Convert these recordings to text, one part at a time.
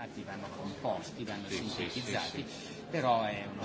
attivano composti, vanno sì, sintetizzati, sì, sì. però è uno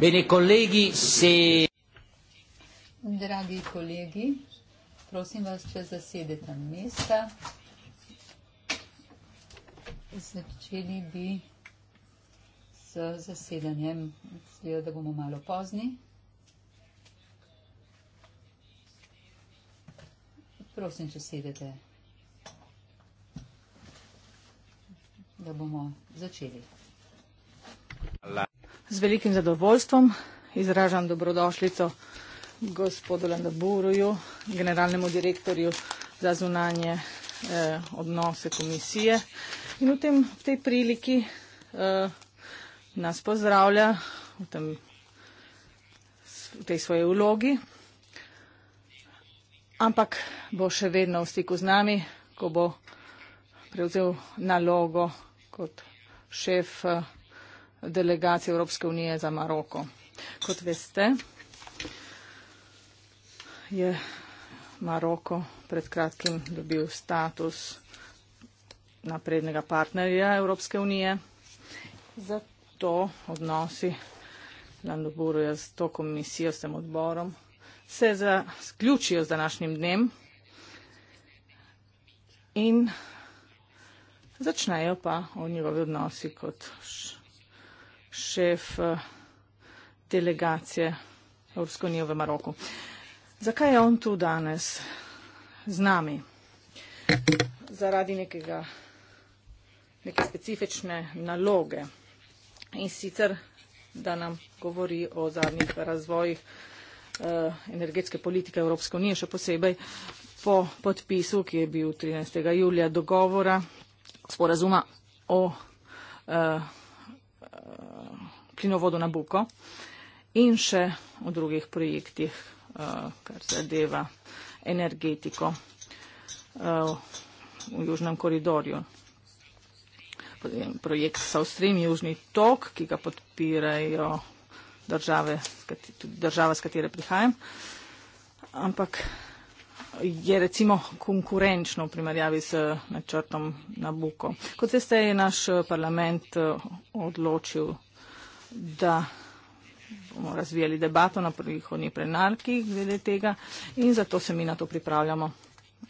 Bene, kolegi, se... Dragi kolegi, prosim vas, če zasedete mesta. Začeli bi s zasedanjem, zdi da bomo malo pozni. Prosim, če sedete, da bomo začeli. Z velikim zadovoljstvom izražam dobrodošljico gospodu Landaburuju, generalnemu direktorju za zunanje eh, odnose komisije. In v, tem, v tej priliki eh, nas pozdravlja v, tem, v tej svoji vlogi, ampak bo še vedno v stiku z nami, ko bo prevzel nalogo kot šef. Eh, delegacije Evropske unije za Maroko. Kot veste, je Maroko pred kratkim dobil status naprednega partnerja Evropske unije, zato odnosi Landoburuja s to komisijo, s tem odborom, se zaključijo z današnjim dnem in začnejo pa o njegovi odnosi kot šef eh, delegacije Evropske unije v Maroku. Zakaj je on tu danes z nami? Zaradi nekega, neke specifične naloge. In sicer, da nam govori o zadnjih razvojih eh, energetske politike Evropske unije, še posebej po podpisu, ki je bil 13. julija dogovora, sporazuma o eh, plinovodu Nabuko in še o drugih projektih, eh, kar zadeva energetiko eh, v Južnem koridorju. Projekt South Stream, Južni tok, ki ga podpirajo države, tudi država, z katere prihajam, ampak je recimo konkurenčno v primerjavi s načrtom Nabuko. Kot veste, je naš eh, parlament odločil da bomo razvijali debato na prihodnjih plenarkih glede tega in zato se mi na to pripravljamo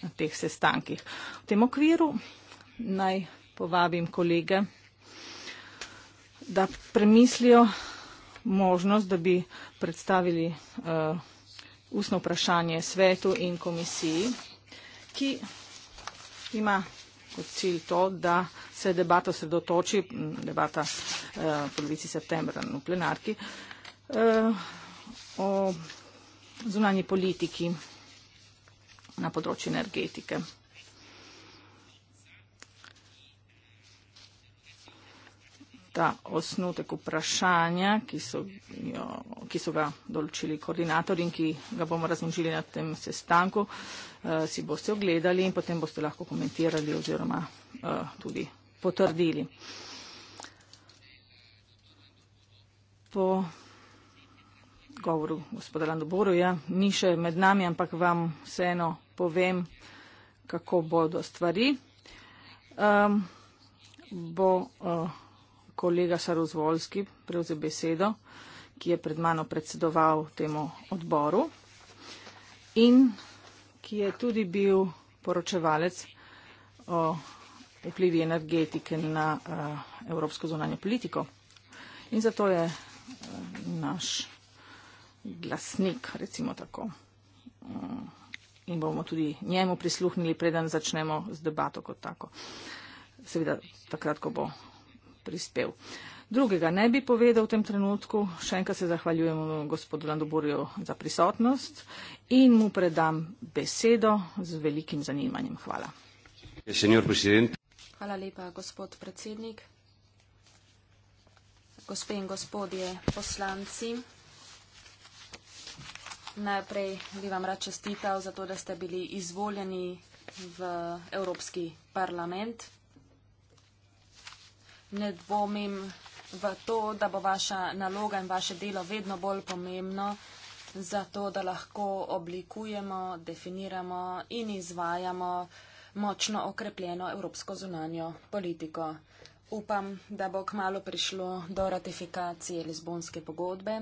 na teh sestankih. V tem okviru naj povabim kolege, da premislijo možnost, da bi predstavili uh, ustno vprašanje svetu in komisiji, ki ima kot cilj to, da se debata sredotoči, debata eh, polovici septembra v plenarki, eh, o zunanji politiki na področju energetike. ta osnutek vprašanja, ki so, jo, ki so ga določili koordinator in ki ga bomo razložili na tem sestanku, uh, si boste ogledali in potem boste lahko komentirali oziroma uh, tudi potrdili. Po govoru gospoda Landoboru, ja, ni še med nami, ampak vam vseeno povem, kako bodo stvari. Um, bo, uh, kolega Sarozvolski prevzel besedo, ki je pred mano predsedoval temu odboru in ki je tudi bil poročevalec o vplivi energetike na uh, evropsko zunanjo politiko. In zato je uh, naš glasnik, recimo tako. Eh, in bomo tudi njemu prisluhnili, preden začnemo z debato kot tako. Seveda, takrat, ko bo prispev. Drugega ne bi povedal v tem trenutku. Še enkrat se zahvaljujem gospodu Landoburju za prisotnost in mu predam besedo z velikim zanimanjem. Hvala. Hvala lepa, gospod predsednik. Gospe in gospodje poslanci, najprej bi vam rad čestital za to, da ste bili izvoljeni v Evropski parlament ne dvomim v to, da bo vaša naloga in vaše delo vedno bolj pomembno, zato da lahko oblikujemo, definiramo in izvajamo močno okrepljeno evropsko zunanjo politiko. Upam, da bo kmalo prišlo do ratifikacije Lizbonske pogodbe.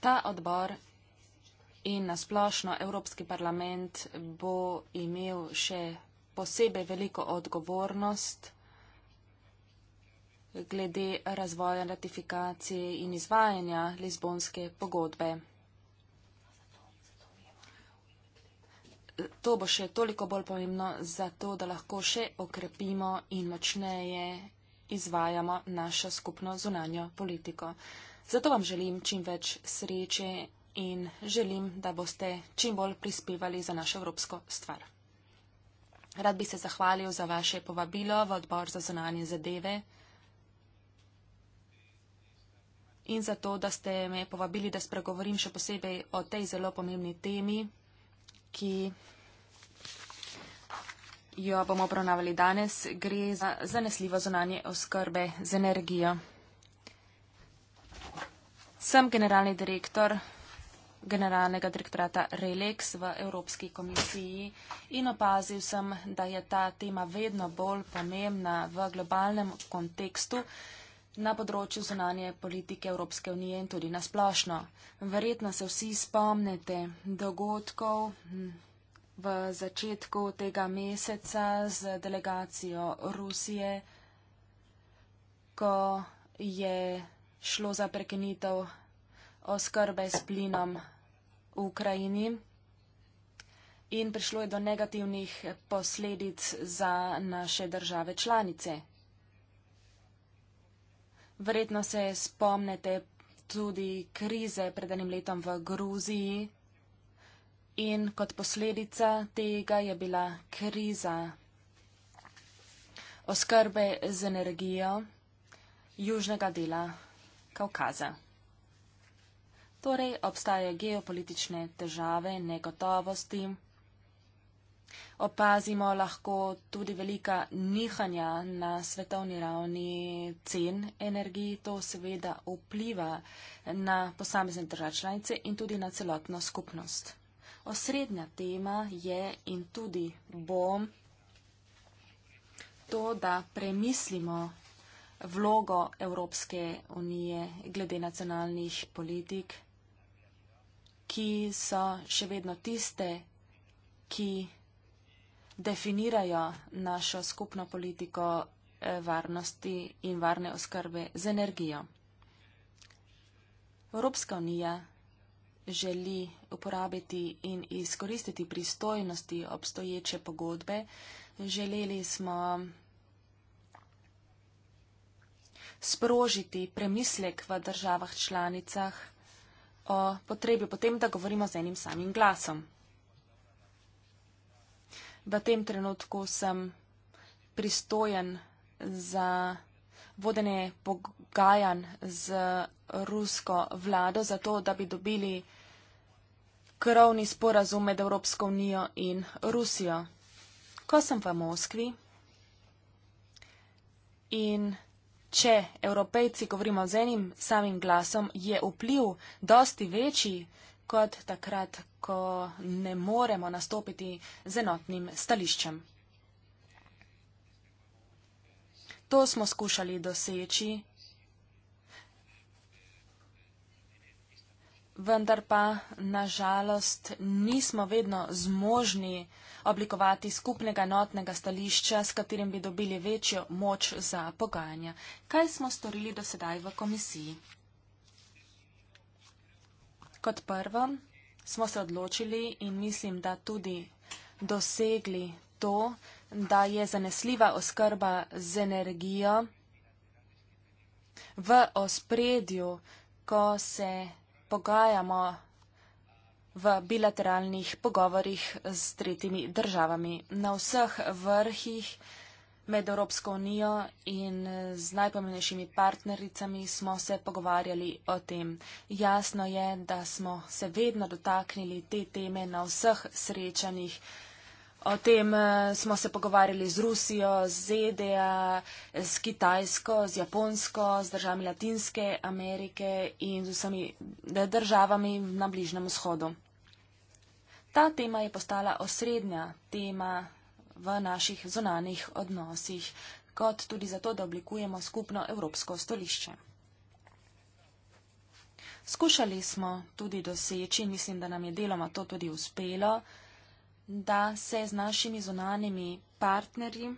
Ta odbor in nasplošno Evropski parlament bo imel še posebej veliko odgovornost glede razvoja ratifikacije in izvajanja Lizbonske pogodbe. To bo še toliko bolj pomembno, zato da lahko še okrepimo in močneje izvajamo našo skupno zunanjo politiko. Zato vam želim čim več sreče in želim, da boste čim bolj prispevali za našo evropsko stvar. Rad bi se zahvalil za vaše povabilo v odbor za zunanje zadeve in za to, da ste me povabili, da spregovorim še posebej o tej zelo pomembni temi, ki jo bomo obravnavali danes. Gre za zanesljivo zunanje oskrbe z energijo. Sem generalni direktor generalnega direktorata Relex v Evropski komisiji in opazil sem, da je ta tema vedno bolj pomembna v globalnem kontekstu na področju zunanje politike Evropske unije in tudi na splošno. Verjetno se vsi spomnite dogodkov hm, v začetku tega meseca z delegacijo Rusije, ko je šlo za prekenitev oskrbe s plinom v Ukrajini in prišlo je do negativnih posledic za naše države članice. Verjetno se spomnite tudi krize pred enim letom v Gruziji in kot posledica tega je bila kriza oskrbe z energijo južnega dela Kaukaza. Torej obstajajo geopolitične težave, negotovosti. Opazimo lahko tudi velika nihanja na svetovni ravni cen energiji. To seveda vpliva na posamezne države članice in tudi na celotno skupnost. Osrednja tema je in tudi bo to, da premislimo vlogo Evropske unije glede nacionalnih politik ki so še vedno tiste, ki definirajo našo skupno politiko eh, varnosti in varne oskrbe z energijo. Evropska unija želi uporabiti in izkoristiti pristojnosti obstoječe pogodbe. Želeli smo sprožiti premislek v državah članicah o potrebi potem, da govorimo z enim samim glasom. V tem trenutku sem pristojen za vodene pogajanj z rusko vlado, zato da bi dobili krovni sporazum med Evropsko unijo in Rusijo. Ko sem v Moskvi in če evropejci govorimo z enim samim glasom, je vpliv dosti večji kot takrat, ko ne moremo nastopiti z enotnim stališčem. To smo skušali doseči, vendar pa na žalost nismo vedno zmožni, oblikovati skupnega notnega stališča, s katerim bi dobili večjo moč za pogajanja. Kaj smo storili do sedaj v komisiji? Kot prvo smo se odločili in mislim, da tudi dosegli to, da je zanesljiva oskrba z energijo v ospredju, ko se pogajamo v bilateralnih pogovorjih s tretjimi državami. Na vseh vrhih med Evropsko unijo in z najpomembnejšimi partnericami smo se pogovarjali o tem. Jasno je, da smo se vedno dotaknili te teme na vseh srečanjih. O tem eh, smo se pogovarjali z Rusijo, z ZDA, z Kitajsko, z Japonsko, z državami Latinske Amerike in z vsemi eh, državami na Bližnem vzhodu. Ta tema je postala osrednja tema v naših zonanih odnosih, kot tudi zato, da oblikujemo skupno evropsko stolišče. Skušali smo tudi doseči, mislim, da nam je deloma to tudi uspelo, da se z našimi zonanimi partnerji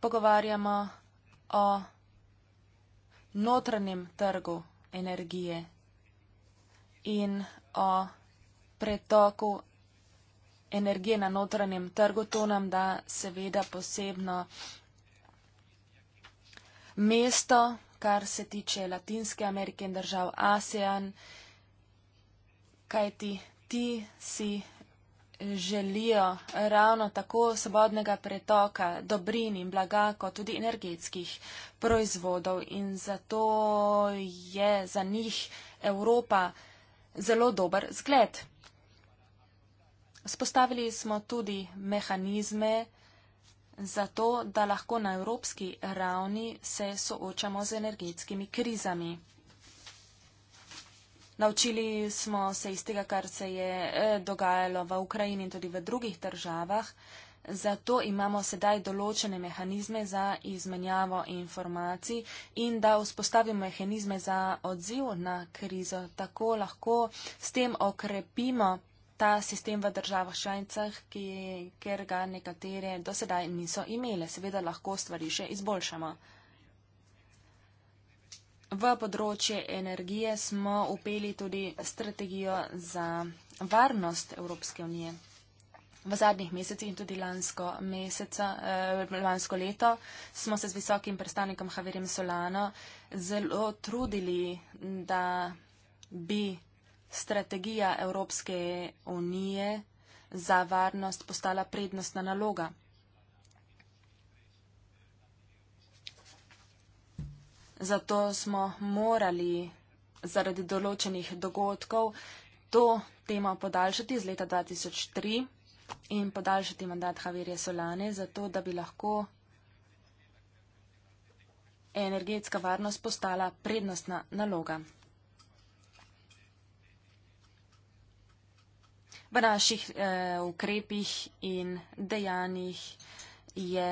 pogovarjamo o notranjem trgu energije in o pretoku energije na notranjem trgu. To nam da seveda posebno mesto, kar se tiče Latinske Amerike in držav ASEAN, kajti ti si želijo ravno tako svobodnega pretoka dobrin in blaga, kot tudi energetskih proizvodov. In zato je za njih Evropa zelo dober zgled. Spostavili smo tudi mehanizme za to, da lahko na evropski ravni se soočamo z energetskimi krizami. Naučili smo se iz tega, kar se je eh, dogajalo v Ukrajini in tudi v drugih državah, Zato imamo sedaj določene mehanizme za izmenjavo informacij in da vzpostavimo mehanizme za odziv na krizo. Tako lahko s tem okrepimo ta sistem v državah članicah, ki, ker ga nekatere do sedaj niso imele. Seveda lahko stvari še izboljšamo. V področje energije smo upeli tudi strategijo za varnost Evropske unije v zadnjih mesecih in tudi lansko, meseca, eh, lansko leto smo se z visokim predstavnikom Haverjem Solano zelo trudili, da bi strategija Evropske unije za varnost postala prednostna naloga. Zato smo morali zaradi določenih dogodkov to temo podaljšati z leta 2003 in podaljšati mandat Javirja Solane, zato da bi lahko energetska varnost postala prednostna naloga. V naših eh, ukrepih in dejanjih je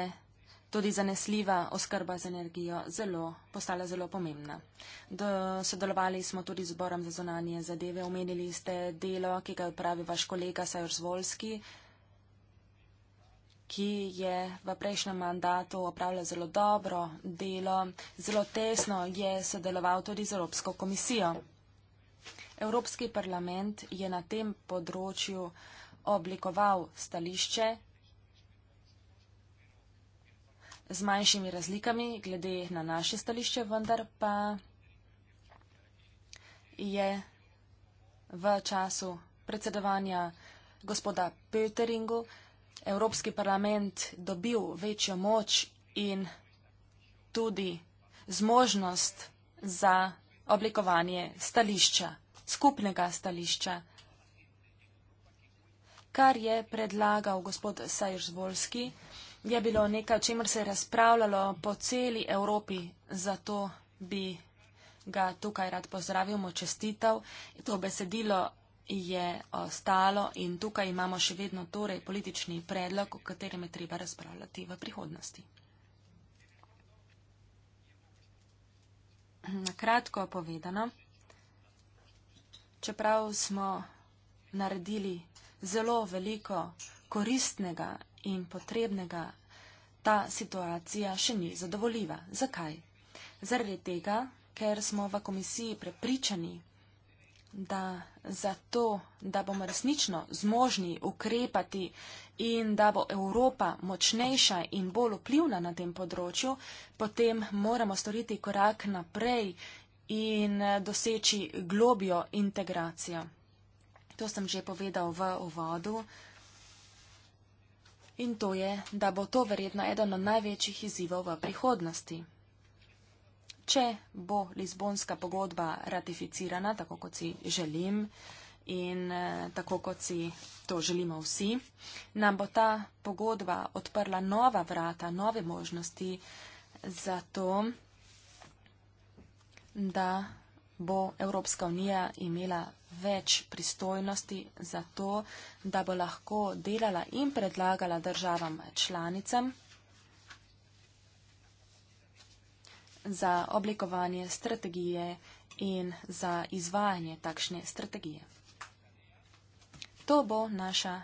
tudi zanesljiva oskrba z energijo zelo, postala zelo pomembna. Do, sodelovali smo tudi z Borom za zonanje zadeve. Omenili ste delo, ki ga je upravil vaš kolega Sajor Zvolski, ki je v prejšnjem mandatu opravljal zelo dobro delo, zelo tesno je sodeloval tudi z Evropsko komisijo. Evropski parlament je na tem področju oblikoval stališče z manjšimi razlikami glede na naše stališče, vendar pa je v času predsedovanja gospoda Pöteringu Evropski parlament dobil večjo moč in tudi zmožnost za oblikovanje stališča, skupnega stališča, kar je predlagal gospod Sajrzvolski, je bilo nekaj, o čemer se je razpravljalo po celi Evropi, zato bi ga tukaj rad pozdravil, mu čestitev. To besedilo je ostalo in tukaj imamo še vedno torej politični predlog, o katerem je treba razpravljati v prihodnosti. Kratko povedano, čeprav smo naredili zelo veliko koristnega in potrebnega, ta situacija še ni zadovoljiva. Zakaj? Zaradi tega, ker smo v komisiji prepričani, da zato, da bomo resnično zmožni ukrepati in da bo Evropa močnejša in bolj vplivna na tem področju, potem moramo storiti korak naprej in eh, doseči globjo integracijo. To sem že povedal v uvodu. In to je, da bo to verjetno eden od največjih izzivov v prihodnosti če bo Lizbonska pogodba ratificirana, tako kot si želim in eh, tako kot si to želimo vsi, nam bo ta pogodba odprla nova vrata, nove možnosti za to, da bo Evropska unija imela več pristojnosti za to, da bo lahko delala in predlagala državam članicam za oblikovanje strategije in za izvajanje takšne strategije. To bo naša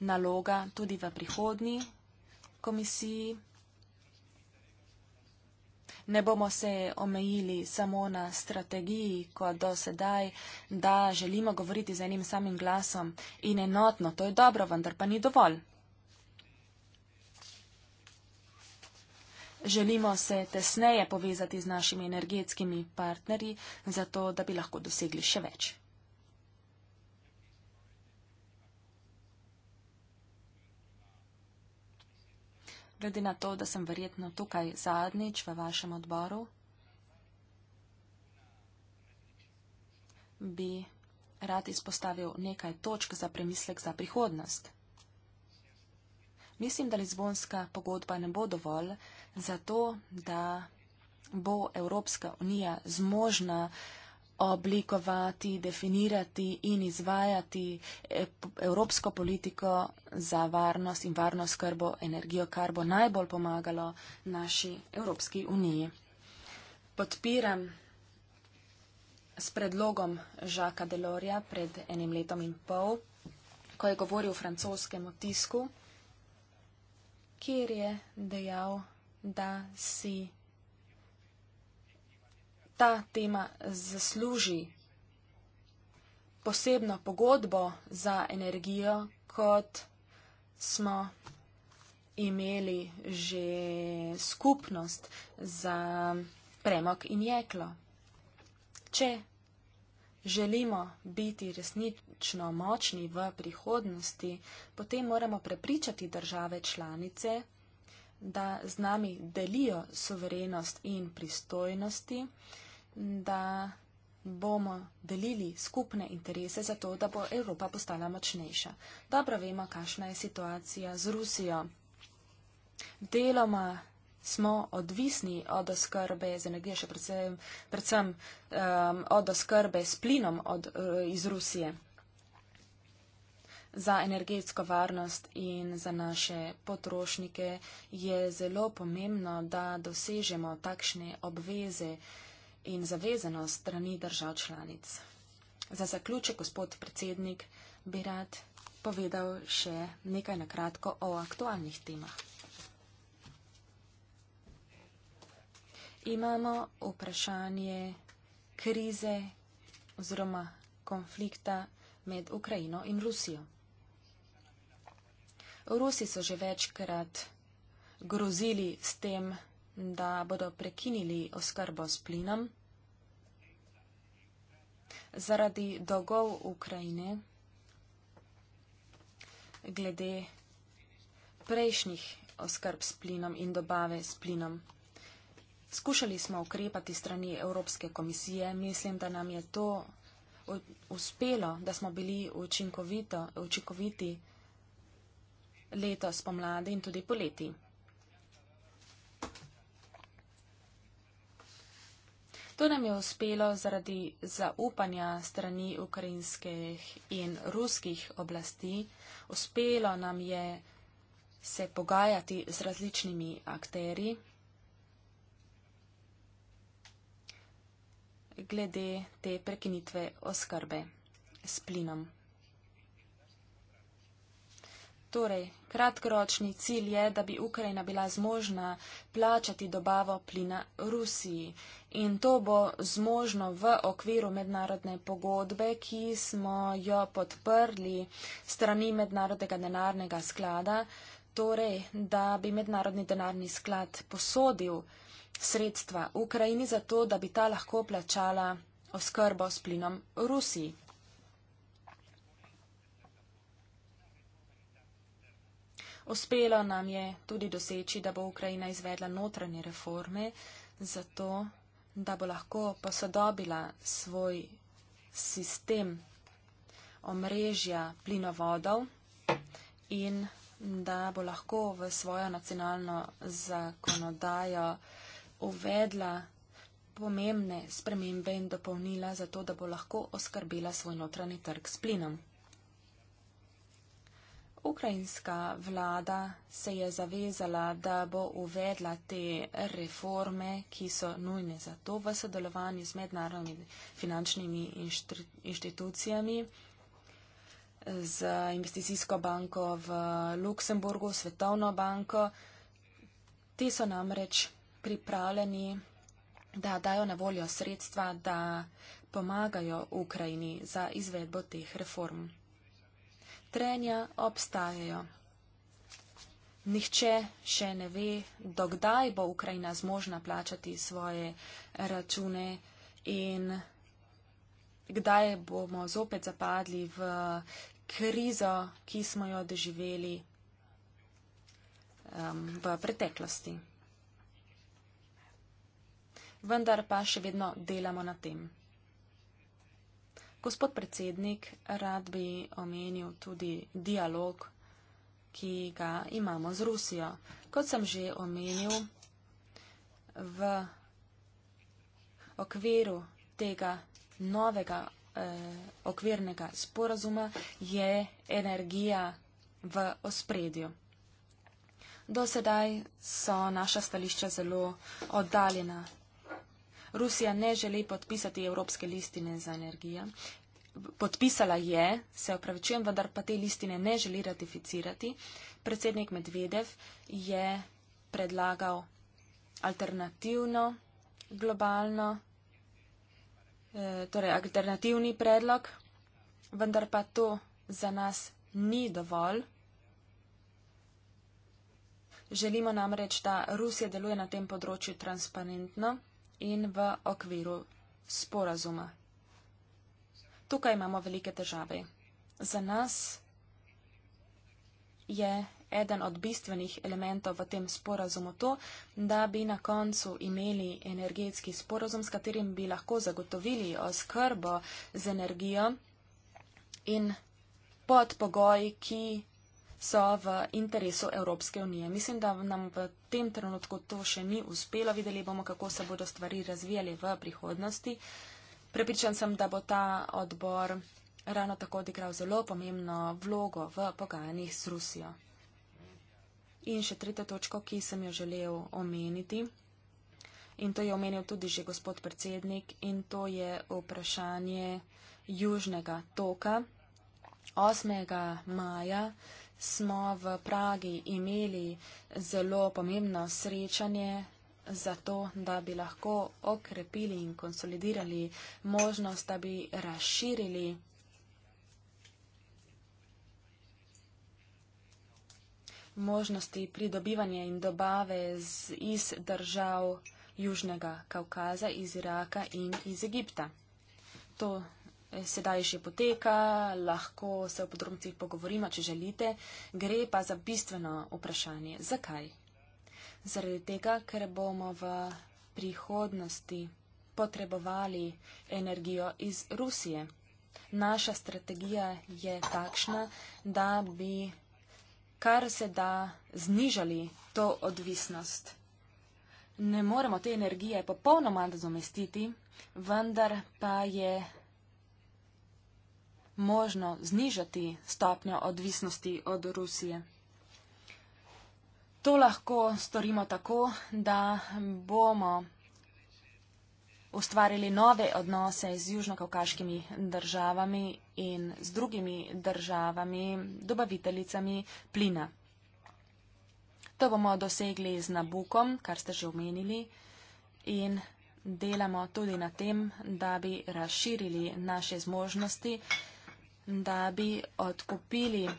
naloga tudi v prihodni komisiji. Ne bomo se omejili samo na strategiji, kot do sedaj, da želimo govoriti z enim samim glasom in enotno. To je dobro, vendar pa ni dovolj. Želimo se tesneje povezati z našimi energetskimi partnerji, zato da bi lahko dosegli še več. Glede na to, da sem verjetno tukaj zadnjič v vašem odboru, bi rad izpostavil nekaj točk za premislek za prihodnost. Mislim, da Lizbonska pogodba ne bo dovolj za to, da bo Evropska unija zmožna oblikovati, definirati in izvajati evropsko politiko za varnost in varnost skrbo energijo, kar bo najbolj pomagalo naši Evropski uniji. Podpiram s predlogom Žaka Delorja pred enim letom in pol, ko je govoril o francoskem otisku kjer je dejal, da si ta tema zasluži posebno pogodbo za energijo, kot smo imeli že skupnost za premok in jeklo. Če želimo biti resnično močni v prihodnosti, potem moramo prepričati države članice, da z nami delijo soverenost in pristojnosti, da bomo delili skupne interese za to, da bo Evropa postala močnejša. Dobro vemo, kakšna je situacija z Rusijo. Deloma smo odvisni od oskrbe z energijo, še predvsem, predvsem um, od oskrbe s plinom od, uh, iz Rusije za energetsko varnost in za naše potrošnike je zelo pomembno, da dosežemo takšne obveze in zavezanost strani držav članic. Za zaključek, gospod predsednik, bi rad povedal še nekaj na kratko o aktualnih temah. imamo vprašanje krize oziroma konflikta med Ukrajino in Rusijo. Rusi so že večkrat grozili s tem, da bodo prekinili oskrbo s plinom. Zaradi dolgov Ukrajine glede prejšnjih oskrb s plinom in dobave s plinom. Skušali smo ukrepati strani Evropske komisije. Mislim, da nam je to uspelo, da smo bili učinkoviti letos pomladi in tudi poleti. To nam je uspelo zaradi zaupanja strani ukrajinskih in ruskih oblasti. Uspelo nam je se pogajati z različnimi akteri. glede te prekinitve oskrbe s plinom. Torej, kratkoročni cilj je, da bi Ukrajina bila zmožna plačati dobavo plina Rusiji. In to bo zmožno v okviru mednarodne pogodbe, ki smo jo podprli strani Mednarodnega denarnega sklada, torej, da bi Mednarodni denarni sklad posodil sredstva Ukrajini za to, da bi ta lahko plačala oskrbo s plinom Rusiji. Uspelo nam je tudi doseči, da bo Ukrajina izvedla notranje reforme za to, da bo lahko posodobila svoj sistem omrežja plinovodov in da bo lahko v svojo nacionalno zakonodajo uvedla pomembne spremembe in dopolnila za to, da bo lahko oskrbela svoj notranji trg s plinom. Ukrajinska vlada se je zavezala, da bo uvedla te reforme, ki so nujne za to v sodelovanju z mednarodnimi finančnimi inštitucijami, z investicijsko banko v Luksemburgu, Svetovno banko. Ti so namreč pripravljeni, da dajo na voljo sredstva, da pomagajo Ukrajini za izvedbo teh reform. Trenja obstajajo. Nihče še ne ve, dokdaj bo Ukrajina zmožna plačati svoje račune in kdaj bomo zopet zapadli v krizo, ki smo jo doživeli um, v preteklosti vendar pa še vedno delamo na tem. Gospod predsednik, rad bi omenil tudi dialog, ki ga imamo z Rusijo. Kot sem že omenil, v okviru tega novega eh, okvirnega sporazuma je energija v ospredju. Do sedaj so naša stališča zelo oddaljena Rusija ne želi podpisati Evropske listine za energijo. Podpisala je, se opravičujem, vendar pa te listine ne želi ratificirati. Predsednik Medvedev je predlagal alternativno globalno, eh, torej alternativni predlog, vendar pa to za nas ni dovolj. Želimo namreč, da Rusija deluje na tem področju transparentno in v okviru sporazuma. Tukaj imamo velike težave. Za nas je eden od bistvenih elementov v tem sporazumu to, da bi na koncu imeli energetski sporazum, s katerim bi lahko zagotovili oskrbo z energijo in pod pogoji, ki so v interesu Evropske unije. Mislim, da nam v tem trenutku to še ni uspelo. Videli bomo, kako se bodo stvari razvijali v prihodnosti. Prepričan sem, da bo ta odbor ravno tako odigral zelo pomembno vlogo v pogajanjih z Rusijo. In še tretja točka, ki sem jo želel omeniti, in to je omenil tudi že gospod predsednik, in to je vprašanje južnega toka. 8. maja smo v Pragi imeli zelo pomembno srečanje zato, da bi lahko okrepili in konsolidirali možnost, da bi razširili možnosti pridobivanja in dobave z, iz držav Južnega Kaukaza, iz Iraka in iz Egipta. To sedaj že poteka, lahko se o podrobnostih pogovorimo, če želite. Gre pa za bistveno vprašanje. Zakaj? Zaradi tega, ker bomo v prihodnosti potrebovali energijo iz Rusije. Naša strategija je takšna, da bi kar se da znižali to odvisnost. Ne moremo te energije popolnoma nadomestiti, vendar pa je možno znižati stopnjo odvisnosti od Rusije. To lahko storimo tako, da bomo ustvarili nove odnose z južnokavkaškimi državami in z drugimi državami, dobaviteljicami plina. To bomo dosegli z nabukom, kar ste že omenili, in delamo tudi na tem, da bi razširili naše zmožnosti da bi odkupili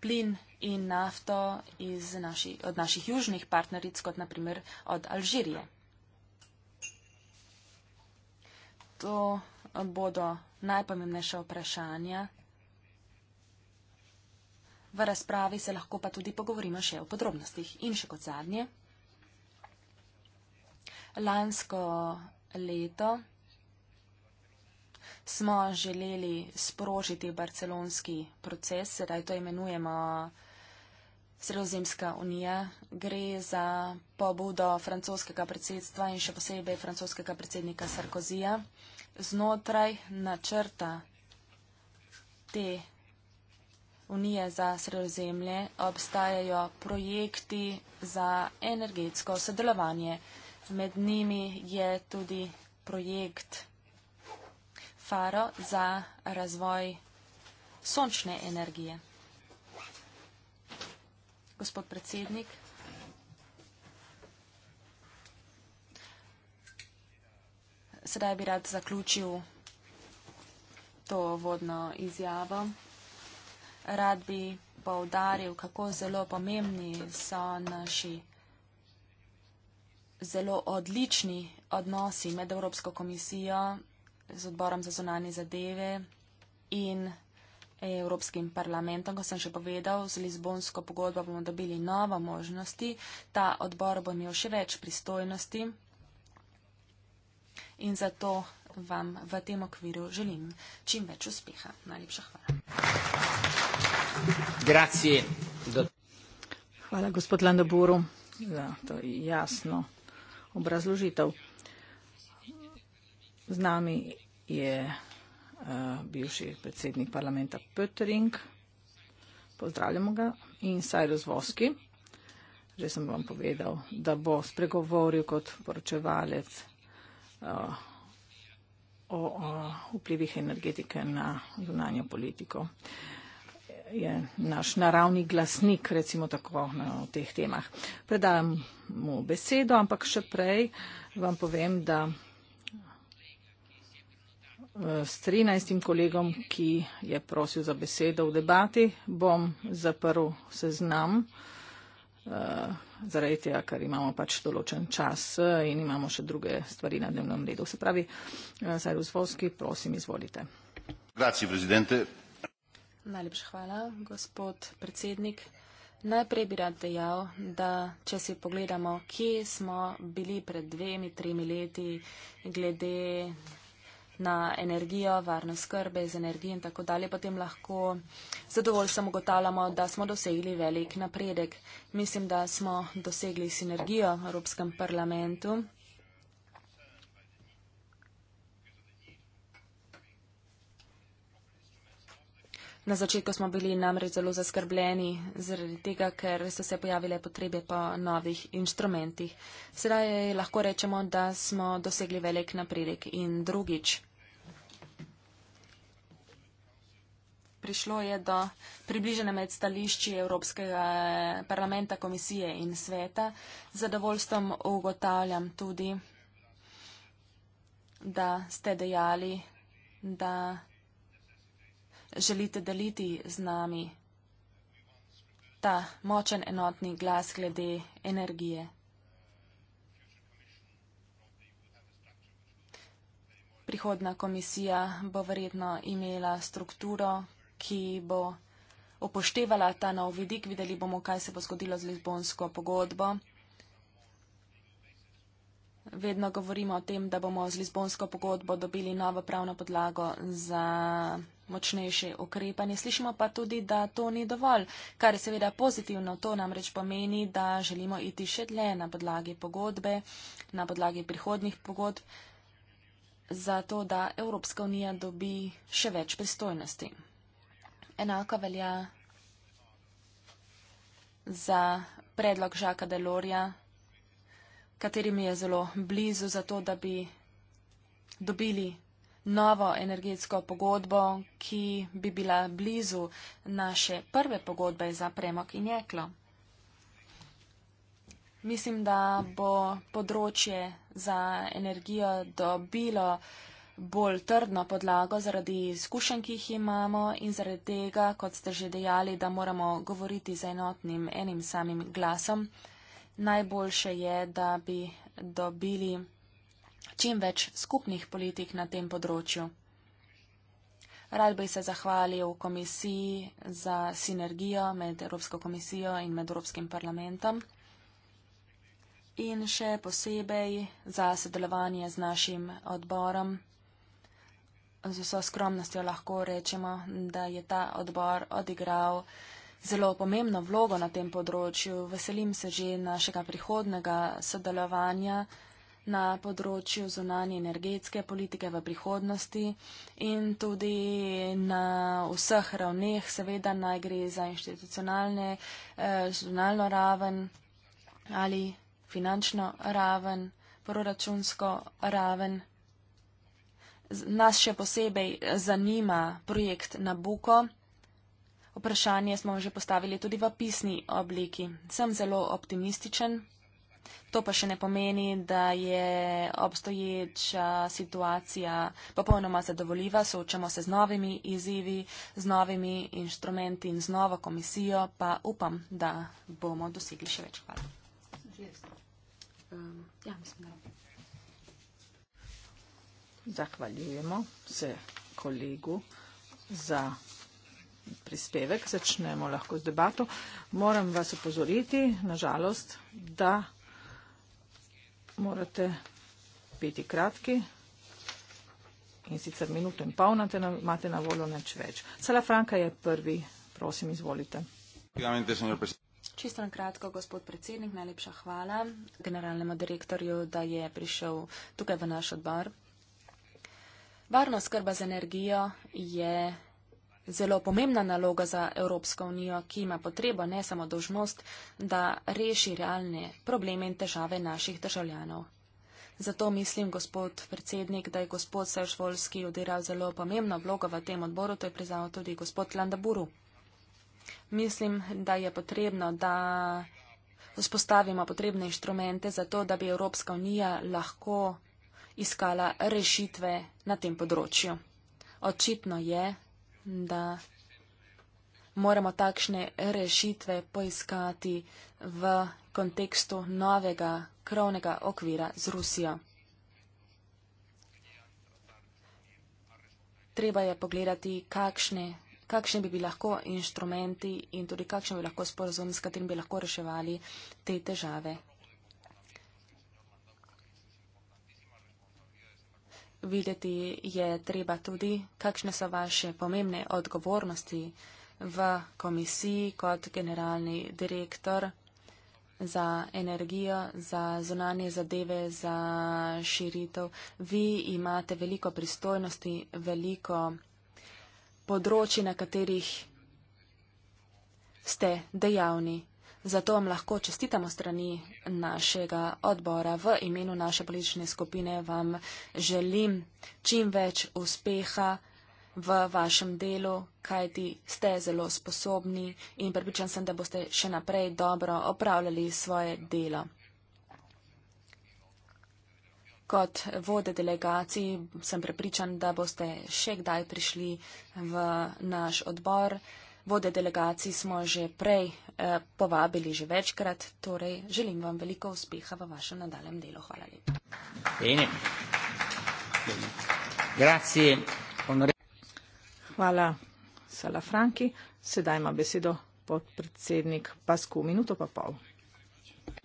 plin in nafto iz naši, od naših južnih partneric, kot naprimer od Alžirije. To bodo najpomembnejša vprašanja. V razpravi se lahko pa tudi pogovorimo še o podrobnostih. In še kot zadnje, lansko leto smo želeli sprožiti barcelonski proces, sedaj to imenujemo Sredozemska unija. Gre za pobudo francoskega predsedstva in še posebej francoskega predsednika Sarkozija znotraj načrta te. Unije za sredozemlje obstajajo projekti za energetsko sodelovanje. Med njimi je tudi projekt Faro za razvoj sončne energije. Gospod predsednik, sedaj bi rad zaključil to vodno izjavo. Rad bi povdaril, kako zelo pomembni so naši zelo odlični odnosi med Evropsko komisijo z odborom za zunanje zadeve in Evropskim parlamentom, ko sem že povedal, z Lizbonsko pogodbo bomo dobili novo možnosti. Ta odbor bo imel še več pristojnosti in zato vam v tem okviru želim čim več uspeha. Najlepša hvala. Hvala, gospod Landoboru, za to jasno obrazložitev. Z nami je uh, bivši predsednik parlamenta Pöttering, pozdravljamo ga, in Cyrus Voski. Že sem vam povedal, da bo spregovoril kot poročevalec uh, o, o vplivih energetike na zunanjo politiko. Je naš naravni glasnik, recimo tako, na, o teh temah. Predajam mu besedo, ampak še prej vam povem, da s 13 kolegom, ki je prosil za besedo v debati. Bom zaprl seznam, eh, zaradi tega, ker imamo pač določen čas eh, in imamo še druge stvari na dnevnem redu. Se pravi, Sajrus eh, Voski, prosim, izvolite. Grazie, Najlepša hvala, gospod predsednik. Najprej bi rad dejal, da če si pogledamo, kje smo bili pred dvemi, tremi leti glede na energijo, varnost skrbe z energijo in tako dalje, potem lahko zadovoljstvo ugotavljamo, da smo dosegli velik napredek. Mislim, da smo dosegli sinergijo v Evropskem parlamentu. Na začetku smo bili namreč zelo zaskrbljeni zaradi tega, ker so se pojavile potrebe po novih inštrumentih. Sedaj lahko rečemo, da smo dosegli velik napredek in drugič. Prišlo je do približene med stališči Evropskega parlamenta, komisije in sveta. Zadovoljstvom ugotavljam tudi, da ste dejali, da želite deliti z nami ta močen enotni glas glede energije. Prihodna komisija bo verjetno imela strukturo, ki bo upoštevala ta nov vidik. Videli bomo, kaj se bo zgodilo z Lizbonsko pogodbo. Vedno govorimo o tem, da bomo z Lizbonsko pogodbo dobili novo pravno podlago za močnejše okrepanje. Slišimo pa tudi, da to ni dovolj, kar je seveda pozitivno. To namreč pomeni, da želimo iti še dlje na podlagi pogodbe, na podlagi prihodnih pogodb, zato da Evropska unija dobi še več pristojnosti. Enako velja za predlog Žaka Delorja, katerim je zelo blizu, zato da bi dobili novo energetsko pogodbo, ki bi bila blizu naše prve pogodbe za premok in jeklo. Mislim, da bo področje za energijo dobilo bolj trdno podlago zaradi izkušenj, ki jih imamo in zaradi tega, kot ste že dejali, da moramo govoriti z enotnim enim samim glasom. Najboljše je, da bi dobili čim več skupnih politik na tem področju. Rad bi se zahvalil komisiji za sinergijo med Evropsko komisijo in med Evropskim parlamentom in še posebej za sodelovanje z našim odborom. Z vso skromnostjo lahko rečemo, da je ta odbor odigral zelo pomembno vlogo na tem področju. Veselim se že našega prihodnega sodelovanja na področju zunanje energetske politike v prihodnosti in tudi na vseh ravneh, seveda naj gre za institucionalne, eh, zunalno raven ali finančno raven, proračunsko raven. Nas še posebej zanima projekt Nabuko. Vprašanje smo že postavili tudi v pisni obliki. Sem zelo optimističen to pa še ne pomeni, da je obstoječa situacija popolnoma zadovoljiva. Soočamo se z novimi izzivi, z novimi inštrumenti in z novo komisijo, pa upam, da bomo dosegli še več. Hvala. Um, ja, Zahvaljujemo se kolegu za prispevek. Začnemo lahko z debato. Moram vas upozoriti, nažalost, da morate peti kratki in sicer minuto in pol imate na voljo neč več. Sala Franka je prvi, prosim, izvolite. Čisto na kratko, gospod predsednik, najlepša hvala generalnemu direktorju, da je prišel tukaj v naš odbor. Varnost skrba z energijo je zelo pomembna naloga za Evropsko unijo, ki ima potrebo, ne samo dožnost, da reši realne probleme in težave naših državljanov. Zato mislim, gospod predsednik, da je gospod Serž Volski odiral zelo pomembno vlogo v tem odboru, to je priznal tudi gospod Landaburu. Mislim, da je potrebno, da vzpostavimo potrebne inštrumente za to, da bi Evropska unija lahko iskala rešitve na tem področju. Očitno je, da moramo takšne rešitve poiskati v kontekstu novega krovnega okvira z Rusijo. Treba je pogledati, kakšne, kakšne bi bili lahko inštrumenti in tudi kakšen bi lahko sporozum, s katerim bi lahko reševali te težave. videti je treba tudi, kakšne so vaše pomembne odgovornosti v komisiji kot generalni direktor za energijo, za zunanje zadeve, za širitev. Vi imate veliko pristojnosti, veliko področji, na katerih ste dejavni. Zato vam lahko čestitamo strani našega odbora. V imenu naše politične skupine vam želim čim več uspeha v vašem delu, kajti ste zelo sposobni in pripričan sem, da boste še naprej dobro opravljali svoje delo. Kot vode delegaciji sem pripričan, da boste še kdaj prišli v naš odbor. Vode delegacij smo že prej eh, povabili že večkrat, torej želim vam veliko uspeha v vašem nadaljem delu. Hvala lepa. Bene. Bene. Grazie, Hvala, Sala Franki. Sedaj ima besedo podpredsednik Pasku, minuto pa pol.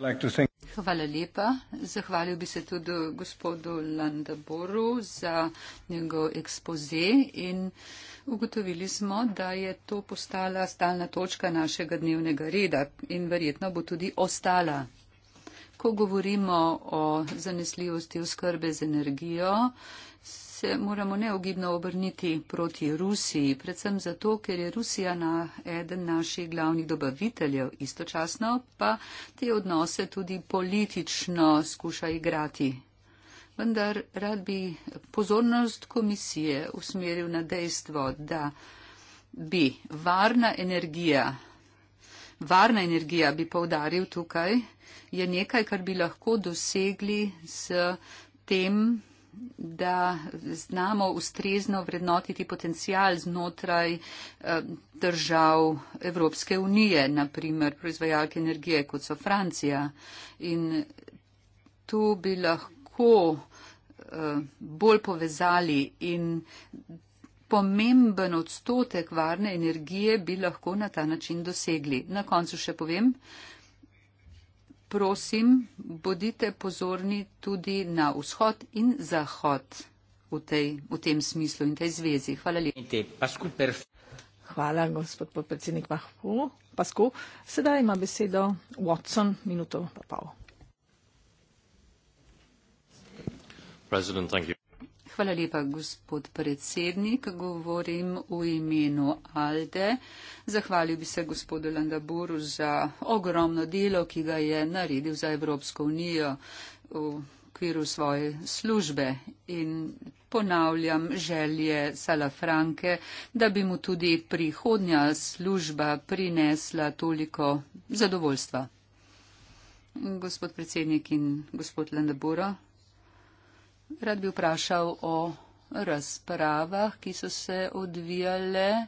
Like Hvala lepa. Zahvalil bi se tudi gospodu Landaboru za njegov ekspoze in ugotovili smo, da je to postala stalna točka našega dnevnega reda in verjetno bo tudi ostala. Ko govorimo o zanesljivosti oskrbe z energijo, se moramo neogibno obrniti proti Rusiji, predvsem zato, ker je Rusija na eden naših glavnih dobaviteljev, istočasno pa te odnose tudi politično skuša igrati. Vendar rad bi pozornost komisije usmeril na dejstvo, da bi varna energija, varna energija bi povdaril tukaj, je nekaj, kar bi lahko dosegli s tem, da znamo ustrezno vrednotiti potencijal znotraj eh, držav Evropske unije, naprimer proizvajalke energije, kot so Francija. In tu bi lahko eh, bolj povezali in pomemben odstotek varne energije bi lahko na ta način dosegli. Na koncu še povem, prosim, bodite pozorni tudi na vzhod in zahod v, tej, v tem smislu in tej zvezi. Hvala lepa. Hvala, gospod podpredsednik Pasku. Sedaj ima besedo Watson, minuto pa pol. President, thank you. Hvala lepa, gospod predsednik. Govorim v imenu Alde. Zahvalil bi se gospodu Landaburu za ogromno delo, ki ga je naredil za Evropsko unijo v okviru svoje službe. In ponavljam želje Sala Franke, da bi mu tudi prihodnja služba prinesla toliko zadovoljstva. Gospod predsednik in gospod Landaburo. Rad bi vprašal o razpravah, ki so se odvijale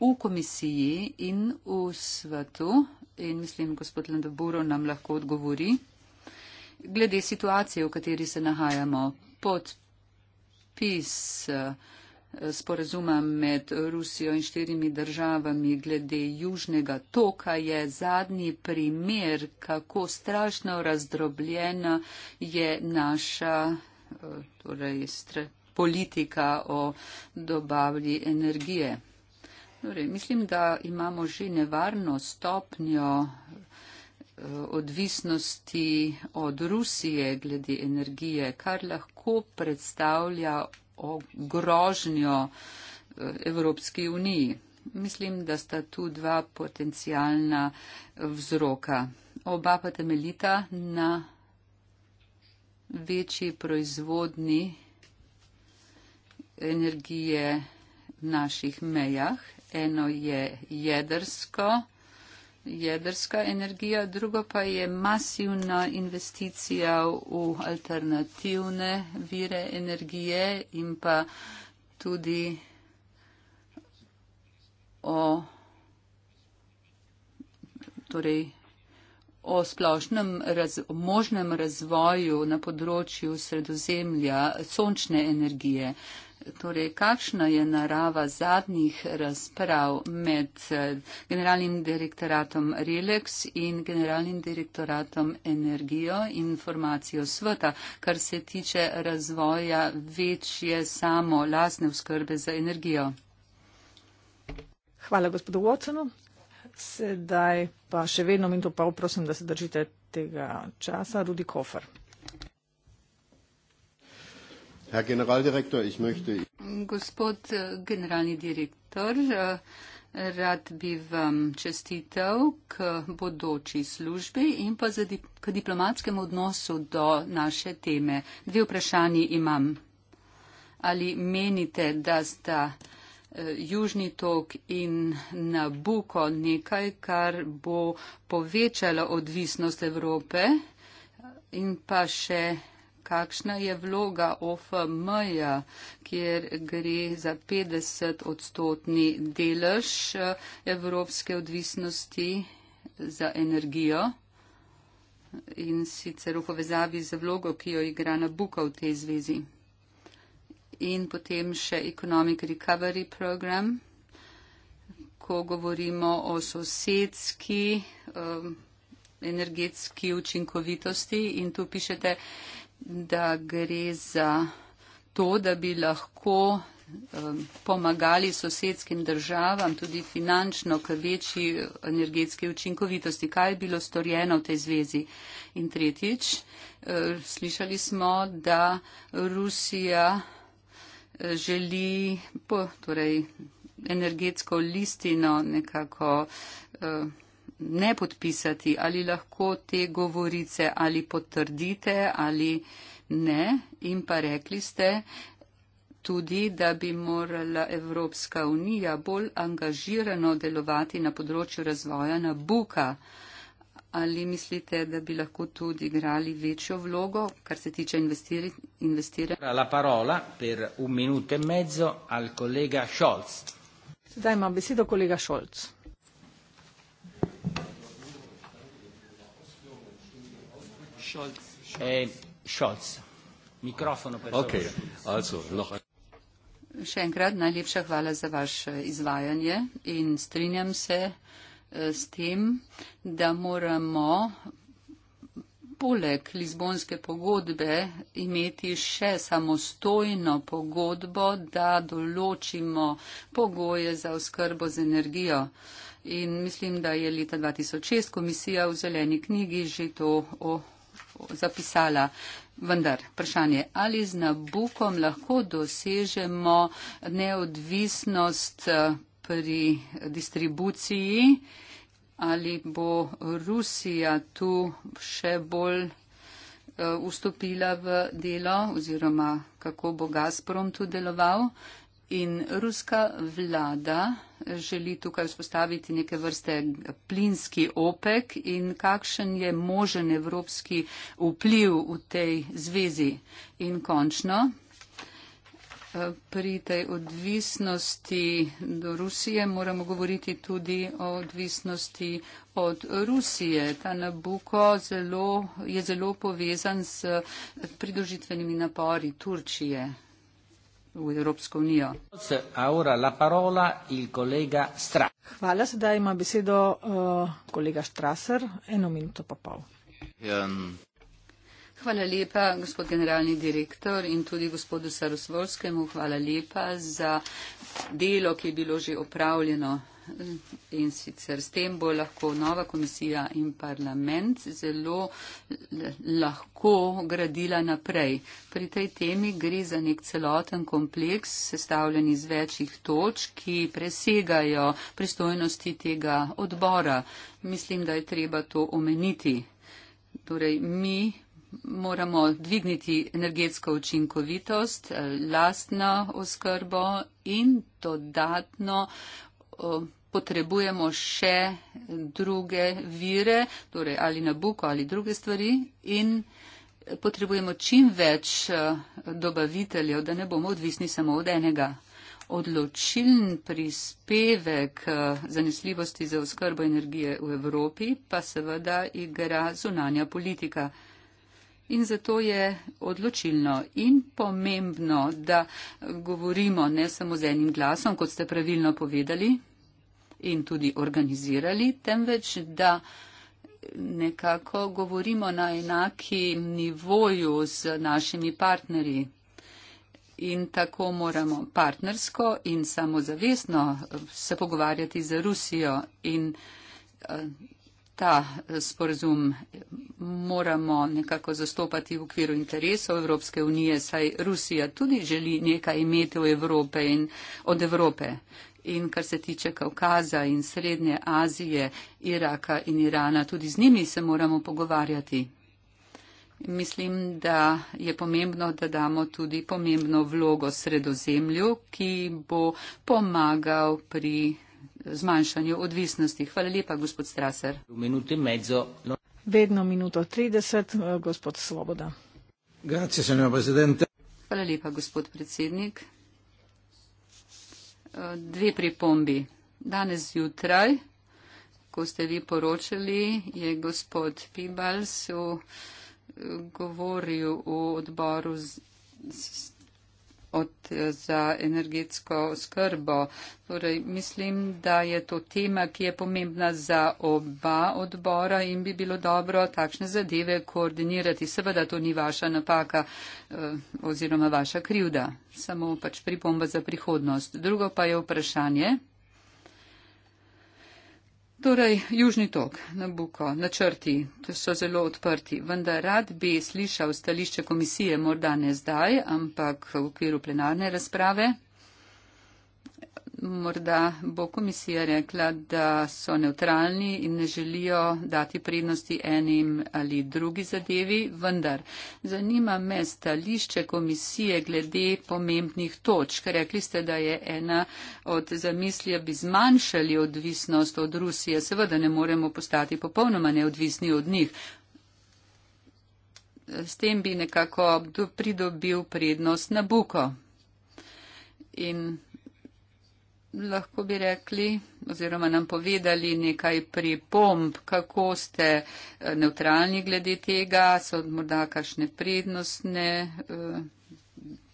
v komisiji in v svetu. In mislim, gospod Landoburo nam lahko odgovori. Glede situacije, v kateri se nahajamo, podpis eh, sporazuma med Rusijo in štirimi državami glede južnega toka je zadnji primer, kako strašno razdrobljena je naša torej stre, politika o dobavlji energije. Torej, mislim, da imamo že nevarno stopnjo eh, odvisnosti od Rusije glede energije, kar lahko predstavlja grožnjo eh, Evropski uniji. Mislim, da sta tu dva potencijalna vzroka. Oba pa temeljita na večji proizvodni energije v naših mejah. Eno je jedrsko, jedrska energija, drugo pa je masivna investicija v alternativne vire energije in pa tudi o torej o splošnem raz, možnem razvoju na področju sredozemlja sončne energije. Torej, kakšna je narava zadnjih razprav med eh, generalnim direktoratom Relex in generalnim direktoratom Energijo in informacijo sveta, kar se tiče razvoja večje samo lasne vskrbe za energijo? Hvala gospodu Watsonu. Sedaj pa še vedno mi to pa uprosim, da se držite tega časa. Rudi Kofer. Möchte... Gospod eh, generalni direktor, eh, rad bi vam čestitev k bodoči službi in pa dip k diplomatskem odnosu do naše teme. Dve vprašanji imam. Ali menite, da sta. Južni tok in Nabuko nekaj, kar bo povečalo odvisnost Evrope in pa še kakšna je vloga OFM-ja, kjer gre za 50 odstotni delež eh, evropske odvisnosti za energijo in sicer v povezavi z vlogo, ki jo igra Nabuko v tej zvezi in potem še Economic Recovery Program, ko govorimo o sosedski um, energetski učinkovitosti in tu pišete, da gre za to, da bi lahko um, pomagali sosedskim državam tudi finančno k večji energetski učinkovitosti. Kaj je bilo storjeno v tej zvezi? In tretjič, uh, slišali smo, da Rusija želi po, torej, energetsko listino nekako eh, ne podpisati, ali lahko te govorice ali potrdite ali ne. In pa rekli ste tudi, da bi morala Evropska unija bolj angažirano delovati na področju razvoja Nabuka ali mislite, da bi lahko tudi igrali večjo vlogo, kar se tiče investiranja? La parola per un minuto e mezzo al collega Scholz. Sedaj ima besedo kolega Scholz. Scholz. Eh, Mikrofono per okay. also, noch... Še enkrat najlepša hvala za vaše izvajanje in strinjam se s tem, da moramo poleg Lizbonske pogodbe imeti še samostojno pogodbo, da določimo pogoje za oskrbo z energijo. In mislim, da je leta 2006 komisija v zeleni knjigi že to o, o, zapisala. Vendar, vprašanje, ali z nabukom lahko dosežemo neodvisnost eh, pri distribuciji uh, ali bo Rusija tu še bolj eh, vstopila v delo oziroma kako bo Gazprom tu deloval. In ruska vlada želi tukaj vzpostaviti neke vrste plinski opek in kakšen je možen evropski vpliv v tej zvezi. In končno, Pri tej odvisnosti do Rusije moramo govoriti tudi o odvisnosti od Rusije. Ta Nabuko zelo, je zelo povezan s pridružitvenimi napori Turčije v Evropsko unijo. Hvala, sedaj ima besedo uh, kolega Strasser, eno minuto pa pol. Um. Hvala lepa, gospod generalni direktor in tudi gospodu Sarosvolskemu. Hvala lepa za delo, ki je bilo že opravljeno in sicer s tem bo lahko nova komisija in parlament zelo lahko gradila naprej. Pri tej temi gre za nek celoten kompleks, sestavljen iz večjih točk, ki presegajo pristojnosti tega odbora. Mislim, da je treba to omeniti. Torej, mi moramo dvigniti energetsko učinkovitost, lastno oskrbo in dodatno potrebujemo še druge vire, torej ali na buko ali druge stvari in potrebujemo čim več dobaviteljev, da ne bomo odvisni samo od enega. Odločiln prispevek zanesljivosti za oskrbo energije v Evropi pa seveda igra zunanja politika. In zato je odločilno in pomembno, da govorimo ne samo z enim glasom, kot ste pravilno povedali in tudi organizirali, temveč da nekako govorimo na enaki nivoju z našimi partnerji. In tako moramo partnersko in samozavestno se pogovarjati z Rusijo in eh, ta eh, sporazum moramo nekako zastopati v okviru interesov Evropske unije, saj Rusija tudi želi nekaj imeti Evrope in, od Evrope. In kar se tiče Kaukaza in Srednje Azije, Iraka in Irana, tudi z njimi se moramo pogovarjati. Mislim, da je pomembno, da damo tudi pomembno vlogo sredozemlju, ki bo pomagal pri zmanjšanju odvisnosti. Hvala lepa, gospod Straser. No. Vedno minuto 30, eh, gospod Svoboda. Grazie, signor Presidente. Hvala lepa, gospod predsednik. Eh, dve pripombi. Danes zjutraj, ko ste vi poročali, je gospod Pibals eh, govoril v odboru z, z, od, za energetsko skrbo. Torej, mislim, da je to tema, ki je pomembna za oba odbora in bi bilo dobro takšne zadeve koordinirati. Seveda to ni vaša napaka eh, oziroma vaša krivda, samo pač pripomba za prihodnost. Drugo pa je vprašanje. Torej, Južni tok, Nabuko, načrti so zelo odprti, vendar rad bi slišal stališče komisije, morda ne zdaj, ampak v okviru plenarne razprave morda bo komisija rekla, da so neutralni in ne želijo dati prednosti enim ali drugi zadevi, vendar zanima me stališče komisije glede pomembnih točk. Rekli ste, da je ena od zamisli, da bi zmanjšali odvisnost od Rusije. Seveda ne moremo postati popolnoma neodvisni od njih. S tem bi nekako pridobil prednost na Buko. In lahko bi rekli oziroma nam povedali nekaj pripomb, kako ste eh, neutralni glede tega, so morda kakšne prednostne. Eh,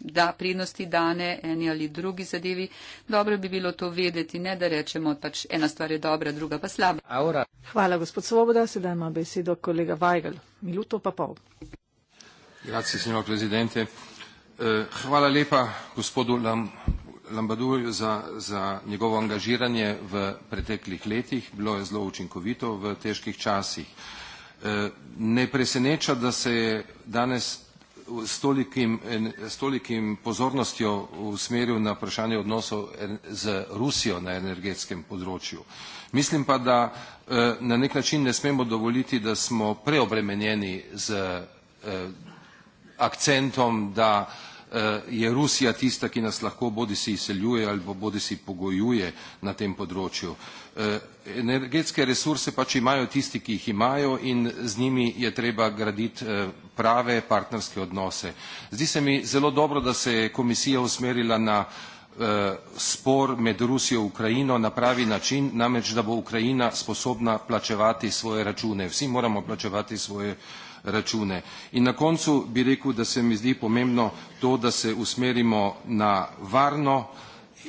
da, prednosti dane eni ali drugi zadevi. Dobro bi bilo to vedeti, ne da rečemo, pač ena stvar je dobra, druga pa slaba. Aura. Hvala, gospod Svoboda. Sedaj ima besedo kolega Vajgel. Minuto pa pol. Grazie, eh, hvala lepa, gospodu Lam, Lambrouju za, za njegovo angažiranje v preteklih letih, bilo je zelo učinkovito v težkih časih. Eh, ne preseneča, da se je danes s tolikim, s tolikim pozornostjo usmeril na vprašanje odnosov z Rusijo na energetskem področju. Mislim pa, da eh, na nek način ne smemo dovoliti, da smo preobremenjeni z eh, akcentom, da Eh, je Rusija tista, ki nas lahko bodisi izseljuje ali bodisi pogojuje na tem področju. Eh, energetske resurse pač imajo tisti, ki jih imajo in z njimi je treba graditi eh, prave partnerske odnose. Zdi se mi zelo dobro, da se je komisija usmerila na spor med Rusijo in Ukrajino na pravi način, namreč da bo Ukrajina sposobna plačevati svoje račune. Vsi moramo plačevati svoje račune. In na koncu bi rekel, da se mi zdi pomembno to, da se usmerimo na varno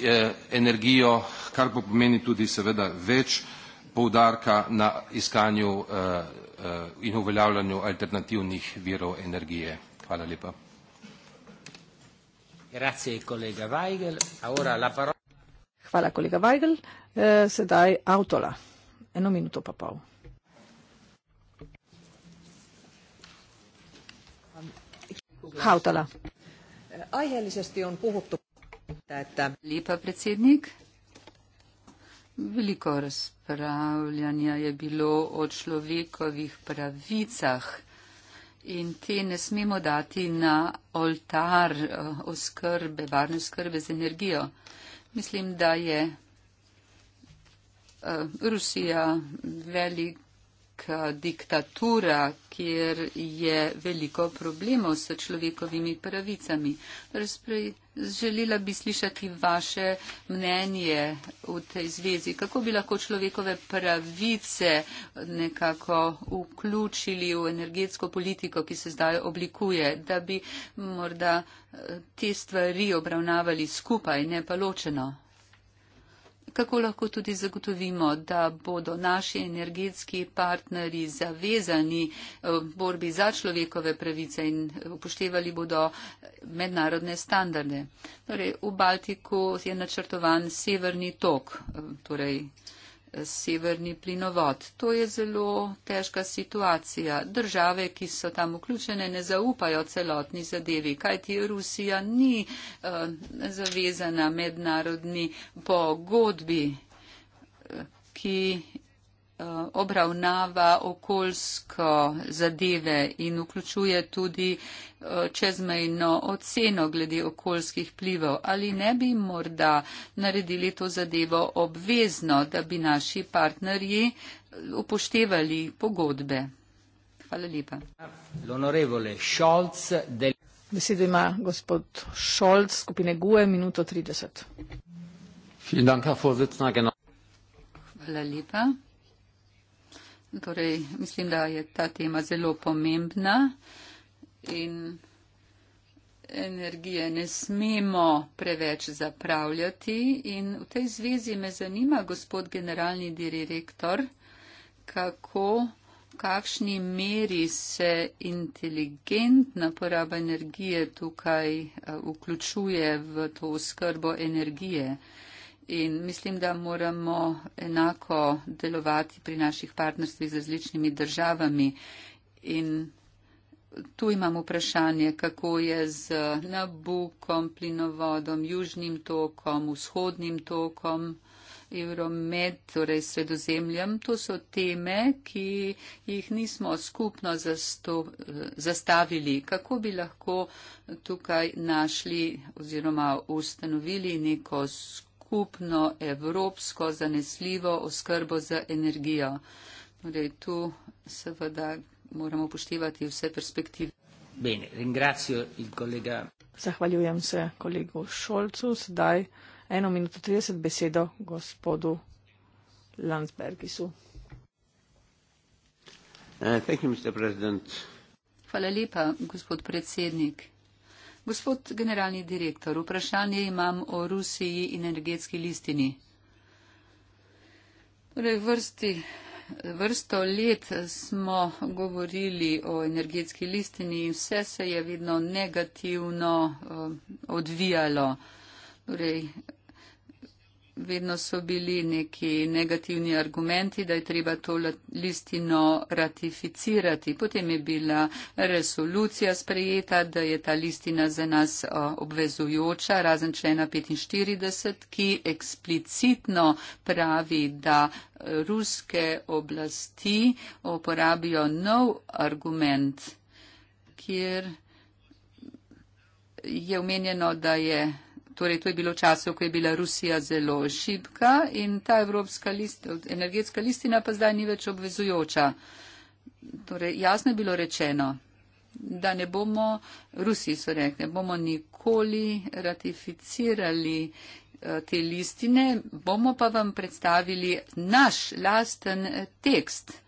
eh, energijo, kar pa pomeni tudi seveda več poudarka na iskanju eh, eh in uveljavljanju alternativnih virov energije. Hvala lepa. Hvala kolega Weigel, eh, sedaj avtola, eno minuto pa pol. Hautala. Aiheellisesti on puhuttu, että... Lipa predsednik. Veliko razpravljanja je bilo o človekovih pravicah in te ne smemo dati na oltar eh, oskrbe, varne oskrbe z energijo. Mislim, da je eh, Rusija velik neka diktatura, kjer je veliko problemov s človekovimi pravicami. Razprej, želila bi slišati vaše mnenje v tej zvezi, kako bi lahko človekove pravice nekako vključili v energetsko politiko, ki se zdaj oblikuje, da bi morda eh, te stvari obravnavali skupaj, ne pa ločeno kako lahko tudi zagotovimo, da bodo naši energetski partnerji zavezani eh, borbi za človekove pravice in upoštevali bodo mednarodne standarde. Torej, v Baltiku je načrtovan severni tok, eh, torej severni plinovod. To je zelo težka situacija. Države, ki so tam vključene, ne zaupajo celotni zadevi, kajti Rusija ni eh, zavezana mednarodni pogodbi, eh, ki Eh, obravnava okoljsko zadeve in vključuje tudi eh, čezmejno oceno glede okoljskih plivov. Ali ne bi morda naredili to zadevo obvezno, da bi naši partnerji eh, upoštevali pogodbe? Hvala lepa. Besedo ima gospod Šolc, skupine GUE, minuto 30. Hvala lepa. Torej, mislim, da je ta tema zelo pomembna in energije ne smemo preveč zapravljati. In v tej zvezi me zanima, gospod generalni direktor, kako, v kakšni meri se inteligentna poraba energije tukaj eh, vključuje v to oskrbo energije. In mislim, da moramo enako delovati pri naših partnerstvih z različnimi državami. In tu imam vprašanje, kako je z Nabukom, plinovodom, južnim tokom, vzhodnim tokom, Euromed, torej sredozemljem. To so teme, ki jih nismo skupno zasto, zastavili. Kako bi lahko tukaj našli oziroma ustanovili neko skupno skupno evropsko zanesljivo oskrbo z energijo. Torej, tu seveda moramo upoštevati vse perspektive. Bene, ringrazio il kolega. Zahvaljujem se kolegu Šolcu. Sedaj 1 minuto 30 besedo gospodu Landsbergisu. Uh, thank you, Mr. President. Hvala lepa, gospod predsednik. Gospod generalni direktor, vprašanje imam o Rusiji in energetski listini. Torej vrsti, vrsto let smo govorili o energetski listini in vse se je vedno negativno uh, odvijalo. Torej, vedno so bili neki negativni argumenti, da je treba to listino ratificirati. Potem je bila resolucija sprejeta, da je ta listina za nas obvezujoča, razen člena 45, ki eksplicitno pravi, da ruske oblasti uporabijo nov argument, kjer je omenjeno, da je Torej, to je bilo časo, ko je bila Rusija zelo šibka in ta evropska list, energetska listina pa zdaj ni več obvezujoča. Torej, jasno je bilo rečeno, da ne bomo, Rusiji so rekli, ne bomo nikoli ratificirali eh, te listine, bomo pa vam predstavili naš lasten tekst.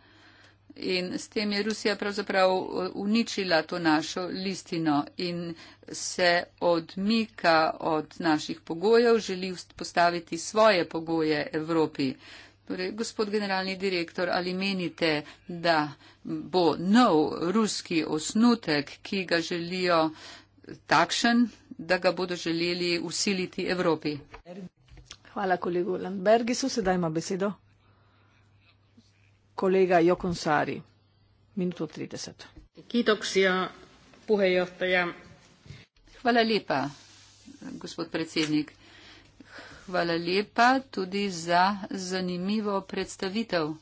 In s tem je Rusija pravzaprav e, uničila to našo listino in se odmika od naših pogojev, želi postaviti svoje pogoje Evropi. Torej, gospod generalni direktor, ali menite, da bo nov ruski osnutek, ki ga želijo takšen, da ga bodo želeli usiliti Evropi? Hvala, kolegu Landbergisu. Sedaj ima besedo kollega Jokunsaari, minuto 30. Kiitoksia, puheenjohtaja. Hvala lepa, gospod predsednik. Hvala lepa tudi za zanimivo predstavitev.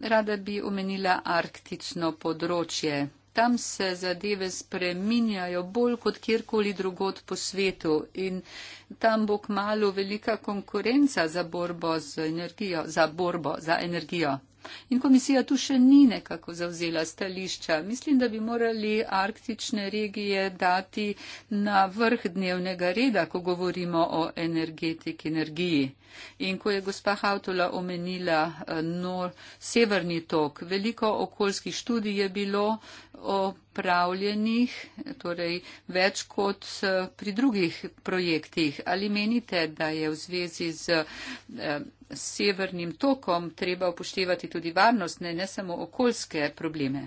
Rada bi omenila arktično področje tam se zadeve spreminjajo bolj kot kjerkoli drugot po svetu in tam bo k malu velika konkurenca za borbo, energijo, za borbo za energijo. In komisija tu še ni nekako zavzela stališča. Mislim, da bi morali arktične regije dati na vrh dnevnega reda, ko govorimo o energetiki energiji. In ko je gospa Hautola omenila no, severni tok, veliko okoljskih študij je bilo, opravljenih, torej več kot eh, pri drugih projektih. Ali menite, da je v zvezi z eh, severnim tokom treba upoštevati tudi varnostne, ne samo okoljske probleme?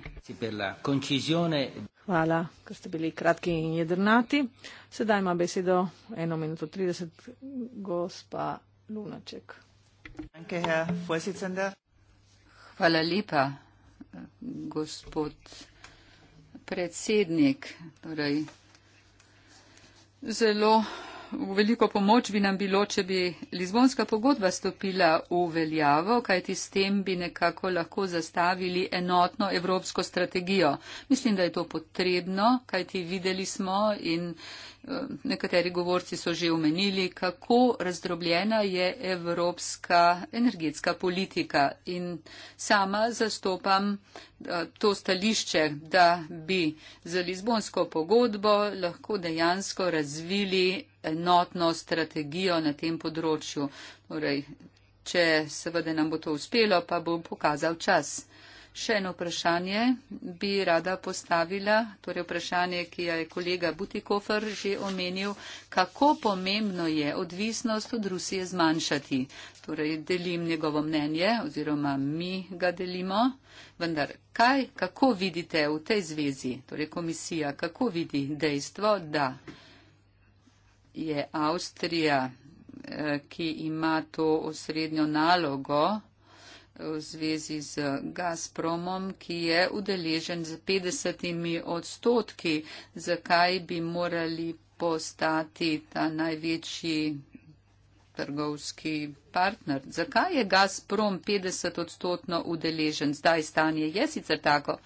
Hvala, ker ste bili kratki in jedrnati. Sedaj ima besedo 1 minuto 30 gospa Lunaček. Hvala lepa, gospod predsednik. Torej, zelo veliko pomoč bi nam bilo, če bi Lizbonska pogodba stopila v veljavo, kajti s tem bi nekako lahko zastavili enotno evropsko strategijo. Mislim, da je to potrebno, kajti videli smo in nekateri govorci so že omenili, kako razdrobljena je evropska energetska politika. In sama zastopam to stališče, da bi z Lizbonsko pogodbo lahko dejansko razvili enotno strategijo na tem področju. Torej, če seveda nam bo to uspelo, pa bom pokazal čas. Še eno vprašanje bi rada postavila, torej vprašanje, ki je kolega Butikofer že omenil, kako pomembno je odvisnost od Rusije zmanjšati. Torej delim njegovo mnenje oziroma mi ga delimo, vendar kaj, kako vidite v tej zvezi, torej komisija, kako vidi dejstvo, da je Avstrija, eh, ki ima to osrednjo nalogo, v zvezi z Gazpromom, ki je udeležen z 50 odstotki, zakaj bi morali postati ta največji trgovski partner. Zakaj je Gazprom 50 odstotno udeležen? Zdaj stanje je sicer tako,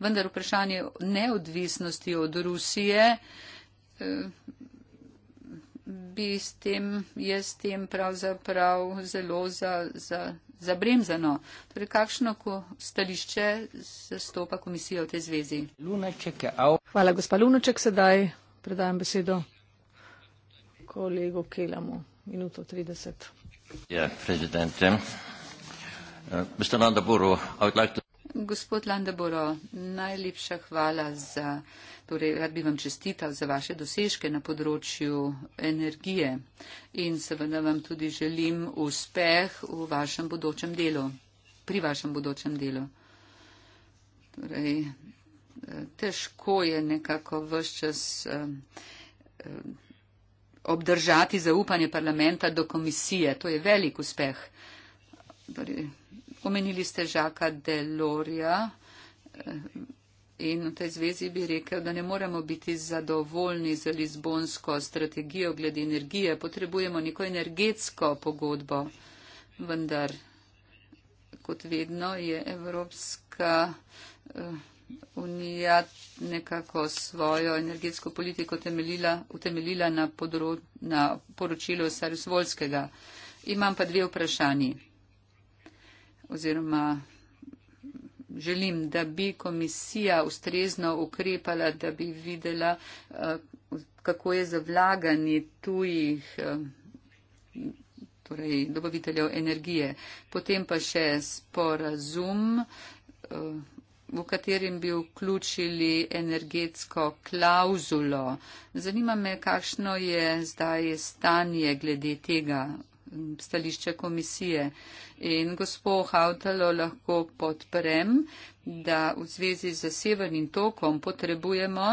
vendar vprašanje neodvisnosti od Rusije eh, bi s tem, je s tem pravzaprav zelo za. za zabremzano. Torej, kakšno stališče zastopa komisija v tej zvezi? Hvala, gospa Lunoček, sedaj predajam besedo kolegu Kelamu. Minuto 30. Ja, predsednik. Eh, Gospod Landaboro, najlepša hvala za. Torej, rad bi vam čestital za vaše dosežke na področju energije in seveda vam tudi želim uspeh v vašem bodočem delu, pri vašem bodočem delu. Torej, težko je nekako vse čas eh, eh, obdržati zaupanje parlamenta do komisije. To je velik uspeh. Torej, omenili ste Žaka Delorja. Eh, In v tej zvezi bi rekel, da ne moremo biti zadovoljni z Lizbonsko strategijo glede energije. Potrebujemo neko energetsko pogodbo. Vendar, kot vedno, je Evropska eh, unija nekako svojo energetsko politiko temeljila, utemeljila na, podro, na poročilu Sarusvolskega. Imam pa dve vprašanji oziroma želim, da bi komisija ustrezno ukrepala, da bi videla, eh, kako je zavlaganje tujih eh, torej, dobaviteljev energije. Potem pa še sporazum, eh, v katerem bi vključili energetsko klauzulo. Zanima me, kakšno je zdaj stanje glede tega stališče komisije. In gospod Hautalo lahko podprem, da v zvezi z severnim tokom potrebujemo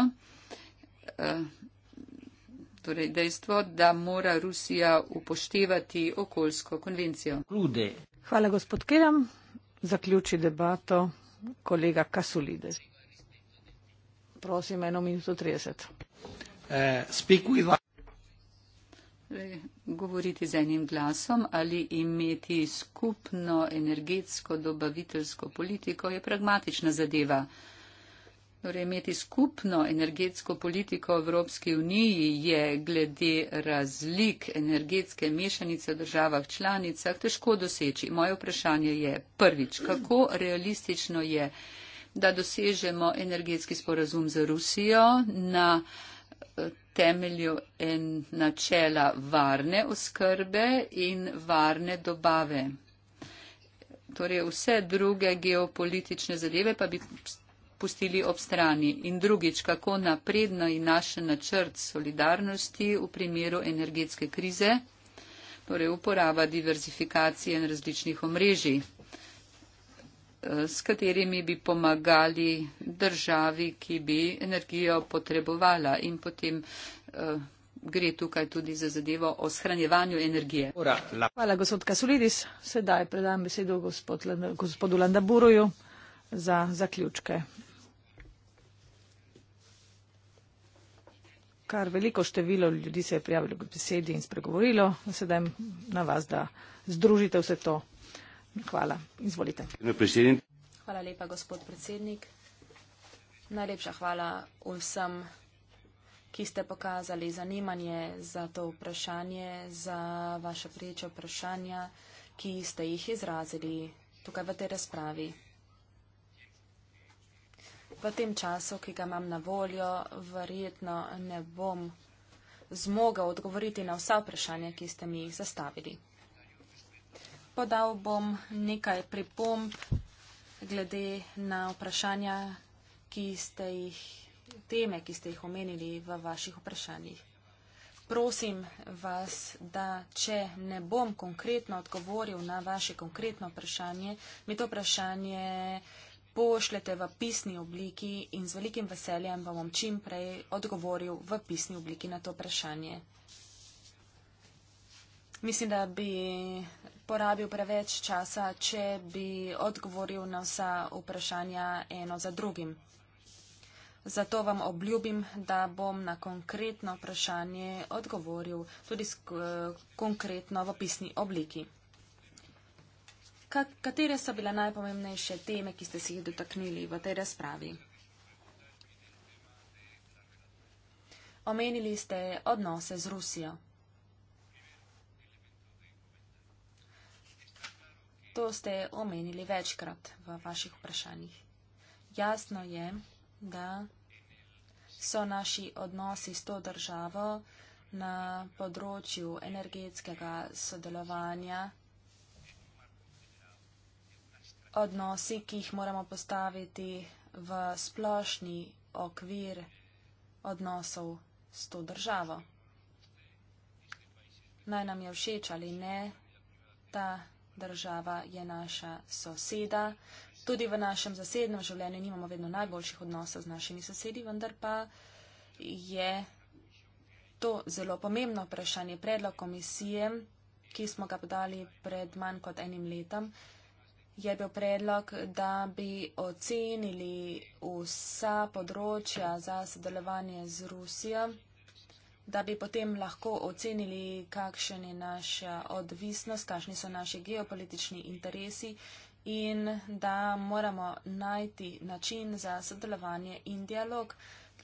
eh, torej dejstvo, da mora Rusija upoštevati okoljsko konvencijo. Hvala, gospod Kedam. Zaključi debato kolega Kasulides. Prosim, eno minuto trideset. Uh, Torej, govoriti z enim glasom ali imeti skupno energetsko dobaviteljsko politiko je pragmatična zadeva. Torej, imeti skupno energetsko politiko v Evropski uniji je glede razlik energetske mešanice v državah članicah težko doseči. Moje vprašanje je prvič, kako realistično je, da dosežemo energetski sporazum z Rusijo na eh, temelju in načela varne oskrbe in varne dobave. Torej vse druge geopolitične zadeve pa bi pustili ob strani. In drugič, kako napredno je naš načrt solidarnosti v primeru energetske krize, torej uporaba diverzifikacije in različnih omrežij s katerimi bi pomagali državi, ki bi energijo potrebovala. In potem eh, gre tukaj tudi za zadevo o shranjevanju energije. Hvala, gospod Kasulidis. Sedaj predam besedo gospod, gospodu Landaburuju za zaključke. Kar veliko število ljudi se je prijavilo k besedi in spregovorilo, sedaj na vas, da združite vse to Hvala. Izvolite. Hvala lepa, gospod predsednik. Najlepša hvala vsem, ki ste pokazali zanimanje za to vprašanje, za vaše priječe vprašanja, ki ste jih izrazili tukaj v tej razpravi. V tem času, ki ga imam na voljo, verjetno ne bom zmogel odgovoriti na vsa vprašanja, ki ste mi jih zastavili podal bom nekaj pripomb glede na vprašanja, ki ste jih, teme, ki ste jih omenili v vaših vprašanjih. Prosim vas, da če ne bom konkretno odgovoril na vaše konkretno vprašanje, mi to vprašanje pošljete v pisni obliki in z velikim veseljem vam bom čim prej odgovoril v pisni obliki na to vprašanje. Mislim, da bi porabil preveč časa, če bi odgovoril na vsa vprašanja eno za drugim. Zato vam obljubim, da bom na konkretno vprašanje odgovoril tudi sk, eh, konkretno v pisni obliki. Katere so bile najpomembnejše teme, ki ste si jih dotaknili v tej razpravi? Omenili ste odnose z Rusijo. to ste omenili večkrat v vaših vprašanjih. Jasno je, da so naši odnosi s to državo na področju energetskega sodelovanja odnosi, ki jih moramo postaviti v splošni okvir odnosov s to državo. Naj nam je všeč ali ne, ta država je naša soseda. Tudi v našem zasebnem življenju nimamo vedno najboljših odnosov z našimi sosedi, vendar pa je to zelo pomembno vprašanje. Predlog komisije, ki smo ga podali pred manj kot enim letom, je bil predlog, da bi ocenili vsa področja za sodelovanje z Rusijo da bi potem lahko ocenili, kakšen je naša eh, odvisnost, kakšni so naši geopolitični interesi in da moramo najti način za sodelovanje in dialog,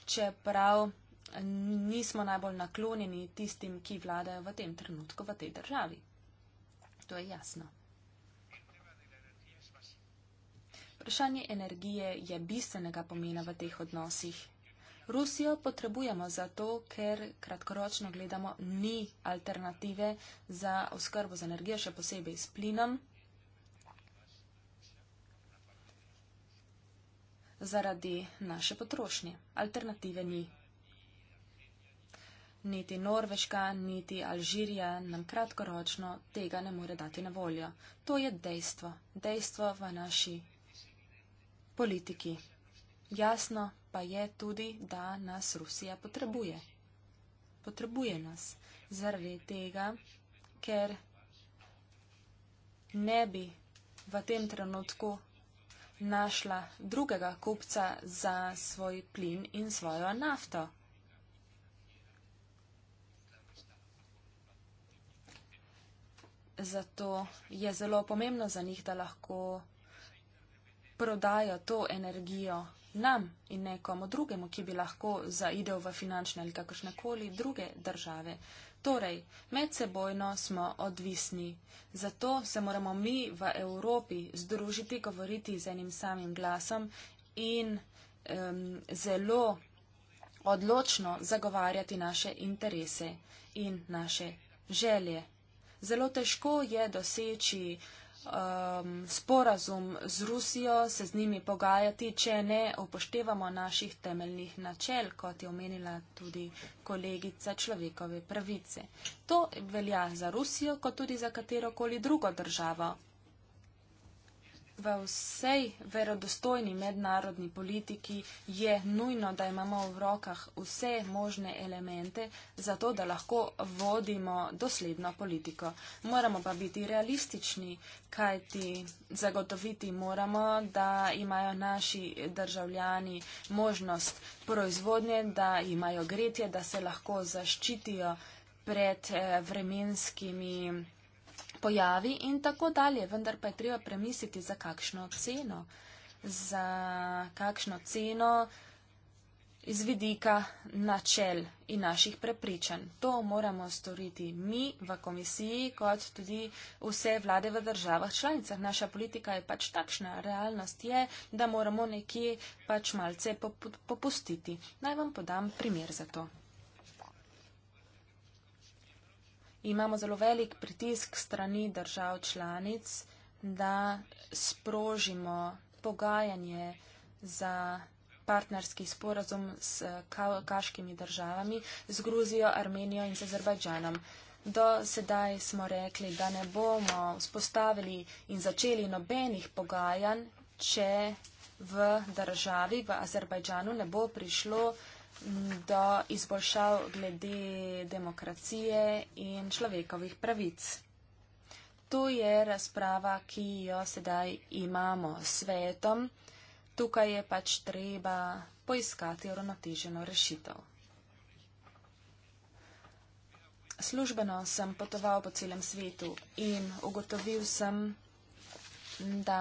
čeprav nismo najbolj naklonjeni tistim, ki vladajo v tem trenutku v tej državi. To je jasno. Vprašanje energije je bistvenega pomena v teh odnosih. Rusijo potrebujemo zato, ker kratkoročno gledamo ni alternative za oskrbo z energijo, še posebej s plinom. zaradi naše potrošnje. Alternative ni. Niti Norveška, niti Alžirija nam kratkoročno tega ne more dati na voljo. To je dejstvo. Dejstvo v naši politiki. Jasno, pa je tudi, da nas Rusija potrebuje. Potrebuje nas zaradi tega, ker ne bi v tem trenutku našla drugega kupca za svoj plin in svojo nafto. Zato je zelo pomembno za njih, da lahko prodajo to energijo nam in nekomu drugemu, ki bi lahko zaidel v finančne ali kakršne koli druge države. Torej, medsebojno smo odvisni. Zato se moramo mi v Evropi združiti, govoriti z enim samim glasom in um, zelo odločno zagovarjati naše interese in naše želje. Zelo težko je doseči uh, um, sporazum z Rusijo, se z njimi pogajati, če ne upoštevamo naših temeljnih načel, kot je omenila tudi kolegica človekove pravice. To velja za Rusijo, kot tudi za katero koli drugo državo, v vsej verodostojni mednarodni politiki je nujno, da imamo v rokah vse možne elemente za to, da lahko vodimo dosledno politiko. Moramo pa biti realistični, kajti zagotoviti moramo, da imajo naši državljani možnost proizvodnje, da imajo gretje, da se lahko zaščitijo pred eh, vremenskimi pojavi in tako dalje, vendar pa je treba premisliti za kakšno ceno, za kakšno ceno iz vidika načel in naših prepričanj. To moramo storiti mi v komisiji, kot tudi vse vlade v državah članicah. Naša politika je pač takšna, realnost je, da moramo nekje pač malce popustiti. Naj vam podam primer za to. imamo zelo velik pritisk strani držav članic, da sprožimo pogajanje za partnerski sporazum s kaškimi državami, z Gruzijo, Armenijo in z Azerbajdžanom. Do sedaj smo rekli, da ne bomo spostavili in začeli nobenih pogajanj, če v državi, v Azerbajdžanu, ne bo prišlo do izboljšav glede demokracije in človekovih pravic. To je razprava, ki jo sedaj imamo s svetom. Tukaj je pač treba poiskati uravnoteženo rešitev. Službeno sem potoval po celem svetu in ugotovil sem, da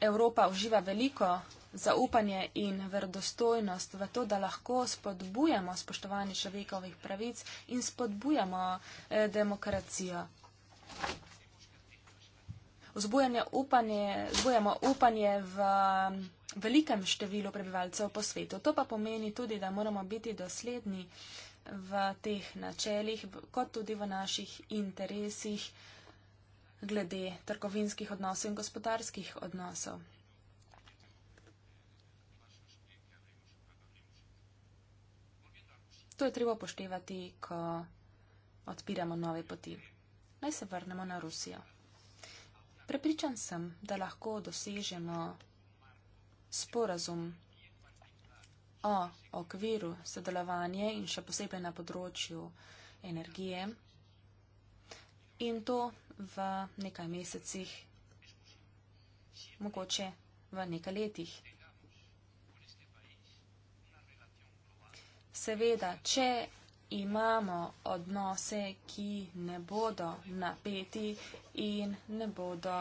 Evropa uživa veliko zaupanje in verdostojnost v to, da lahko spodbujamo spoštovanje človekovih pravic in spodbujamo eh, demokracijo. Upanje, zbujamo upanje v mm, velikem številu prebivalcev po svetu. To pa pomeni tudi, da moramo biti dosledni v teh načeljih, kot tudi v naših interesih glede trgovinskih odnosov in gospodarskih odnosov. To je treba upoštevati, ko odpiramo nove poti. Naj se vrnemo na Rusijo. Prepričan sem, da lahko dosežemo sporazum o okviru sodelovanja in še posebej na področju energije in to v nekaj mesecih, mogoče v nekaj letih. Seveda, če imamo odnose, ki ne bodo napeti in ne bodo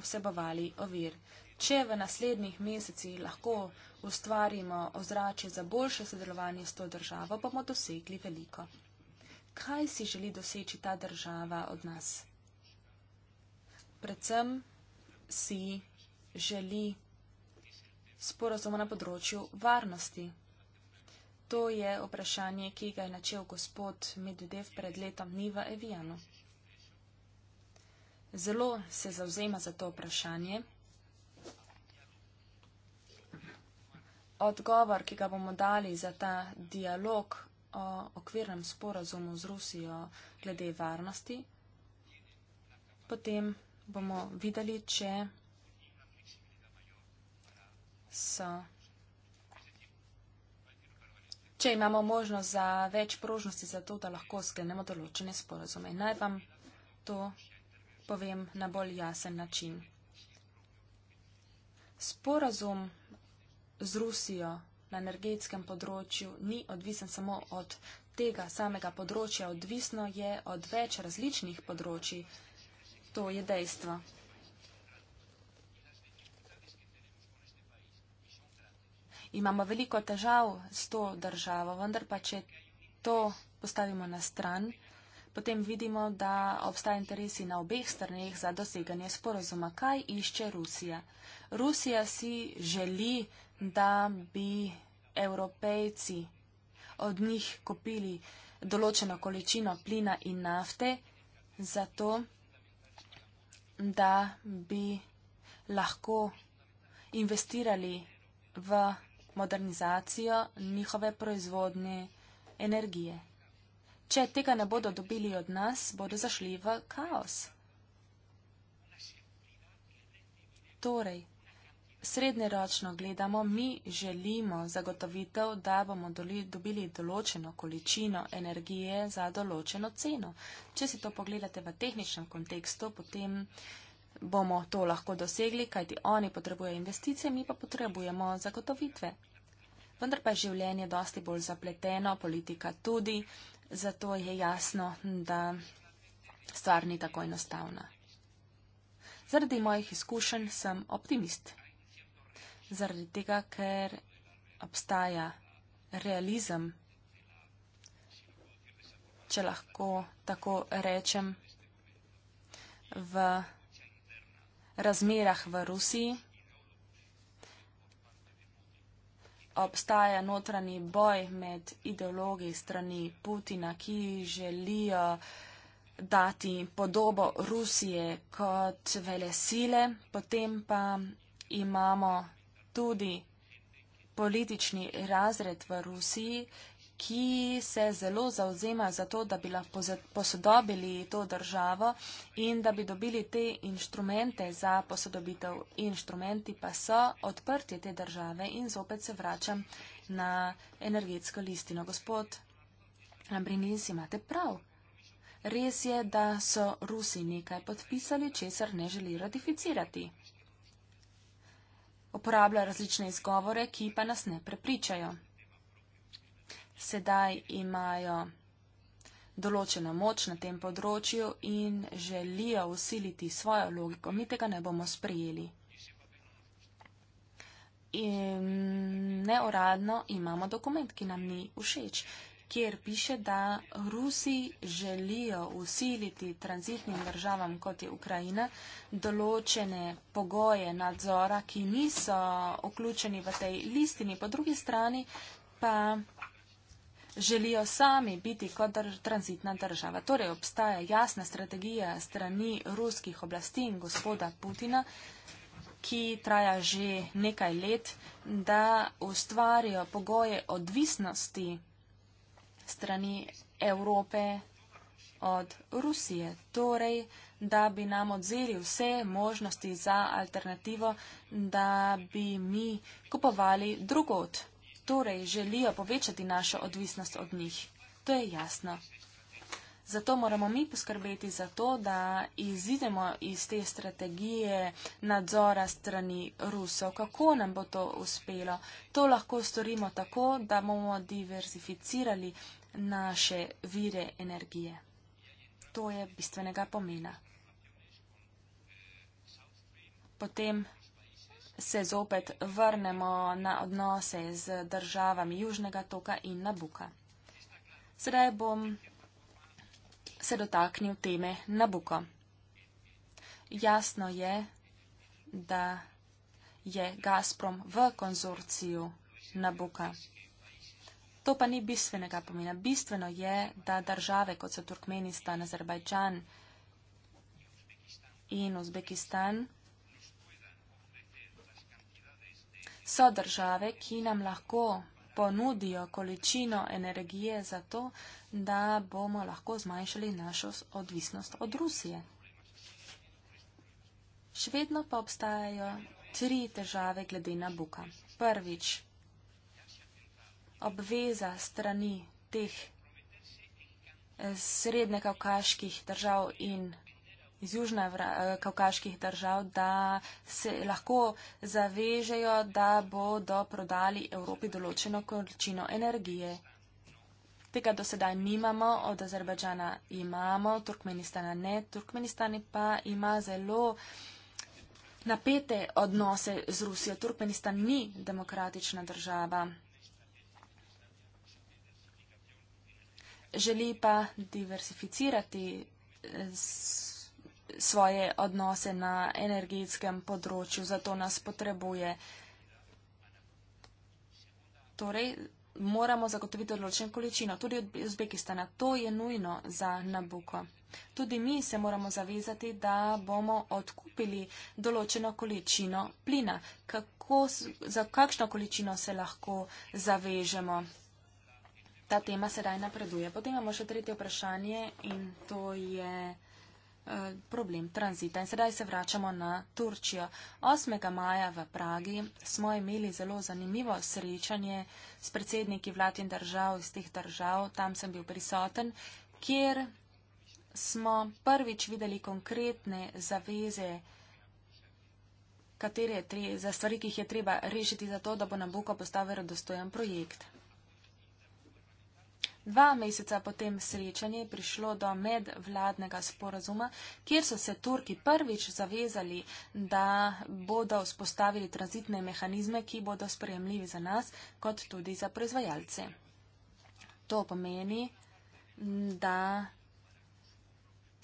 vsebovali ovir. Če v naslednjih mesecih lahko ustvarimo ozračje za boljše sodelovanje s to državo, bomo dosegli veliko. Kaj si želi doseči ta država od nas? Predvsem si želi sporozum na področju varnosti. To je vprašanje, ki ga je načel gospod Medvedev pred letom dni v Evijanu. Zelo se zauzema za to vprašanje. Odgovor, ki ga bomo dali za ta dialog o okvirnem sporazumu z Rusijo glede varnosti, potem bomo videli, če so Če imamo možnost za več prožnosti za to, da lahko sklenemo določene sporozume. Naj vam to povem na bolj jasen način. Sporazum z Rusijo na energetskem področju ni odvisen samo od tega samega področja, odvisno je od več različnih področji. To je dejstvo. imamo veliko težav s to državo, vendar pa če to postavimo na stran, potem vidimo, da obstaja interesi na obeh straneh za doseganje sporozuma. Kaj išče Rusija? Rusija si želi, da bi evropejci od njih kupili določeno količino plina in nafte, zato da bi lahko investirali v modernizacijo njihove proizvodne energije. Če tega ne bodo dobili od nas, bodo zašli v kaos. Torej, srednjeročno gledamo, mi želimo zagotovitev, da bomo dobili določeno količino energije za določeno ceno. Če si to pogledate v tehničnem kontekstu, potem bomo to lahko dosegli, kajti oni potrebujejo investicije, mi pa potrebujemo zagotovitve. Vendar pa je življenje dosti bolj zapleteno, politika tudi, zato je jasno, da stvar ni tako enostavna. Zaradi mojih izkušenj sem optimist. Zaradi tega, ker obstaja realizem, če lahko tako rečem, v razmerah v Rusiji. Obstaja notranji boj med ideologi strani Putina, ki želijo dati podobo Rusije kot vele sile, potem pa imamo tudi politični razred v Rusiji, ki se zelo zauzema za to, da bi lahko posodobili to državo in da bi dobili te inštrumente za posodobitev. Inštrumenti pa so odprtje te države in zopet se vračam na energetsko listino. Gospod Ambrinis, imate prav. Res je, da so Rusi nekaj podpisali, česar ne želi ratificirati. Uporablja različne izgovore, ki pa nas ne prepričajo sedaj imajo določeno moč na tem področju in želijo usiliti svojo logiko. Mi tega ne bomo sprijeli. In neuradno imamo dokument, ki nam ni všeč, kjer piše, da Rusi želijo usiliti tranzitnim državam, kot je Ukrajina, določene pogoje nadzora, ki niso vključeni v tej listini. Po drugi strani pa želijo sami biti kot dr tranzitna država. Torej obstaja jasna strategija strani ruskih oblasti in gospoda Putina, ki traja že nekaj let, da ustvarijo pogoje odvisnosti strani Evrope od Rusije. Torej, da bi nam odzeli vse možnosti za alternativo, da bi mi kupovali drugot torej želijo povečati našo odvisnost od njih. To je jasno. Zato moramo mi poskrbeti za to, da izidemo iz te strategije nadzora strani Rusov. Kako nam bo to uspelo? To lahko storimo tako, da bomo diverzificirali naše vire energije. To je bistvenega pomena. Potem se zopet vrnemo na odnose z državami Južnega toka in Nabuka. Sedaj bom se dotaknil teme Nabuko. Jasno je, da je Gazprom v konzorciju Nabuka. To pa ni bistvenega pomena. Bistveno je, da države, kot so Turkmenistan, Azerbajčan in Uzbekistan, So države, ki nam lahko ponudijo količino energije za to, da bomo lahko zmanjšali našo odvisnost od Rusije. Še vedno pa obstajajo tri težave glede na buka. Prvič, obveza strani teh eh, srednjekavkaških držav in iz južnih eh, kaukaških držav, da se lahko zavežejo, da bodo prodali Evropi določeno količino energije. Tega do sedaj nimamo, od Azerbajdžana imamo, Turkmenistana ne, Turkmenistan pa ima zelo napete odnose z Rusijo. Turkmenistan ni demokratična država. Želi pa diversificirati eh, s svoje odnose na energetskem področju, zato nas potrebuje. Torej, moramo zagotoviti odločen količino, tudi od Uzbekistana. To je nujno za Nabuko. Tudi mi se moramo zavezati, da bomo odkupili določeno količino plina. Kako, za kakšno količino se lahko zavežemo? Ta tema sedaj napreduje. Potem imamo še tretje vprašanje in to je. Eh, problem tranzita. In sedaj se vračamo na Turčijo. 8. maja v Pragi smo imeli zelo zanimivo srečanje s predsedniki vlad in držav iz teh držav, tam sem bil prisoten, kjer smo prvič videli konkretne zaveze, katere, za stvari, ki jih je treba rešiti za to, da bo Nabuko postal verodostojen projekt. Dva meseca potem srečanje je prišlo do medvladnega sporazuma, kjer so se Turki prvič zavezali, da bodo vzpostavili transitne mehanizme, ki bodo sprejemljivi za nas, kot tudi za proizvajalce. To pomeni, da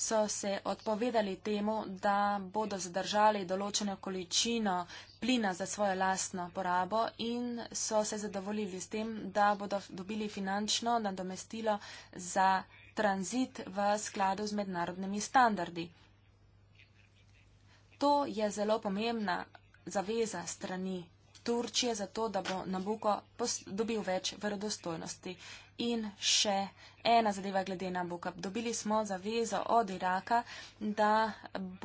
so se odpovedali temu, da bodo zadržali določeno količino plina za svojo lastno porabo in so se zadovoljili s tem, da bodo dobili finančno nadomestilo za tranzit v skladu z mednarodnimi standardi. To je zelo pomembna zaveza strani Turčije, zato da bo Nabuko dobil več verodostojnosti. In še ena zadeva glede na Boka. Dobili smo zavezo od Iraka, da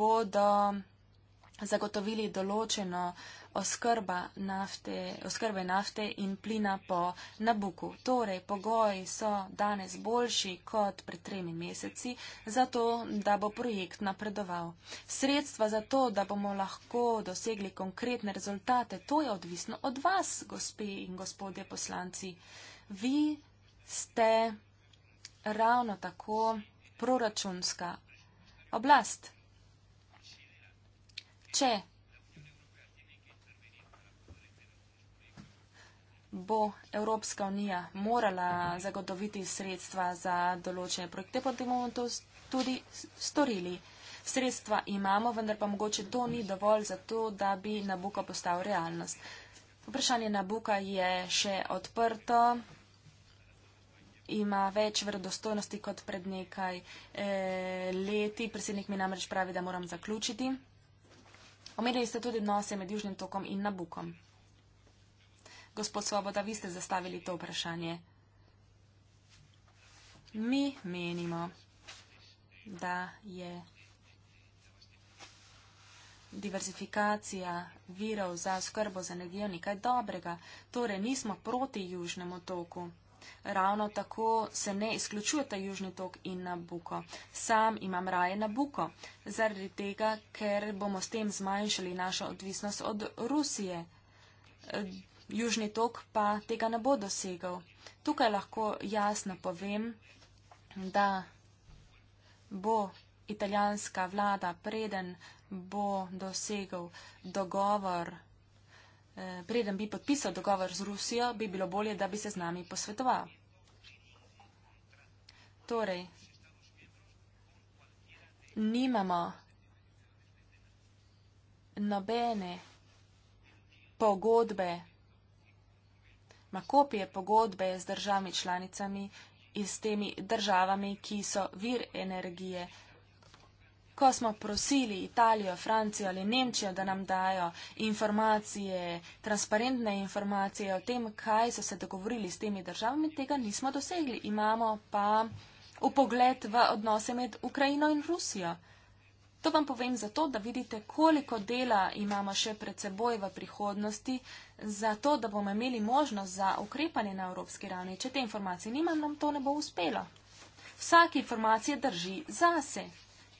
bodo zagotovili določeno oskrba nafte, oskrbe nafte in plina po Nabuku. Torej, pogoji so danes boljši kot pred tremi meseci, zato da bo projekt napredoval. Sredstva za to, da bomo lahko dosegli konkretne rezultate, to je odvisno od vas, gospe in gospodje poslanci. Vi ste ravno tako proračunska oblast. Če bo Evropska unija morala zagotoviti sredstva za določene projekte, potem bomo to tudi storili. Sredstva imamo, vendar pa mogoče to ni dovolj za to, da bi Nabuka postal realnost. Vprašanje Nabuka je še odprto ima več vredostojnosti kot pred nekaj eh, leti. Predsednik mi namreč pravi, da moram zaključiti. Omenili ste tudi odnose med Južnim tokom in Nabukom. Gospod Svoboda, vi ste zastavili to vprašanje. Mi menimo, da je diverzifikacija virov za skrbo z energijo nekaj dobrega. Torej, nismo proti Južnemu toku ravno tako se ne izključujeta Južni tok in Nabuko. Sam imam raje Nabuko, zaradi tega, ker bomo s tem zmanjšali našo odvisnost od Rusije. Južni tok pa tega ne bo dosegal. Tukaj lahko jasno povem, da bo italijanska vlada preden bo dosegal dogovor Eh, preden bi podpisal dogovor z Rusijo, bi bilo bolje, da bi se z nami posvetoval. Torej, nimamo nobene pogodbe, ma kopije pogodbe z državami članicami in s temi državami, ki so vir energije ko smo prosili Italijo, Francijo ali Nemčijo, da nam dajo informacije, transparentne informacije o tem, kaj so se dogovorili s temi državami, tega nismo dosegli. Imamo pa upogled v odnose med Ukrajino in Rusijo. To vam povem zato, da vidite, koliko dela imamo še pred seboj v prihodnosti, zato, da bomo imeli možnost za ukrepanje na evropski ravni. Če te informacije nimam, nam to ne bo uspelo. Vsaki informacije drži zase.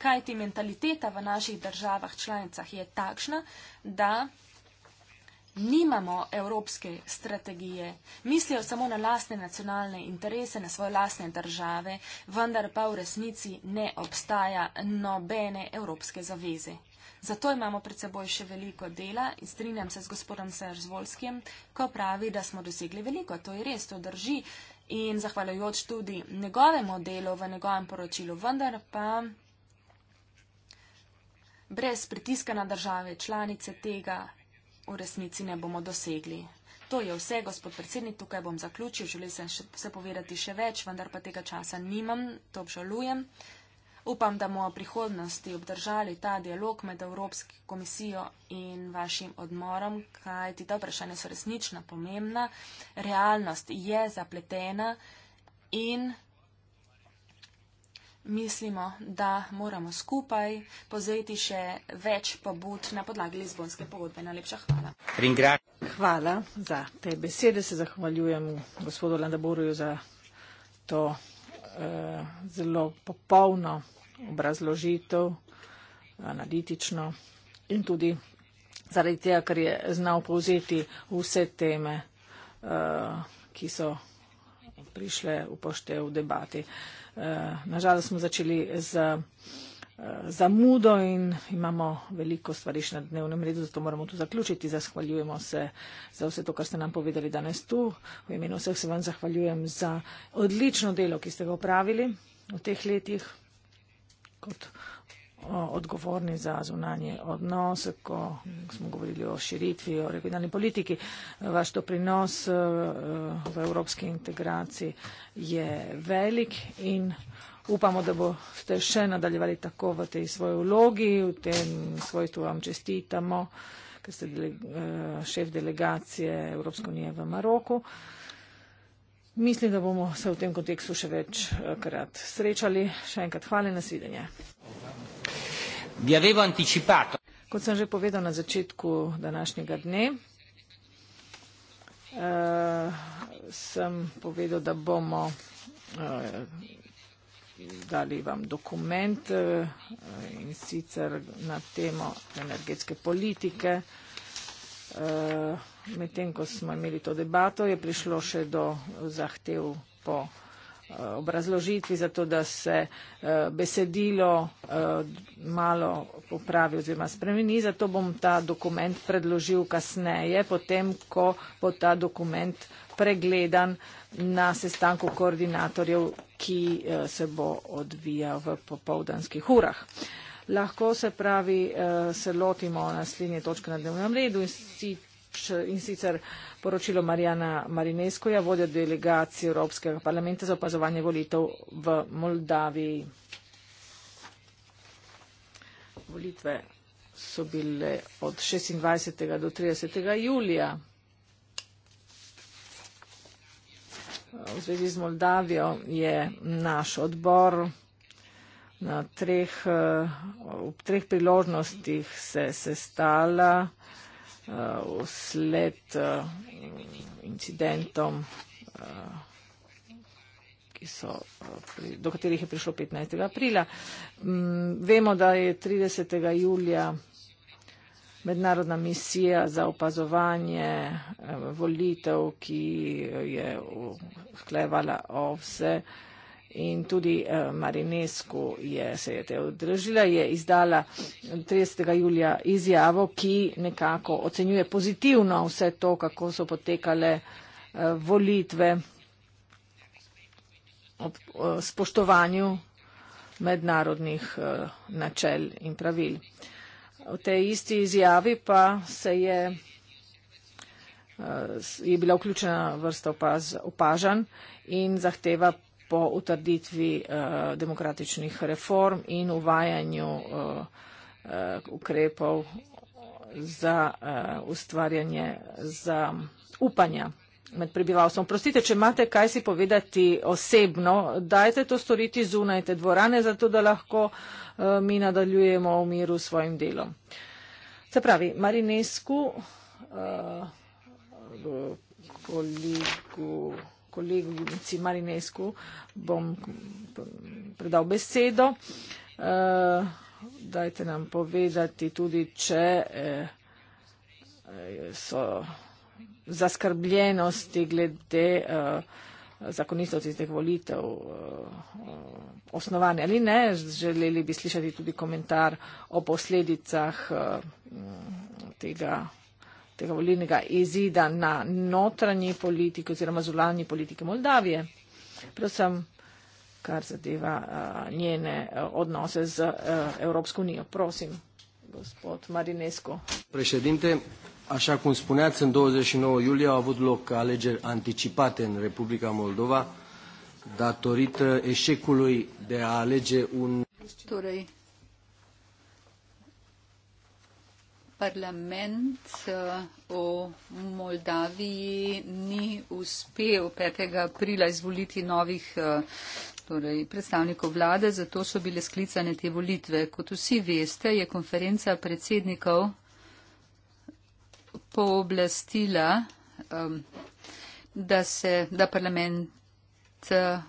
Kaj ti mentaliteta v naših državah članicah je takšna, da nimamo evropske strategije, mislijo samo na lastne nacionalne interese, na svoje lastne države, vendar pa v resnici ne obstaja nobene evropske zaveze. Zato imamo pred seboj še veliko dela in strinjam se z gospodom Seržvolskim, ko pravi, da smo dosegli veliko. To je res, to drži in zahvaljujoč tudi njegovemu delu v njegovem poročilu, vendar pa brez pritiska na države članice tega v resnici ne bomo dosegli. To je vse, gospod predsednik, tukaj bom zaključil, želel sem se povedati še več, vendar pa tega časa nimam, to obžalujem. Upam, da bomo v prihodnosti obdržali ta dialog med Evropsko komisijo in vašim odmorom, kajti ta vprašanja so resnično pomembna. Realnost je zapletena in mislimo, da moramo skupaj pozeti še več pobud na podlagi Lizbonske pogodbe. Najlepša hvala. Hvala za te besede. Se zahvaljujem gospodu Landaboruju za to eh, zelo popolno obrazložitev, analitično in tudi zaradi tega, ker je znal povzeti vse teme, eh, ki so prišle v pošte v debati. Eh, Eh, nažalost smo začeli z eh, zamudo in imamo veliko stvari še na dnevnem redu, zato moramo tu zaključiti. Zahvaljujemo se za vse to, kar ste nam povedali danes tu. V imenu vseh se vam zahvaljujem za odlično delo, ki ste ga opravili v teh letih. Kot odgovorni za zunanje odnose, ko smo govorili o širitvi, o regionalni politiki. Vaš doprinos e, v evropski integraciji je velik in upamo, da boste še nadaljevali tako v tej svoji vlogi, v tem svojstvu vam čestitamo, ker ste dele, e, šef delegacije Evropske unije v Maroku. Mislim, da bomo se v tem kontekstu še večkrat srečali. Še enkrat hvala in nasvidenje. Hvala vi avevo anticipato. Kot sem že povedal na začetku današnjega dne, eh, sem povedal, da bomo eh, dali vam dokument eh, in sicer na temo energetske politike. Medtem, ko smo imeli to debato, je prišlo še do zahtev po energetske politike. Eh, obrazložitvi, zato da se eh, besedilo eh, malo popravi oziroma spremeni. Zato bom ta dokument predložil kasneje, potem, ko bo ta dokument pregledan na sestanku koordinatorjev, ki se bo odvijal v popovdanskih urah. Lahko se pravi, se lotimo naslednje točke na dnevnem redu in sicer poročilo Marijana Marineskoja, vodja delegacije Evropskega parlamenta za opazovanje volitev v Moldaviji. Volitve so bile od 26. do 30. julija. V zvezi z Moldavijo je naš odbor na treh, eh, ob treh priložnostih se sestala. Eh, vsled eh, incidentom, eh, so, do katerih je prišlo 15. aprila. Mm, vemo, da je 30. julija mednarodna misija za opazovanje volitev, ki je sklevala OVSE, in tudi eh, Marinesku je, se je te odražila, je izdala 30. julija izjavo, ki nekako ocenjuje pozitivno vse to, kako so potekale eh, volitve ob eh, spoštovanju mednarodnih načel in pravil. V tej isti izjavi pa se je, je bila vključena vrsta opaz, opažan in zahteva po utrditvi uh, demokratičnih reform in uvajanju uh, uh, ukrepov za uh, ustvarjanje za upanja med prebivalstvom. Prostite, če imate kaj si povedati osebno, dajte to storiti zunaj te dvorane, zato da lahko uh, mi nadaljujemo v miru s svojim delom. Se pravi, Marinesku, uh, kolegu kolegu Marinesku bom predal besedo. Eh, dajte nam povedati tudi, če eh, so zaskrbljenosti glede eh, zakonitosti teh volitev osnovane ali ne. Želeli bi slišati tudi komentar o posledicah tega tega volilnega izida na notranji politiki oziroma zvolanji politike Moldavije, predvsem kar zadeva uh, njene uh, odnose z uh, Evropsko unijo. Prosim, gospod Marinesko. Președinte, așa cum spuneați, în 29 iulie au avut loc alegeri anticipate în Republica Moldova datorită eșecului de a alege un... Doreai. parlament v eh, Moldaviji ni uspel 5. aprila izvoliti novih eh, torej, predstavnikov vlade, zato so bile sklicane te volitve. Kot vsi veste, je konferenca predsednikov pooblastila, da, se, da parlament eh,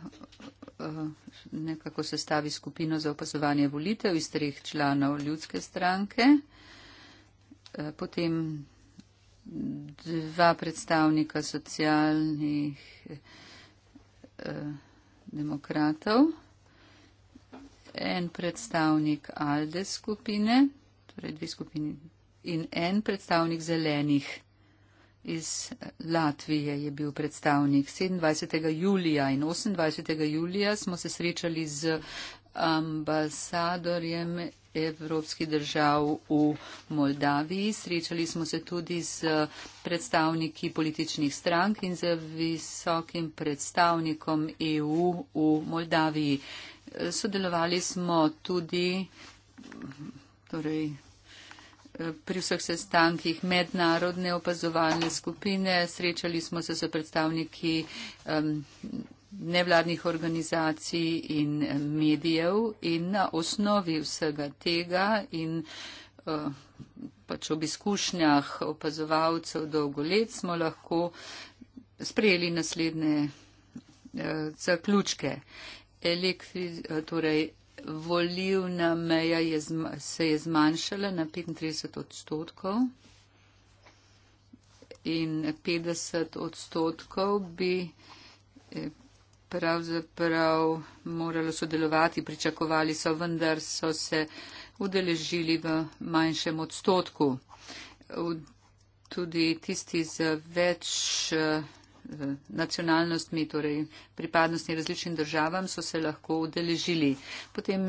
nekako sestavi skupino za opazovanje volitev iz treh članov ljudske stranke Eh, potem dva predstavnika socialnih eh, demokratov, en predstavnik ALDE skupine, torej dve skupini, in en predstavnik zelenih iz Latvije je bil predstavnik. 27. julija in 28. julija smo se srečali z ambasadorjem evropskih držav v Moldaviji. Srečali smo se tudi z predstavniki političnih strank in z visokim predstavnikom EU v Moldaviji. Sodelovali smo tudi torej, pri vseh sestankih mednarodne opazovalne skupine. Srečali smo se s predstavniki. Um, nevladnih organizacij in medijev in na osnovi vsega tega in eh, pač ob izkušnjah opazovalcev dolgo let smo lahko sprejeli naslednje eh, zaključke. Elektri, eh, torej, volivna meja je, se je zmanjšala na 35 odstotkov in 50 odstotkov bi pravzaprav moralo sodelovati, pričakovali so, vendar so se udeležili v manjšem odstotku. Tudi tisti z več eh, nacionalnostmi, torej pripadnostni različnim državam, so se lahko udeležili. Potem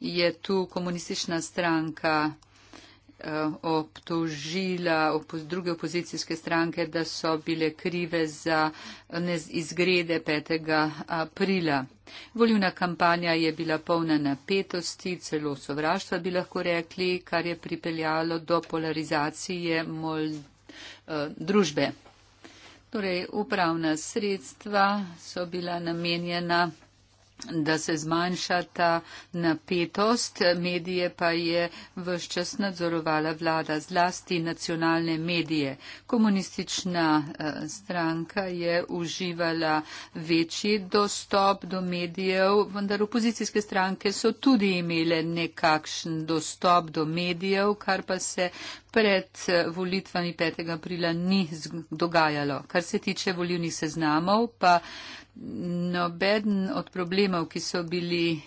je tu komunistična stranka Eh, obtožila druge opozicijske stranke, da so bile krive za izgrede 5. aprila. Volivna kampanja je bila polna napetosti, celo sovraštva bi lahko rekli, kar je pripeljalo do polarizacije mol, eh, družbe. Torej, upravna sredstva so bila namenjena da se zmanjša ta napetost, medije pa je vse čas nadzorovala vlada, zlasti nacionalne medije. Komunistična eh, stranka je uživala večji dostop do medijev, vendar opozicijske stranke so tudi imele nekakšen dostop do medijev, kar pa se pred eh, volitvami 5. aprila ni dogajalo. Kar se tiče volivnih seznamov, pa Nobeden od problemov, ki so bili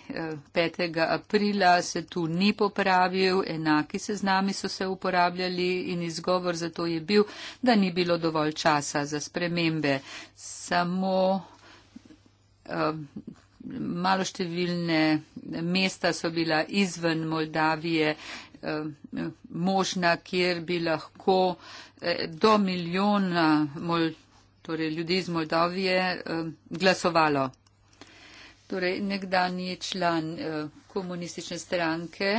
5. Eh, aprila, se tu ni popravil, enaki se z nami so se uporabljali in izgovor za to je bil, da ni bilo dovolj časa za spremembe. Samo eh, maloštevilne mesta so bila izven Moldavije eh, možna, kjer bi lahko do milijona Moldavije torej ljudi iz Moldavije, eh, glasovalo. Torej, nekdani član eh, komunistične stranke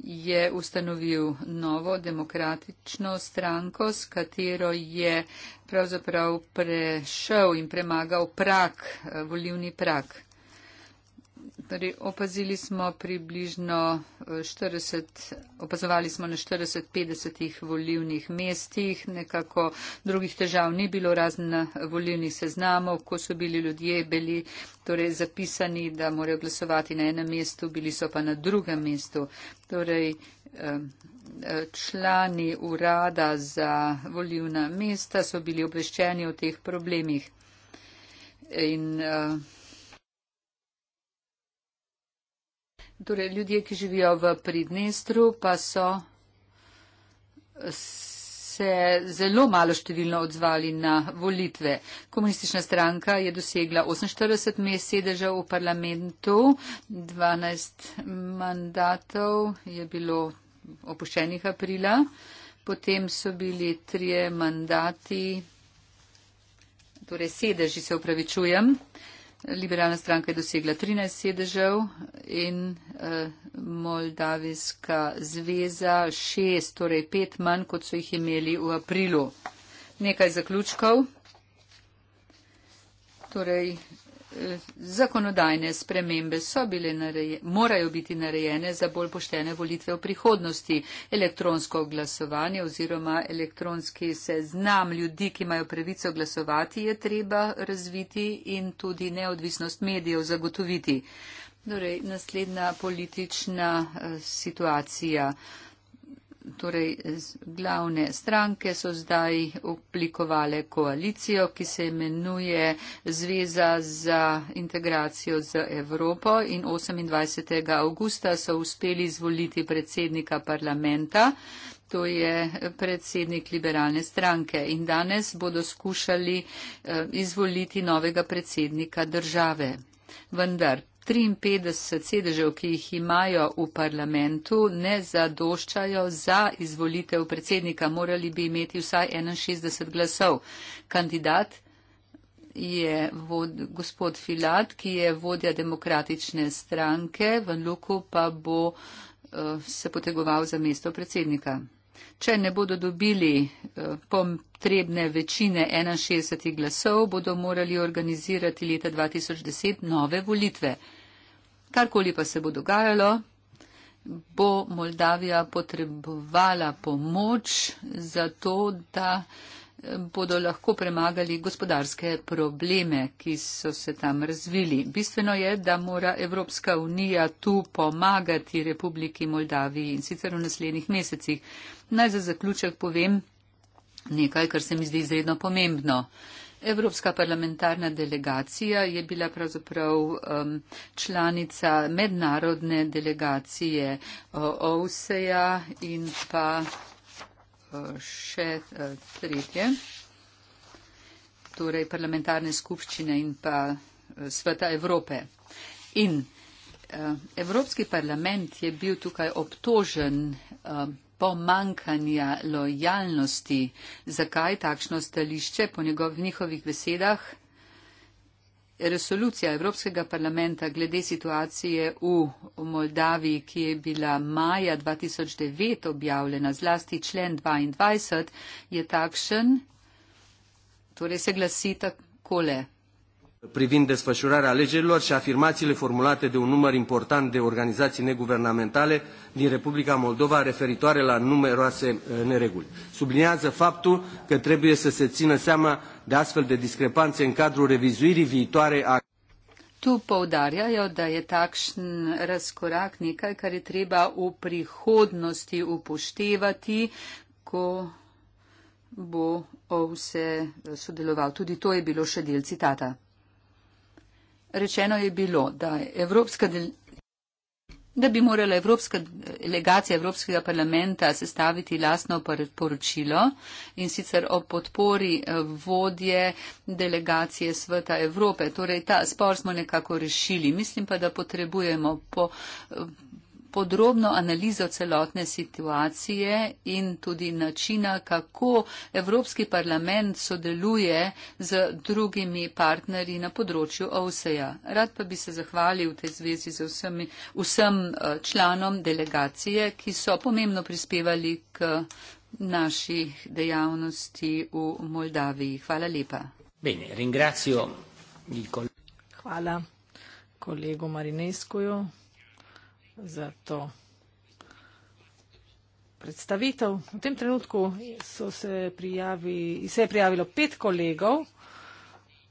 je ustanovil novo demokratično stranko, s katero je pravzaprav prešel in premagal prak, eh, volivni prak. Torej, opazili smo približno 40, eh, opazovali smo na 40-50 volivnih mestih, nekako drugih težav ni bilo razen na volivnih seznamov, ko so bili ljudje bili torej, zapisani, da morajo glasovati na enem mestu, bili so pa na drugem mestu. Torej, eh, člani urada za volivna mesta so bili obveščeni o teh problemih. In, uh, Torej, ljudje, ki živijo v Pridnestru, pa so se zelo malo številno odzvali na volitve. Komunistična stranka je dosegla 48 mest sedeža v parlamentu, 12 mandatov je bilo opuščenih aprila, potem so bili trije mandati, torej sedeži se upravičujem. Liberalna stranka je dosegla 13 sedežev in eh, Moldavijska zveza 6, torej 5 manj, kot so jih imeli v aprilu. Nekaj zaključkov. Torej, zakonodajne spremembe so bile narejene, morajo biti narejene za bolj poštene volitve v prihodnosti. Elektronsko glasovanje oziroma elektronski seznam ljudi, ki imajo pravico glasovati, je treba razviti in tudi neodvisnost medijev zagotoviti. Torej, naslednja politična eh, situacija torej glavne stranke so zdaj oblikovale koalicijo, ki se imenuje Zveza za integracijo z Evropo in 28. augusta so uspeli izvoliti predsednika parlamenta. To je predsednik liberalne stranke in danes bodo skušali eh, izvoliti novega predsednika države. Vendar 53 sedežev, ki jih imajo v parlamentu, ne zadoščajo za izvolitev predsednika. Morali bi imeti vsaj 61 glasov. Kandidat je vod, gospod Filat, ki je vodja demokratične stranke, v Luku pa bo uh, se potegoval za mesto predsednika. Če ne bodo dobili uh, pom, potrebne večine 61 glasov bodo morali organizirati leta 2010 nove volitve. Karkoli pa se bo dogajalo, bo Moldavija potrebovala pomoč za to, da eh, bodo lahko premagali gospodarske probleme, ki so se tam razvili. Bistveno je, da mora Evropska unija tu pomagati Republiki Moldaviji in sicer v naslednjih mesecih. Naj za zaključek povem, nekaj, kar se mi zdi izredno pomembno. Evropska parlamentarna delegacija je bila pravzaprav um, članica mednarodne delegacije uh, OVSE-ja in pa uh, še uh, tretje, torej parlamentarne skupščine in pa uh, Sveta Evrope. In uh, Evropski parlament je bil tukaj obtožen. Uh, pomankanja lojalnosti. Zakaj takšno stališče? Po njegovih besedah resolucija Evropskega parlamenta glede situacije v Moldaviji, ki je bila maja 2009 objavljena, zlasti člen 22, je takšen, torej se glasi takole privind desfășurarea alegerilor și afirmațiile formulate de un număr important de organizații neguvernamentale din Republica Moldova referitoare la numeroase uh, nereguli. Subliniază faptul că trebuie să se țină seama de astfel de discrepanțe în cadrul revizuirii viitoare a Tu poudarja, da je takšen razkorak nekaj, kar je treba v prihodnosti upoštevati, ko bo vse sodeloval. Tudi to je bilo še del citata. Rečeno je bilo, da, del... da bi morala Evropska delegacija Evropskega parlamenta sestaviti lastno poročilo in sicer o podpori eh, vodje delegacije Sveta Evrope. Torej, ta spor smo nekako rešili. Mislim pa, da potrebujemo po eh, podrobno analizo celotne situacije in tudi načina, kako Evropski parlament sodeluje z drugimi partnerji na področju OVSE-ja. Rad pa bi se zahvalil v tej zvezi z vsemi, vsem eh, članom delegacije, ki so pomembno prispevali k naših dejavnosti v Moldaviji. Hvala lepa. Bene, ringrazio. Hvala kolegu Marineskuju za to predstavitev. V tem trenutku so se, prijavi, se je prijavilo pet kolegov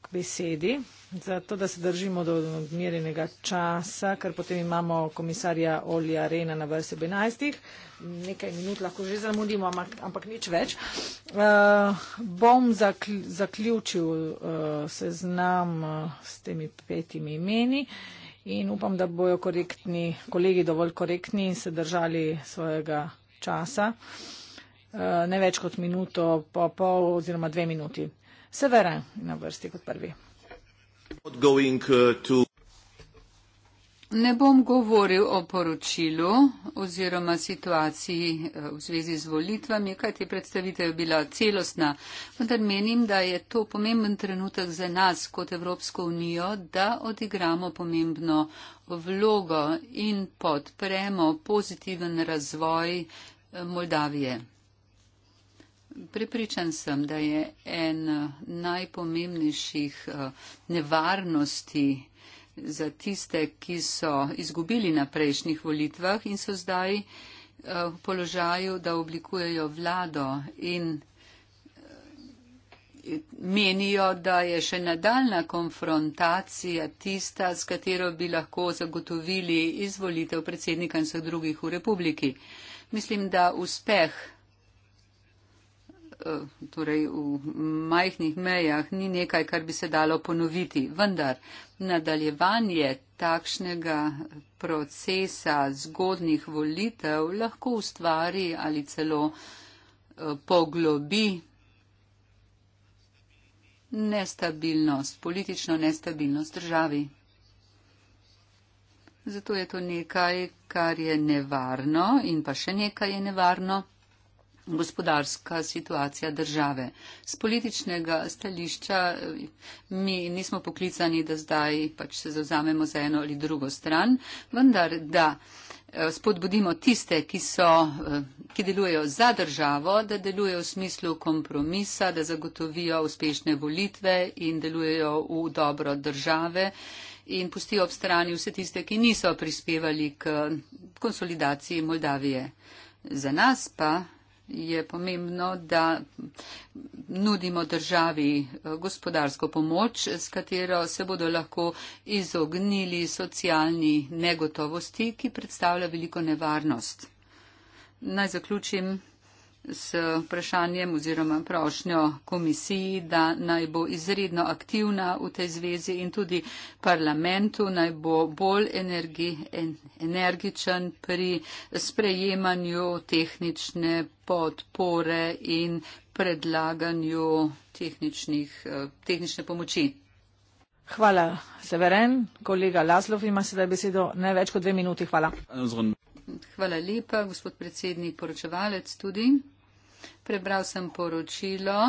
k besedi, zato da se držimo do odmerjenega časa, ker potem imamo komisarja Olja Rena na vrsti ob 11. Nekaj minut lahko že zamudimo, ampak, ampak nič več. Uh, bom zakl, zaključil uh, seznam uh, s temi petimi imeni in upam, da bojo korektni, kolegi dovolj korektni in se držali svojega časa. Eh, ne več kot minuto, pa pol oziroma dve minuti. Severa na vrsti kot prvi. Ne bom govoril o poročilu oziroma situaciji eh, v zvezi z volitvami, kajti predstavitev je bila celostna, vendar menim, da je to pomemben trenutek za nas kot Evropsko unijo, da odigramo pomembno vlogo in podpremo pozitiven razvoj eh, Moldavije. Pripričan sem, da je en najpomembnejših eh, nevarnosti, za tiste, ki so izgubili na prejšnjih volitvah in so zdaj eh, v položaju, da oblikujejo vlado in eh, menijo, da je še nadaljna konfrontacija tista, s katero bi lahko zagotovili izvolitev predsednika in vseh drugih v republiki. Mislim, da uspeh Eh, torej v majhnih mejah, ni nekaj, kar bi se dalo ponoviti. Vendar nadaljevanje takšnega procesa zgodnih volitev lahko ustvari ali celo eh, poglobi nestabilnost, politično nestabilnost državi. Zato je to nekaj, kar je nevarno in pa še nekaj je nevarno gospodarska situacija države. Z političnega stališča eh, mi nismo poklicani, da zdaj pač se zauzamemo za eno ali drugo stran, vendar da eh, spodbudimo tiste, ki, so, eh, ki delujejo za državo, da delujejo v smislu kompromisa, da zagotovijo uspešne volitve in delujejo v dobro države in pustijo ob strani vse tiste, ki niso prispevali k konsolidaciji Moldavije. Za nas pa je pomembno, da nudimo državi eh, gospodarsko pomoč, s katero se bodo lahko izognili socialni negotovosti, ki predstavlja veliko nevarnost. Naj zaključim s vprašanjem oziroma prošnjo komisiji, da naj bo izredno aktivna v tej zvezi in tudi parlamentu naj bo bolj energi, en, energičen pri sprejemanju tehnične podpore in predlaganju tehničnih, tehnične pomoči. Hvala, Severen. Kolega Laslov ima sedaj besedo ne več kot dve minuti. Hvala. Hvala lepa, gospod predsednik, poročevalec tudi. Prebral sem poročilo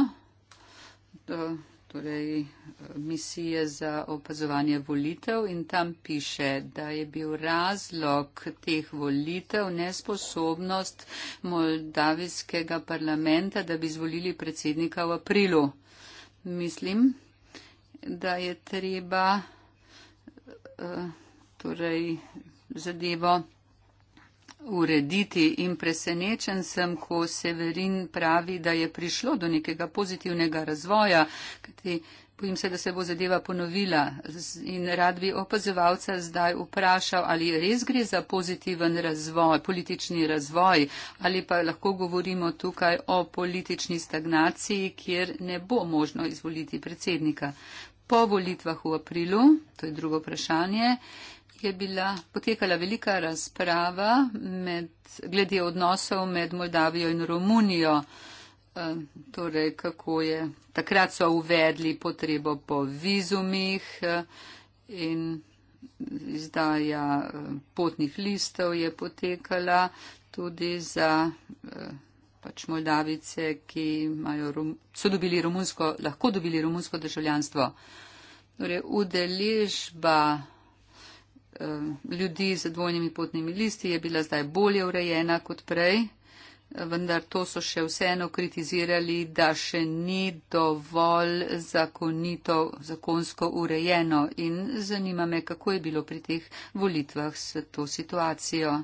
torej, misije za opazovanje volitev in tam piše, da je bil razlog teh volitev nesposobnost moldavijskega parlamenta, da bi zvolili predsednika v aprilu. Mislim, da je treba eh, torej, zadevo urediti in presenečen sem, ko Severin pravi, da je prišlo do nekega pozitivnega razvoja, kajti bojim se, da se bo zadeva ponovila in rad bi opazovalca zdaj vprašal, ali res gre za pozitiven razvoj, politični razvoj, ali pa lahko govorimo tukaj o politični stagnaciji, kjer ne bo možno izvoliti predsednika. Po volitvah v aprilu, to je drugo vprašanje, je bila potekala velika razprava med, glede odnosov med Moldavijo in Romunijo, e, torej kako je takrat so uvedli potrebo po vizumih e, in izdaja e, potnih listov je potekala tudi za pač Moldavice, ki so dobili romunsko, lahko dobili romunsko državljanstvo. Torej, udeležba Eh, ljudi z dvojnimi potnimi listi je bila zdaj bolje urejena kot prej, vendar to so še vseeno kritizirali, da še ni dovolj zakonito, zakonsko urejeno. In zanima me, kako je bilo pri teh volitvah s to situacijo.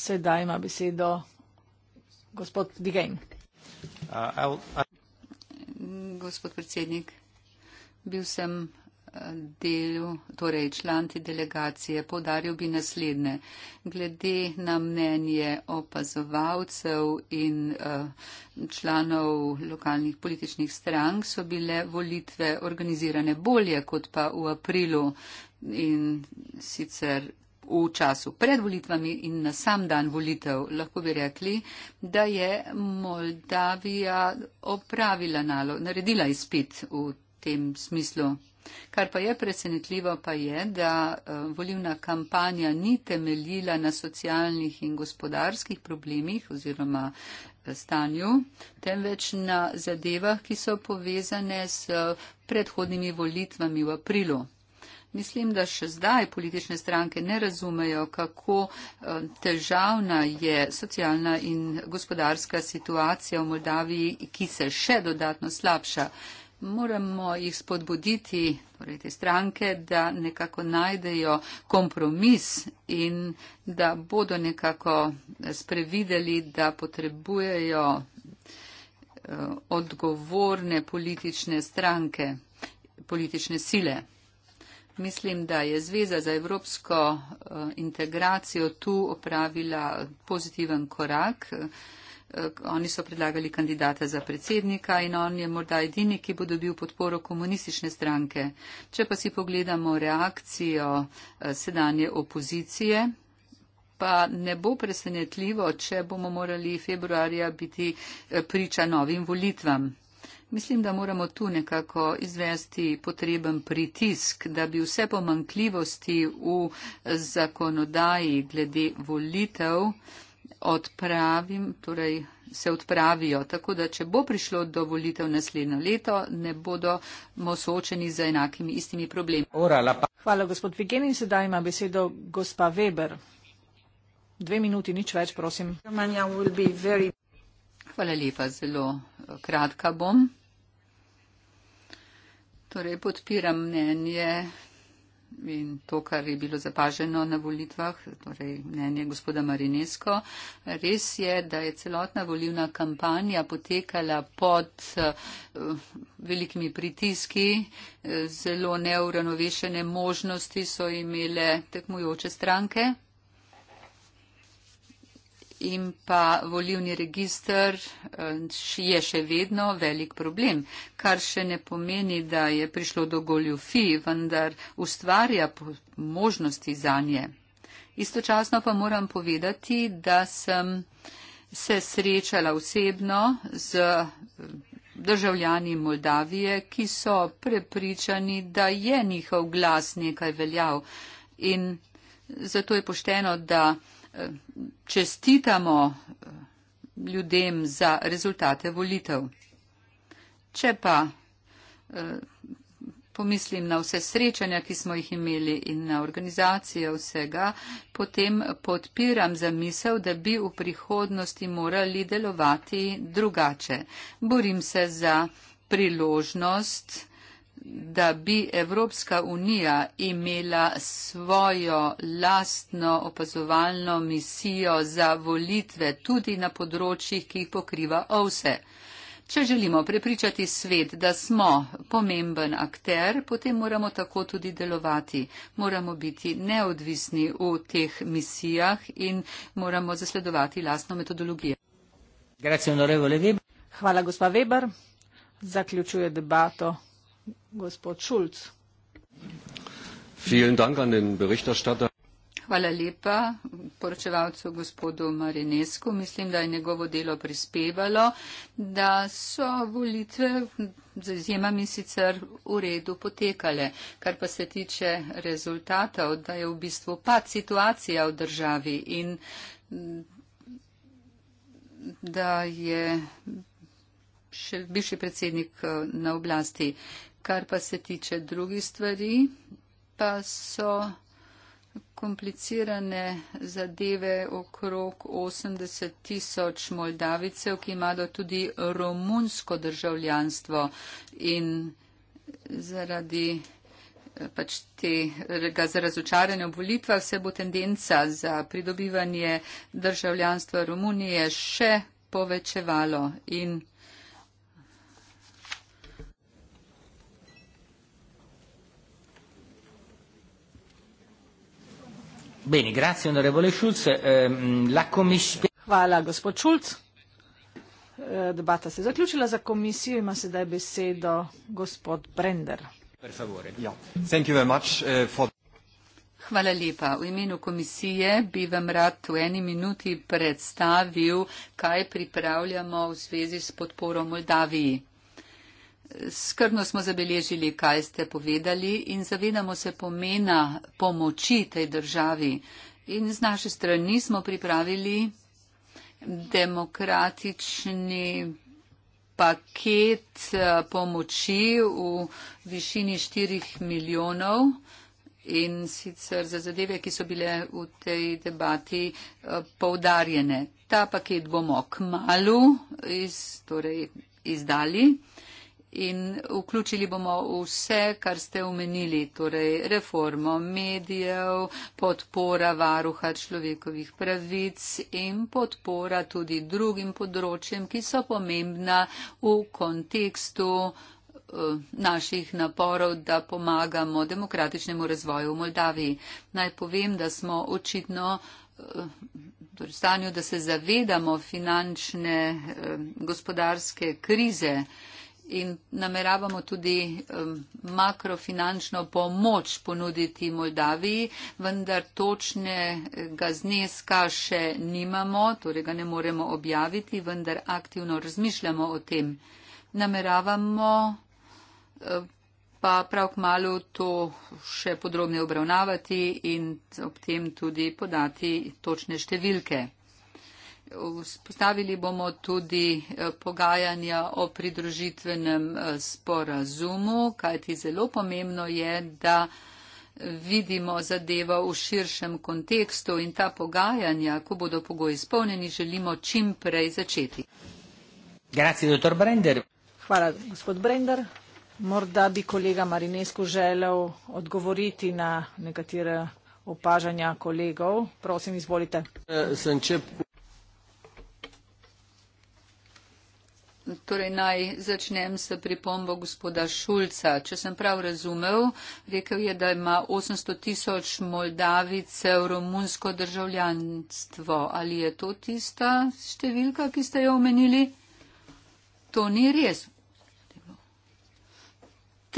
Sedaj ima besedo gospod Digain. Uh, gospod predsednik, bil sem delu, torej članti delegacije, podaril bi naslednje. Glede na mnenje opazovalcev in eh, članov lokalnih političnih strank so bile volitve organizirane bolje kot pa v aprilu in sicer v času pred volitvami in na sam dan volitev lahko bi rekli, da je Moldavija opravila nalo, naredila izpit v tem smislu. Kar pa je presenetljivo, pa je, da eh, volivna kampanja ni temeljila na socialnih in gospodarskih problemih oziroma eh, stanju, temveč na zadevah, ki so povezane s eh, predhodnimi volitvami v aprilu. Mislim, da še zdaj politične stranke ne razumejo, kako težavna je socialna in gospodarska situacija v Moldaviji, ki se še dodatno slabša moramo jih spodbuditi, torej te stranke, da nekako najdejo kompromis in da bodo nekako sprevideli, da potrebujejo eh, odgovorne politične stranke, politične sile. Mislim, da je Zveza za evropsko eh, integracijo tu opravila pozitiven korak. Eh, Eh, oni so predlagali kandidata za predsednika in on je morda edini, ki bo dobil podporo komunistične stranke. Če pa si pogledamo reakcijo eh, sedanje opozicije, pa ne bo presenetljivo, če bomo morali februarja biti eh, priča novim volitvam. Mislim, da moramo tu nekako izvesti potreben pritisk, da bi vse pomankljivosti v zakonodaji glede volitev odpravim, torej se odpravijo. Tako da, če bo prišlo do volitev naslednjo leto, ne bodo mosočeni z enakimi istimi problemi. Hvala, gospod Vigen. In sedaj ima besedo gospa Weber. Dve minuti, nič več, prosim. Hvala lepa, zelo eh, kratka bom. Torej, podpiram mnenje in to, kar je bilo zapaženo na volitvah, torej mnenje gospoda Marinesko. Res je, da je celotna volivna kampanja potekala pod eh, velikimi pritiski, eh, zelo neuravnovešene možnosti so imele tekmujoče stranke in pa volivni registr eh, je še vedno velik problem, kar še ne pomeni, da je prišlo do goljufi, vendar ustvarja možnosti za nje. Istočasno pa moram povedati, da sem se srečala osebno z eh, državljani Moldavije, ki so prepričani, da je njihov glas nekaj veljav. In zato je pošteno, da čestitamo eh, ljudem za rezultate volitev. Če pa eh, pomislim na vse srečanja, ki smo jih imeli in na organizacijo vsega, potem podpiram zamisel, da bi v prihodnosti morali delovati drugače. Borim se za priložnost da bi Evropska unija imela svojo lastno opazovalno misijo za volitve tudi na področjih, ki jih pokriva OVSE. Če želimo prepričati svet, da smo pomemben akter, potem moramo tako tudi delovati. Moramo biti neodvisni v teh misijah in moramo zasledovati lastno metodologijo. Hvala, gospa Weber. Zaključuje debato gospod Šulc. Hvala lepa poročevalcu gospodu Marinesku. Mislim, da je njegovo delo prispevalo, da so volitve z izjemami sicer v redu potekale. Kar pa se tiče rezultatov, da je v bistvu pad situacija v državi in mm, da je še bivši predsednik eh, na oblasti. Kar pa se tiče drugih stvari, pa so komplicirane zadeve okrog 80 tisoč Moldavicev, ki imajo tudi romunsko državljanstvo in zaradi eh, pač tega razočaranja v volitvah se bo tendenca za pridobivanje državljanstva Romunije še povečevalo in Ehm, Hvala, gospod Šulc. Eh, debata se je zaključila. Za komisijo ima sedaj besedo gospod Brender. Ja, eh, Hvala lepa. V imenu komisije bi vam rad v eni minuti predstavil, kaj pripravljamo v zvezi s podporo Moldaviji. Skrbno smo zabeležili, kaj ste povedali in zavedamo se pomena pomoči tej državi. In z naše strani smo pripravili demokratični paket eh, pomoči v višini 4 milijonov in sicer za zadeve, ki so bile v tej debati eh, poudarjene. Ta paket bomo k malu iz, torej izdali in vključili bomo vse, kar ste omenili, torej reformo medijev, podpora varuha človekovih pravic in podpora tudi drugim področjem, ki so pomembna v kontekstu eh, naših naporov, da pomagamo demokratičnemu razvoju v Moldaviji. Naj povem, da smo očitno eh, torej v stanju, da se zavedamo finančne eh, gospodarske krize in nameravamo tudi um, makrofinančno pomoč ponuditi Moldaviji, vendar točnega zneska še nimamo, torej ga ne moremo objaviti, vendar aktivno razmišljamo o tem. Nameravamo um, pa prav k malu to še podrobne obravnavati in ob tem tudi podati točne številke. Vzpostavili bomo tudi eh, pogajanja o pridružitvenem eh, sporazumu, kajti zelo pomembno je, da vidimo zadevo v širšem kontekstu in ta pogajanja, ko bodo pogoji izpolnjeni, želimo čim prej začeti. Grazie, Brender. Hvala, gospod Brender. Morda bi kolega Marinesku želel odgovoriti na nekatere opažanja kolegov. Prosim, izvolite. E, Torej naj začnem s pripombo gospoda Šulca. Če sem prav razumel, rekel je, da ima 800 tisoč Moldavicev romunsko državljanstvo. Ali je to tista številka, ki ste jo omenili? To ni res.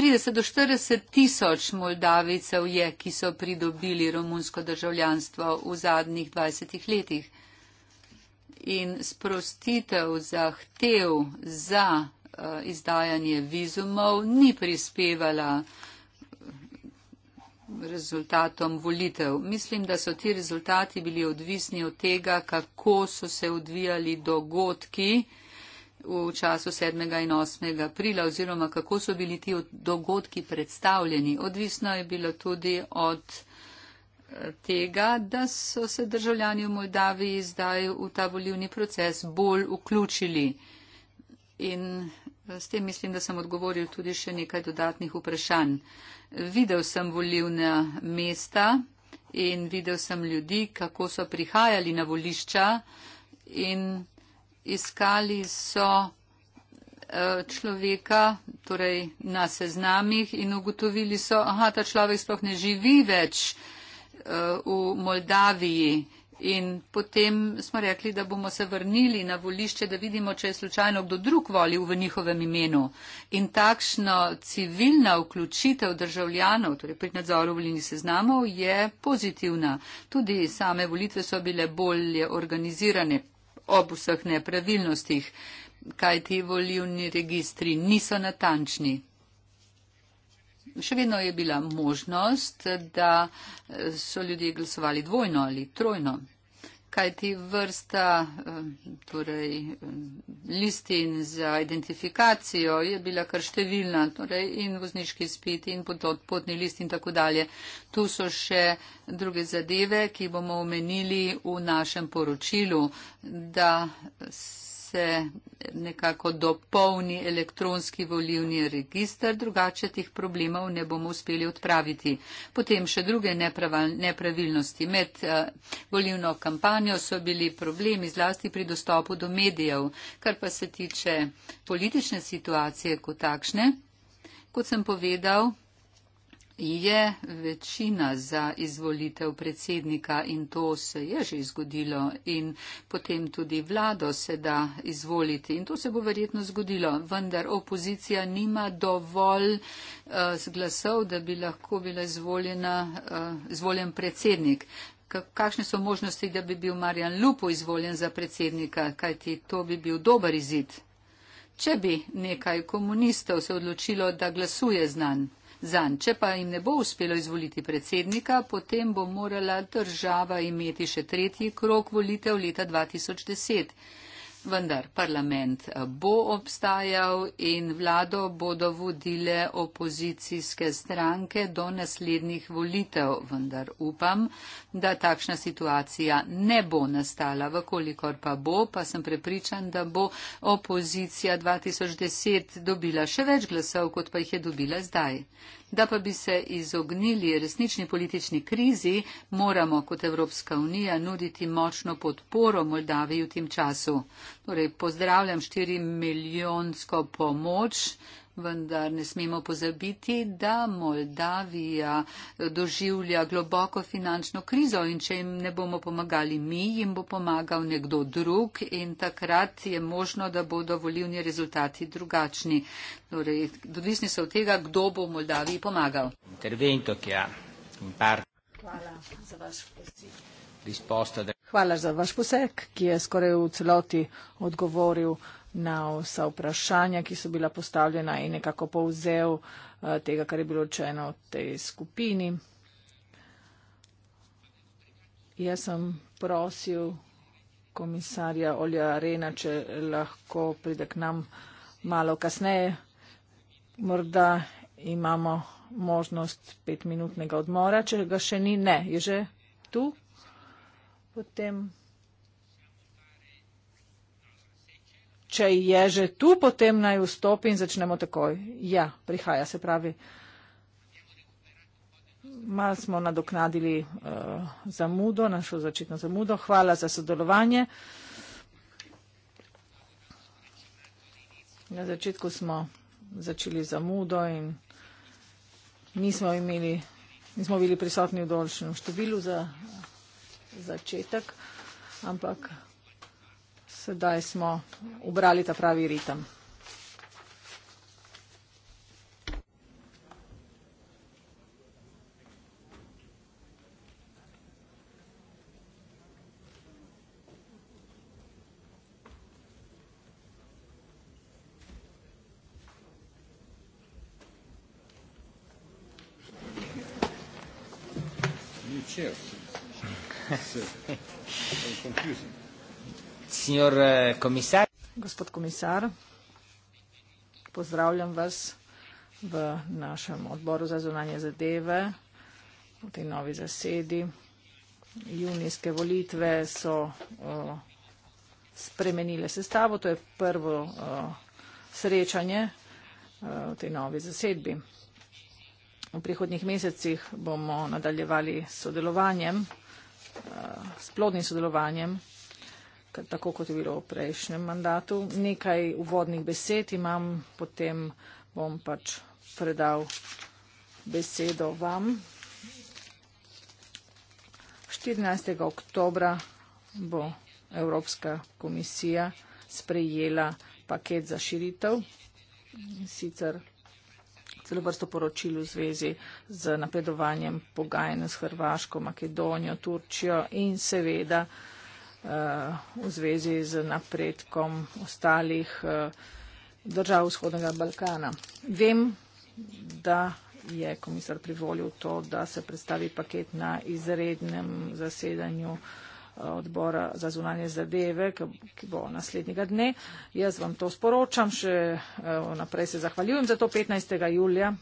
30 do 40 tisoč Moldavicev je, ki so pridobili romunsko državljanstvo v zadnjih 20 letih in sprostitev zahtev za eh, izdajanje vizumov ni prispevala eh, rezultatom volitev. Mislim, da so ti rezultati bili odvisni od tega, kako so se odvijali dogodki v času 7. in 8. aprila oziroma kako so bili ti dogodki predstavljeni. Odvisno je bilo tudi od tega, da so se državljani v Moldaviji zdaj v ta volivni proces bolj vključili. In eh, s tem mislim, da sem odgovoril tudi še nekaj dodatnih vprašanj. Videl sem volivna mesta in videl sem ljudi, kako so prihajali na volišča in iskali so eh, človeka, torej na seznamih in ugotovili so, aha, ta človek sploh ne živi več. Eh, v Moldaviji. In potem smo rekli, da bomo se vrnili na volišče, da vidimo, če je slučajno kdo drug volil v njihovem imenu. In takšno civilna vključitev državljanov, torej pri nadzoru volilnih seznamov, je pozitivna. Tudi same volitve so bile bolje organizirane ob vseh nepravilnostih, kaj ti volilni registri niso natančni še vedno je bila možnost, da eh, so ljudje glasovali dvojno ali trojno. Kaj ti vrsta eh, torej, eh, listin za identifikacijo je bila kar številna, torej in vozniški spit in potni list in tako dalje. Tu so še druge zadeve, ki bomo omenili v našem poročilu, da se nekako dopolni elektronski volivni registr, drugače teh problemov ne bomo uspeli odpraviti. Potem še druge nepravilnosti. Med eh, volivno kampanjo so bili problemi zlasti pri dostopu do medijev, kar pa se tiče politične situacije kot takšne. Kot sem povedal, je večina za izvolitev predsednika in to se je že zgodilo in potem tudi vlado se da izvoliti in to se bo verjetno zgodilo, vendar opozicija nima dovolj uh, glasov, da bi lahko bila izvoljena, uh, izvoljen predsednik. Kakšne so možnosti, da bi bil Marjan Lupo izvoljen za predsednika, kajti to bi bil dober izid, če bi nekaj komunistov se odločilo, da glasuje z nami zanj. Če pa jim ne bo uspelo izvoliti predsednika, potem bo morala država imeti še tretji krok volitev leta 2010. Vendar parlament eh, bo obstajal in vlado bodo vodile opozicijske stranke do naslednjih volitev. Vendar upam, da takšna situacija ne bo nastala. Vkolikor pa bo, pa sem prepričan, da bo opozicija 2010 dobila še več glasov, kot pa jih je dobila zdaj. Da pa bi se izognili resnični politični krizi, moramo kot Evropska unija nuditi močno podporo Moldaviji v tem času. Torej, pozdravljam 4 milijonsko pomoč, vendar ne smemo pozabiti, da Moldavija doživlja globoko finančno krizo in če jim ne bomo pomagali mi, jim bo pomagal nekdo drug in takrat je možno, da bodo volivni rezultati drugačni. Torej, dovisni so od tega, kdo bo Moldaviji pomagal. Intervento, ki je. Hvala za vaš pozdrav risposta. Hvala za vaš poseg, ki je skoraj v celoti odgovoril na vsa vprašanja, ki so bila postavljena in nekako povzel eh, tega, kar je bilo rečeno v tej skupini. Jaz sem prosil komisarja Olja Arena, če lahko pride k nam malo kasneje. Morda imamo možnost petminutnega odmora, če ga še ni. Ne, je že tu? potem, če je že tu, potem naj vstopi in začnemo takoj. Ja, prihaja, se pravi. Mal smo nadoknadili uh, zamudo, našo začetno zamudo. Hvala za sodelovanje. Na začetku smo začeli zamudo in nismo imeli, nismo bili prisotni v dolšnem številu za. Uh, začetek, ampak sedaj smo obrali ta pravi ritem. Signor komisar. Eh, Gospod komisar, pozdravljam vas v našem odboru za zunanje zadeve v tej novi zasedi. Junijske volitve so uh, spremenile sestavo, to je prvo uh, srečanje uh, v tej novi zasedbi. V prihodnjih mesecih bomo nadaljevali s sodelovanjem, uh, s plodnim sodelovanjem tako kot je bilo v prejšnjem mandatu. Nekaj uvodnih besed imam, potem bom pač predal besedo vam. 14. oktobra bo Evropska komisija sprejela paket za širitev, sicer celo vrsto poročil v zvezi z napredovanjem pogajanja s Hrvaško, Makedonijo, Turčijo in seveda v zvezi z napredkom ostalih eh, držav vzhodnega Balkana. Vem, da je komisar privolil to, da se predstavi paket na izrednem zasedanju eh, odbora za zunanje zadeve, ki bo naslednjega dne. Jaz vam to sporočam, še eh, naprej se zahvaljujem. Zato 15. julija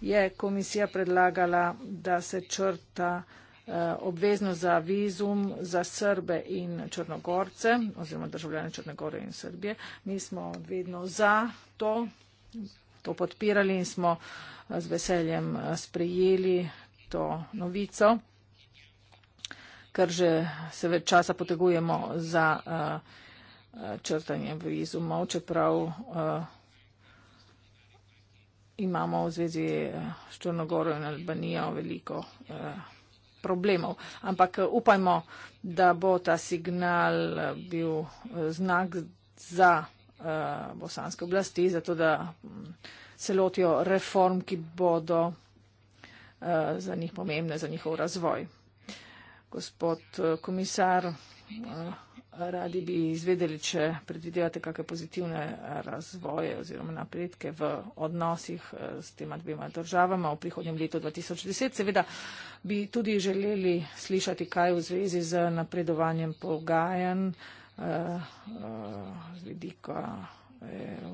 je komisija predlagala, da se črta Eh, obvezno za vizum za Srbe in Črnogorce oziroma državljane Črnogore in Srbije. Mi smo vedno za to, to podpirali in smo eh, z veseljem eh, sprejeli to novico, ker že se več časa potegujemo za črtanje vizumov, čeprav imamo v zvezi s Črnogoro in Albanijo veliko problemov. Ampak eh, upajmo, da bo ta signal eh, bil eh, znak za bosanske oblasti, zato da mm, se lotijo reform, ki bodo za njih pomembne, za njihov razvoj. Gospod komisar. Radi bi izvedeli, če predvidevate kakšne pozitivne razvoje oziroma napredke v odnosih eh, s tema dvema državama v prihodnjem letu 2010. Seveda bi tudi želeli slišati, kaj v zvezi z napredovanjem pogajanj eh, eh, z vidika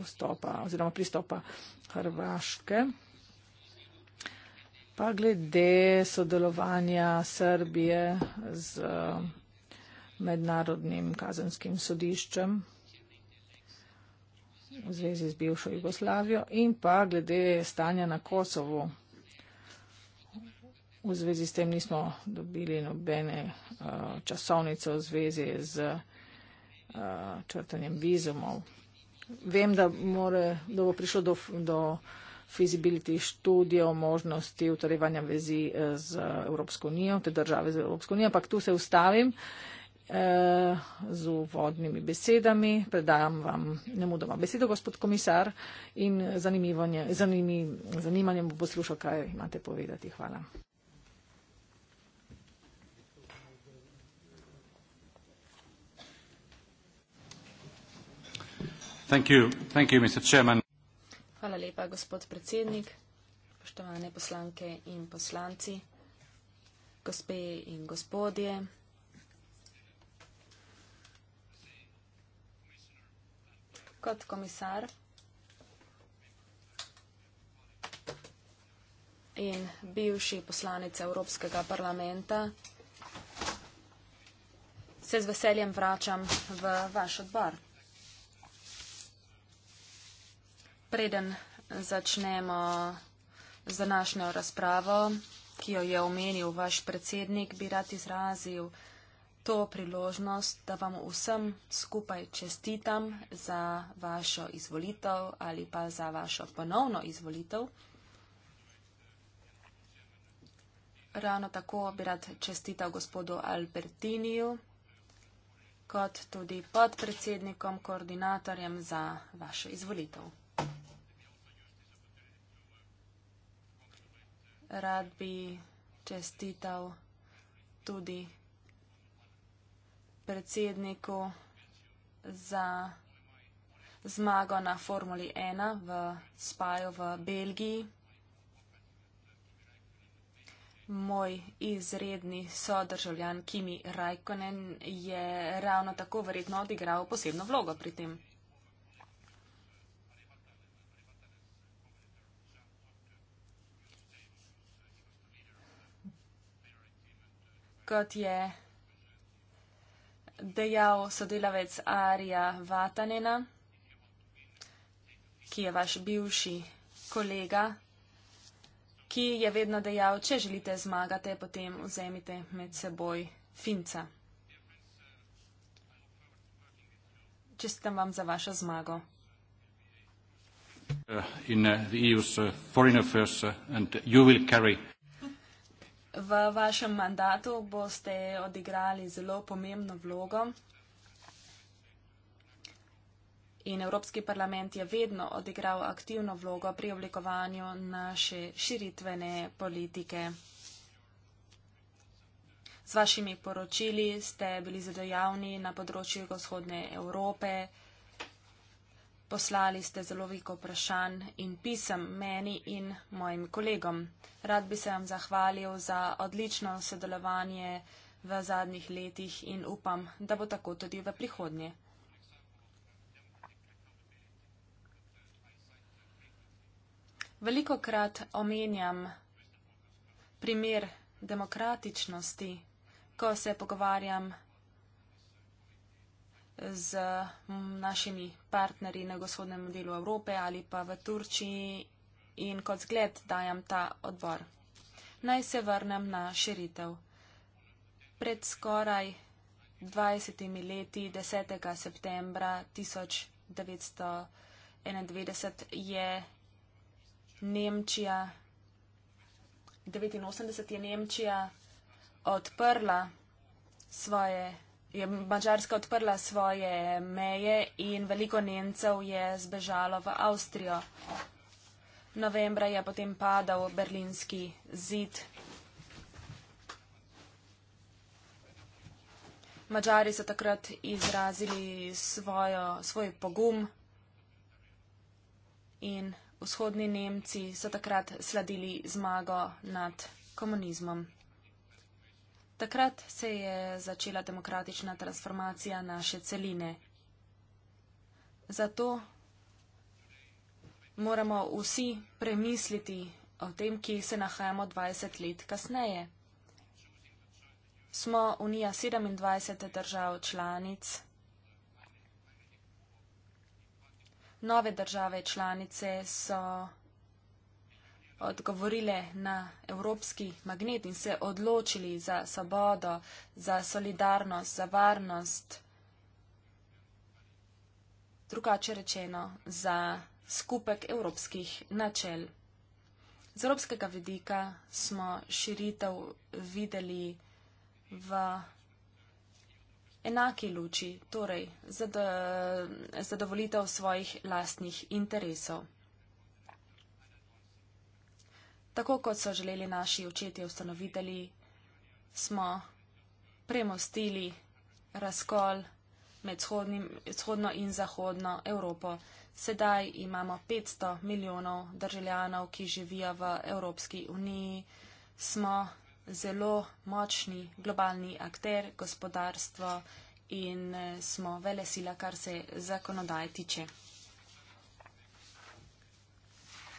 vstopa oziroma pristopa Hrvaške. Pa glede sodelovanja Srbije z mednarodnim kazenskim sodiščem v zvezi z bivšo Jugoslavijo in pa glede stanja na Kosovu. V zvezi s tem nismo dobili nobene eh, časovnice v zvezi z eh, črtanjem vizumov. Vem, da, more, da bo prišlo do, do feasibility študije o možnosti utrjevanja vezi eh, z Evropsko unijo, te države z Evropsko unijo, ampak tu se ustavim. Uh, z uvodnimi besedami. Predam vam nemudoma besedo, gospod komisar, in zanimi, zanimanjem bo poslušal, kaj imate povedati. Hvala. Thank you. Thank you, Hvala lepa, gospod predsednik, spoštovane poslanke in poslanci, gospe in gospodje. kot komisar. In bivši poslanec Evropskega parlamenta se z veseljem vračam v vaš odbor. Preden začnemo z današnjo razpravo, ki jo je omenil vaš predsednik, bi rad izrazil to priložnost, da vam vsem skupaj čestitam za vašo izvolitev ali pa za vašo ponovno izvolitev. Ravno tako bi rad čestital gospodu Albertiniju kot tudi podpredsednikom, koordinatorjem za vašo izvolitev. Rad bi čestital tudi predsedniku za zmago na Formuli 1 v spaju v Belgiji. Moj izredni sodržavljan Kimi Rajkonen je ravno tako verjetno odigral posebno vlogo pri tem. Kot je dejal sodelavec Arija Vatanena, ki je vaš bivši kolega, ki je vedno dejal, če želite zmagati, potem vzemite med seboj finca. Čestitam vam za vašo zmago. Uh, in, uh, the EU's uh, foreign affairs uh, and uh, you will carry V vašem mandatu boste odigrali zelo pomembno vlogo. In Evropski parlament je vedno odigral aktivno vlogo pri oblikovanju naše širitvene politike. S vašimi poročili ste bili zelo javni na področju vzhodne Evrope. Poslali ste zelo veliko vprašanj in pisem meni in mojim kolegom. Rad bi se vam zahvalil za odlično sodelovanje v zadnjih letih in upam, da bo tako tudi v prihodnje. Veliko krat omenjam primer demokratičnosti, ko se pogovarjam z našimi partnerji na gospodnem delu Evrope ali pa v Turčiji in kot zgled dajam ta odbor. Naj se vrnem na širitev. Pred skoraj 20 leti, 10. septembra 1991, je Nemčija, 89 je Nemčija odprla svoje je Mačarska odprla svoje meje in veliko Nemcev je zbežalo v Avstrijo. Novembra je potem padal berlinski zid. Mačari so takrat izrazili svojo, svoj pogum in vzhodni Nemci so takrat sladili zmago nad komunizmom. Takrat se je začela demokratična transformacija naše celine. Zato moramo vsi premisliti o tem, ki se nahajamo 20 let kasneje. Smo Unija 27 držav članic. Nove države članice so odgovorile na evropski magnet in se odločili za svobodo, za solidarnost, za varnost, drugače rečeno, za skupek evropskih načel. Z evropskega vidika smo širitev videli v enaki luči, torej zadovoljitev svojih lastnih interesov tako kot so želeli naši očetje ustanovitelji, smo premostili razkol med shodnim, shodno in zahodno Evropo. Sedaj imamo 500 milijonov državljanov, ki živijo v Evropski uniji. Smo zelo močni globalni akter, gospodarstvo in eh, smo vele sila, kar se zakonodaje tiče.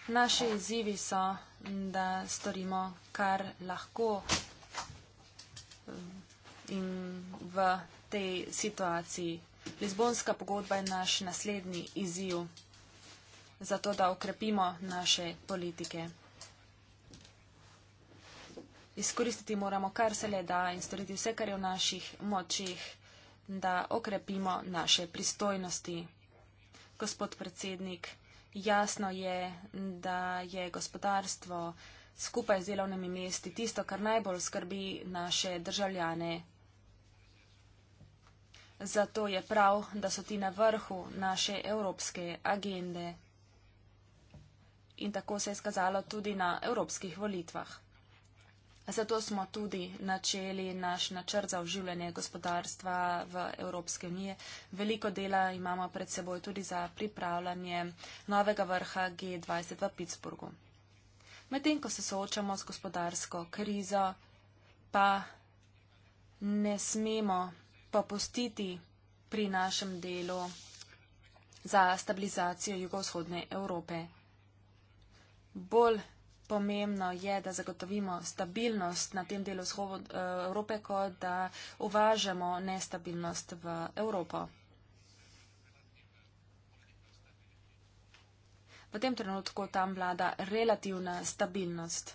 Naši izzivi so, da storimo, kar lahko in v tej situaciji. Lizbonska pogodba je naš naslednji izziv za to, da okrepimo naše politike. Izkoristiti moramo, kar se le da in storiti vse, kar je v naših močih, da okrepimo naše pristojnosti. Gospod predsednik, Jasno je, da je gospodarstvo skupaj z delovnimi mesti tisto, kar najbolj skrbi naše državljane. Zato je prav, da so ti na vrhu naše evropske agende. In tako se je skazalo tudi na evropskih volitvah. Zato smo tudi načeli naš načrt za oživljanje gospodarstva v Evropske unije. Veliko dela imamo pred seboj tudi za pripravljanje novega vrha G20 v Pittsburghu. Medtem, ko se soočamo z gospodarsko krizo, pa ne smemo popustiti pri našem delu za stabilizacijo jugovzhodne Evrope. Bolj pomembno je, da zagotovimo stabilnost na tem delu vzhodu eh, Evrope, kot da uvažamo nestabilnost v Evropo. V tem trenutku tam vlada relativna stabilnost,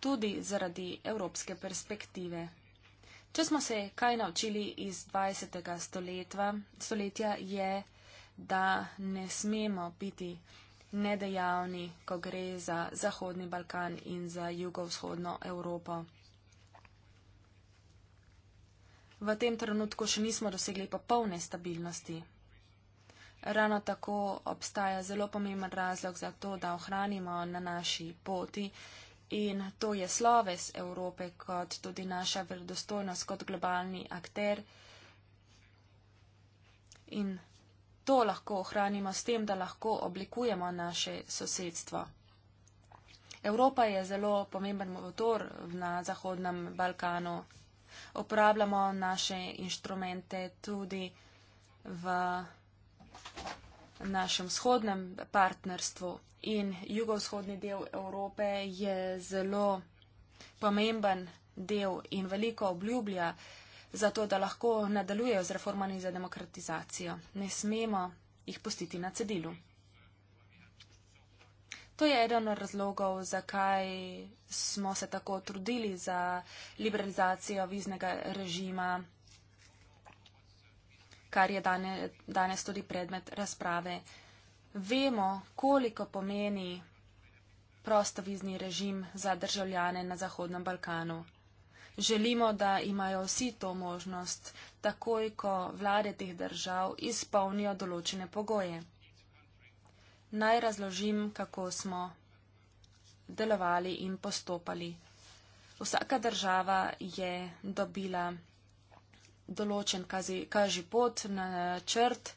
tudi zaradi evropske perspektive. Če smo se kaj naučili iz 20. stoletva, stoletja je, da ne smemo biti nedejavni, ko gre za Zahodni Balkan in za jugovzhodno Evropo. V tem trenutku še nismo dosegli popolne stabilnosti. Ravno tako obstaja zelo pomemben razlog za to, da ohranimo na naši poti in to je sloves Evrope kot tudi naša verodostojnost kot globalni akter in to lahko ohranimo s tem, da lahko oblikujemo naše sosedstvo. Evropa je zelo pomemben motor na Zahodnem Balkanu. Uporabljamo naše inštrumente tudi v našem vzhodnem partnerstvu in jugovzhodni del Evrope je zelo pomemben del in veliko obljublja uh, zato da lahko nadaljujejo z reformami za demokratizacijo. Ne smemo jih pustiti na cedilu. To je eden od razlogov, zakaj smo se tako trudili za liberalizacijo viznega režima, kar je dane, danes tudi predmet razprave. Vemo, koliko pomeni prostovizni režim za državljane na Zahodnem Balkanu. Želimo, da imajo vsi to možnost, takoj ko vlade teh držav izpolnijo določene pogoje. Naj razložim, kako smo delovali in postopali. Vsaka država je dobila določen kaži pot na črt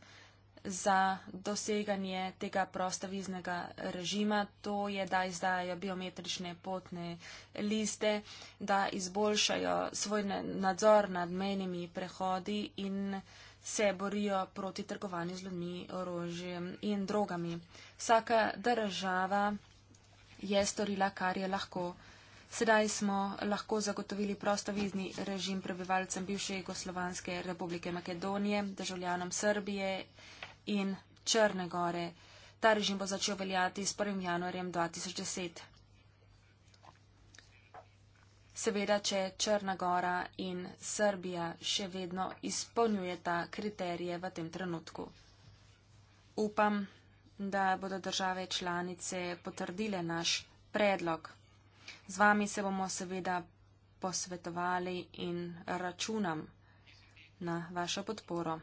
za doseganje tega prostaviznega režima, to je, da izdajo biometrične potne liste, da izboljšajo svoj nadzor nad menimi prehodi in se borijo proti trgovanju z ljudmi, orožjem in drogami. Vsaka država je storila, kar je lahko. Sedaj smo lahko zagotovili prostovizni režim prebivalcem bivše Jugoslovanske republike Makedonije, državljanom Srbije in Črne gore. Ta režim bo začel veljati s 1. januarjem 2010. Seveda, če Črna gora in Srbija še vedno izpolnjuje ta kriterije v tem trenutku. Upam, da bodo države članice potrdile naš predlog. Z vami se bomo seveda posvetovali in računam na vašo podporo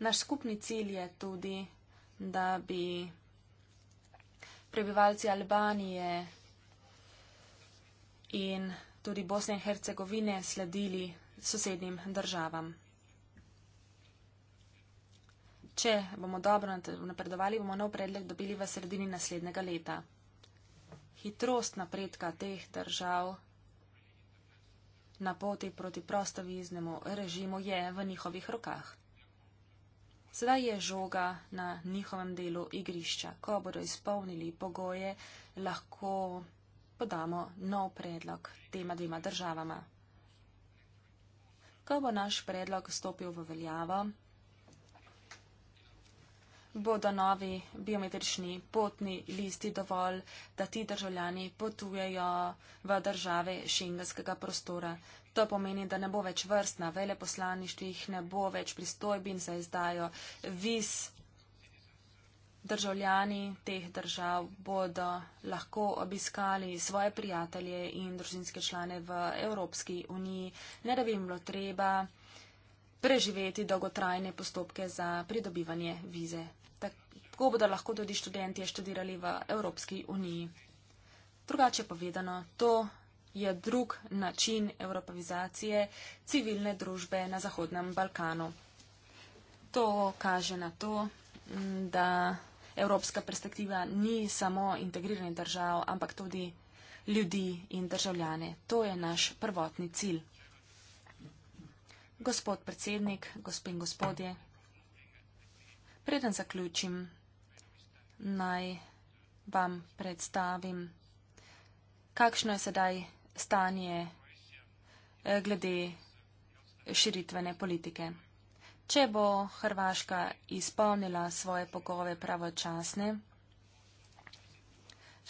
naš skupni cilj je tudi, da bi prebivalci Albanije in tudi Bosne in Hercegovine sledili sosednjim državam. Če bomo dobro napredovali, bomo nov predlog dobili v sredini naslednjega leta. Hitrost napredka teh držav na poti proti prostoviznemu režimu je v njihovih rokah. Sedaj je žoga na njihovem delu igrišča. Ko bodo izpolnili pogoje, lahko podamo nov predlog tema dvima državama. Ko bo naš predlog stopil v veljavo, bodo novi biometrični potni listi dovolj, da ti državljani potujejo v države šengenskega prostora. To pomeni, da ne bo več vrst na veleposlaništvih, ne bo več pristojbin za izdajo viz. Državljani teh držav bodo lahko obiskali svoje prijatelje in družinske člane v Evropski uniji, ne da bi jim bilo treba preživeti dolgotrajne postopke za pridobivanje vize. Tako bodo lahko tudi študentje študirali v Evropski uniji. Drugače povedano, to je drug način evropavizacije civilne družbe na Zahodnem Balkanu. To kaže na to, da evropska perspektiva ni samo integriranje držav, ampak tudi ljudi in državljane. To je naš prvotni cilj. Gospod predsednik, gospe in gospodje, preden zaključim, naj vam predstavim, kakšno je sedaj stanje eh, glede širitvene politike. Če bo Hrvaška izpolnila svoje pogove pravočasne,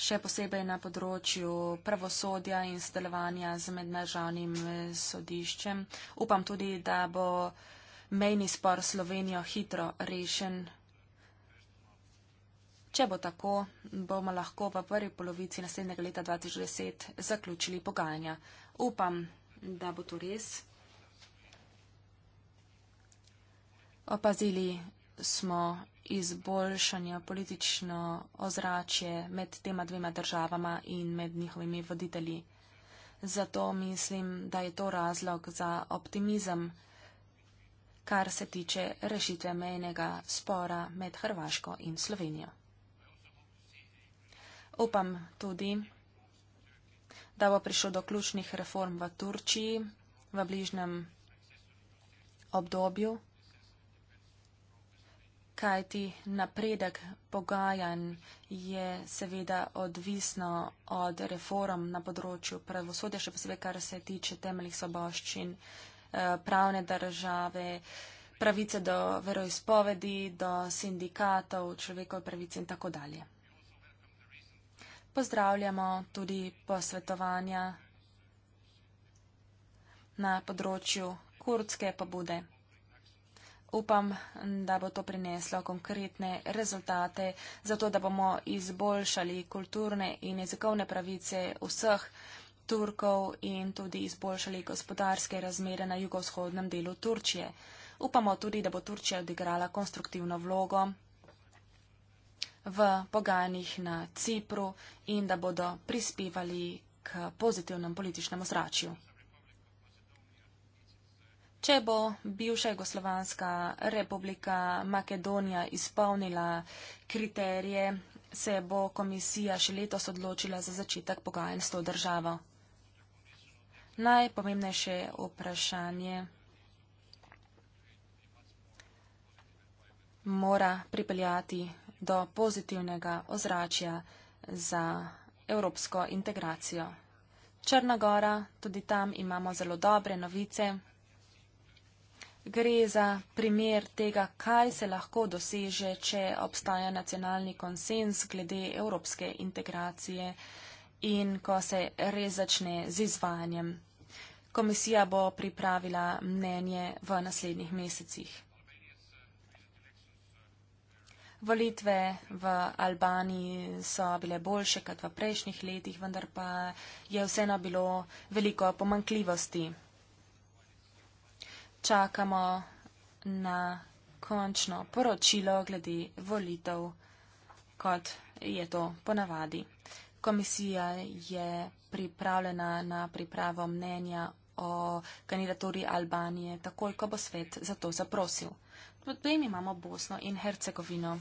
še posebej na področju pravosodja in sodelovanja z mednažavnim eh, sodiščem. Upam tudi, da bo mejni spor Slovenijo hitro rešen Če bo tako, bomo lahko v prvi polovici naslednjega leta 2010 zaključili pogajanja. Upam, da bo to res. Opazili smo izboljšanje politično ozračje med tema dvema državama in med njihovimi voditelji. Zato mislim, da je to razlog za optimizem, kar se tiče rešitve mejnega spora med Hrvaško in Slovenijo. Upam tudi, da bo prišlo do ključnih reform v Turčiji v bližnjem obdobju, kajti napredek pogajanj je seveda odvisno od reform na področju pravosodja, še posebej kar se tiče temeljih soboščin, eh, pravne države, pravice do veroizpovedi, do sindikatov, človekove pravice in tako dalje pozdravljamo tudi posvetovanja na področju kurdske pobude. Upam, da bo to prineslo konkretne rezultate, zato da bomo izboljšali kulturne in jezikovne pravice vseh Turkov in tudi izboljšali gospodarske razmere na jugovzhodnem delu Turčije. Upamo tudi, da bo Turčija odigrala konstruktivno vlogo v pogajanjih na Cipru in da bodo prispevali k pozitivnem političnem ozračju. Če bo bivša Jugoslovanska republika Makedonija izpolnila kriterije, se bo komisija še letos odločila za začetek pogajanj s to državo. Najpomembnejše vprašanje mora pripeljati do pozitivnega ozračja za evropsko integracijo. Črna gora, tudi tam imamo zelo dobre novice. Gre za primer tega, kaj se lahko doseže, če obstaja nacionalni konsens glede evropske integracije in ko se res začne z izvajanjem. Komisija bo pripravila mnenje v naslednjih mesecih. Volitve v Albaniji so bile boljše kot v prejšnjih letih, vendar pa je vseeno bilo veliko pomankljivosti. Čakamo na končno poročilo glede volitev, kot je to ponavadi. Komisija je pripravljena na pripravo mnenja o kandidaturi Albanije, takoj ko bo svet za to zaprosil potem imamo Bosno in Hercegovino.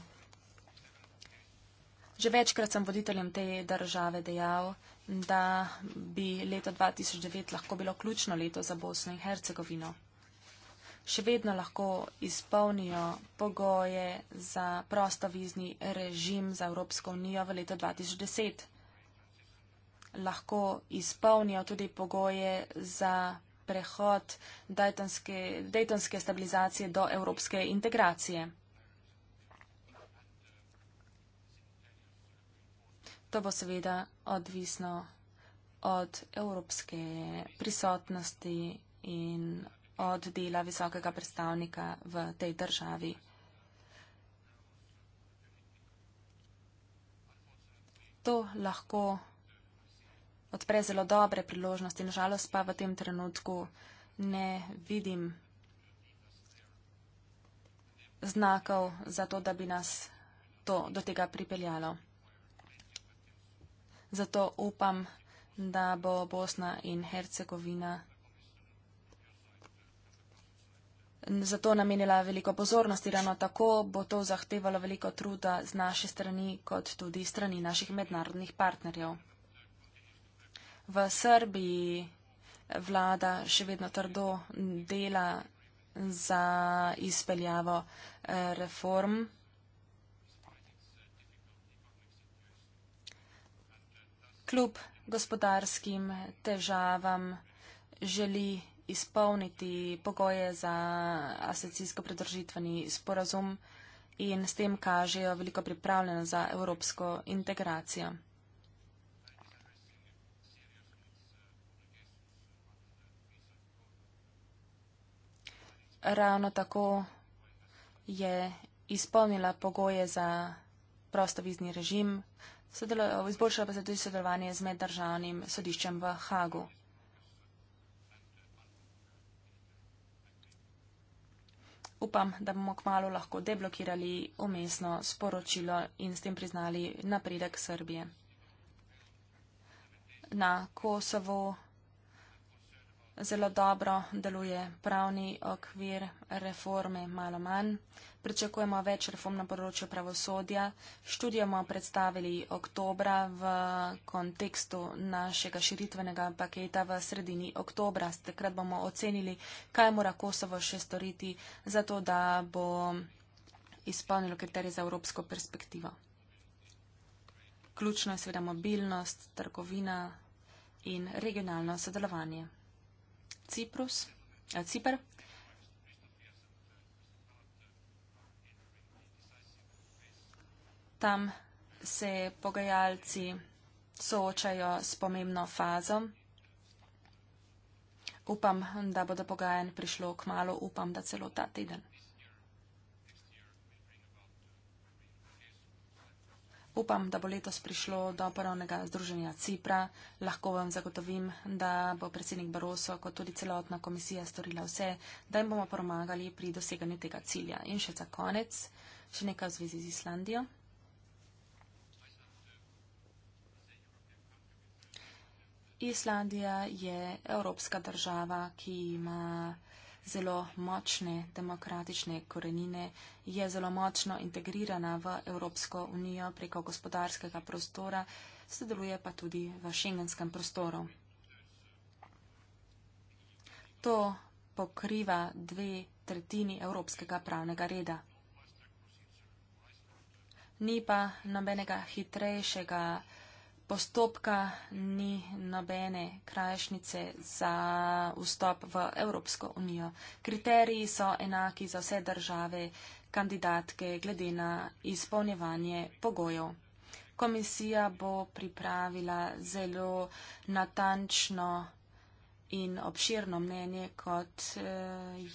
Že večkrat sem voditeljem te države dejal, da bi leto 2009 lahko bilo ključno leto za Bosno in Hercegovino. Še vedno lahko izpolnijo pogoje za prostovizni režim za Evropsko unijo v letu 2010. Lahko izpolnijo tudi pogoje za prehod dejtonske, dejtonske stabilizacije do evropske integracije. To bo seveda odvisno od evropske prisotnosti in od dela visokega predstavnika v tej državi. To lahko odpre zelo dobre priložnosti. Nažalost pa v tem trenutku ne vidim znakov za to, da bi nas to do tega pripeljalo. Zato upam, da bo Bosna in Hercegovina zato namenila veliko pozornosti. Rano tako bo to zahtevalo veliko truda z naše strani, kot tudi strani naših mednarodnih partnerjev v Srbiji vlada še vedno trdo dela za izpeljavo eh, reform. Kljub gospodarskim težavam želi izpolniti pogoje za asocijsko pridržitveni sporazum in s tem kažejo veliko pripravljeno za evropsko integracijo. ravno tako je izpolnila pogoje za prostovizni režim, izboljšala pa se tudi sodelovanje z meddržavnim sodiščem v Hagu. Upam, da bomo kmalo lahko deblokirali umestno sporočilo in s tem priznali napredek Srbije. Na Kosovo zelo dobro deluje pravni okvir reforme, malo manj. Pričakujemo več reform na področju pravosodja. Študijo bomo predstavili oktobra v kontekstu našega širitvenega paketa v sredini oktobra. Takrat bomo ocenili, kaj mora Kosovo še storiti, zato da bo izpolnilo kriterije za evropsko perspektivo. Ključno je seveda mobilnost, trgovina in regionalno sodelovanje. Ciprus, eh, Cipr. Tam se pogajalci soočajo s pomembno fazo. Upam, da bo do pogajanj prišlo k malu, upam, da celo ta teden. Upam, da bo letos prišlo do ponovnega združenja Cipra. Lahko vam zagotovim, da bo predsednik Baroso, kot tudi celotna komisija, storila vse, da jim bomo pomagali pri doseganju tega cilja. In še za konec, še nekaj v zvezi z Islandijo. Islandija je evropska država, ki ima zelo močne demokratične korenine, je zelo močno integrirana v Evropsko unijo preko gospodarskega prostora, sodeluje pa tudi v šengenskem prostoru. To pokriva dve tretjini evropskega pravnega reda. Ni pa nobenega hitrejšega postopka, ni nobene krajšnice za vstop v Evropsko unijo. Kriteriji so enaki za vse države kandidatke glede na izpolnjevanje pogojev. Komisija bo pripravila zelo natančno in obširno mnenje, kot eh,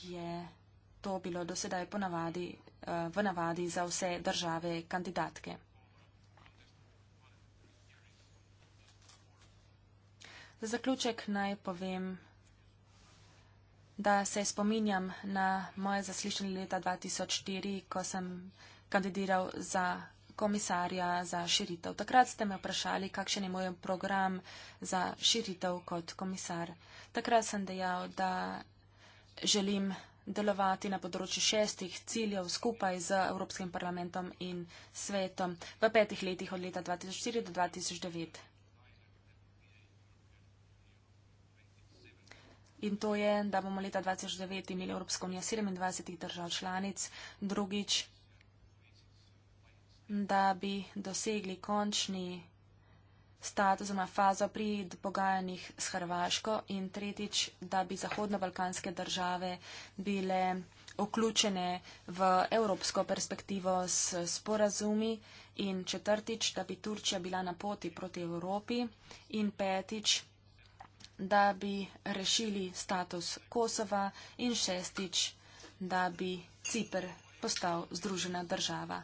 je to bilo do sedaj eh, v navadi za vse države kandidatke. Za zaključek naj povem, da se spominjam na moje zaslišanje leta 2004, ko sem kandidiral za komisarja za širitev. Takrat ste me vprašali, kakšen je moj program za širitev kot komisar. Takrat sem dejal, da želim delovati na področju šestih ciljev skupaj z Evropskim parlamentom in svetom v petih letih od leta 2004 do 2009. in to je, da bomo leta 2009 imeli Evropsko unijo 27 držav članic, drugič, da bi dosegli končni status oziroma fazo pri pogajanjih s Hrvaško in tretjič, da bi zahodno-balkanske države bile vključene v evropsko perspektivo s sporazumi in četrtič, da bi Turčija bila na poti proti Evropi in petič, da bi da bi rešili status Kosova in šestič, da bi Cipr postal združena država.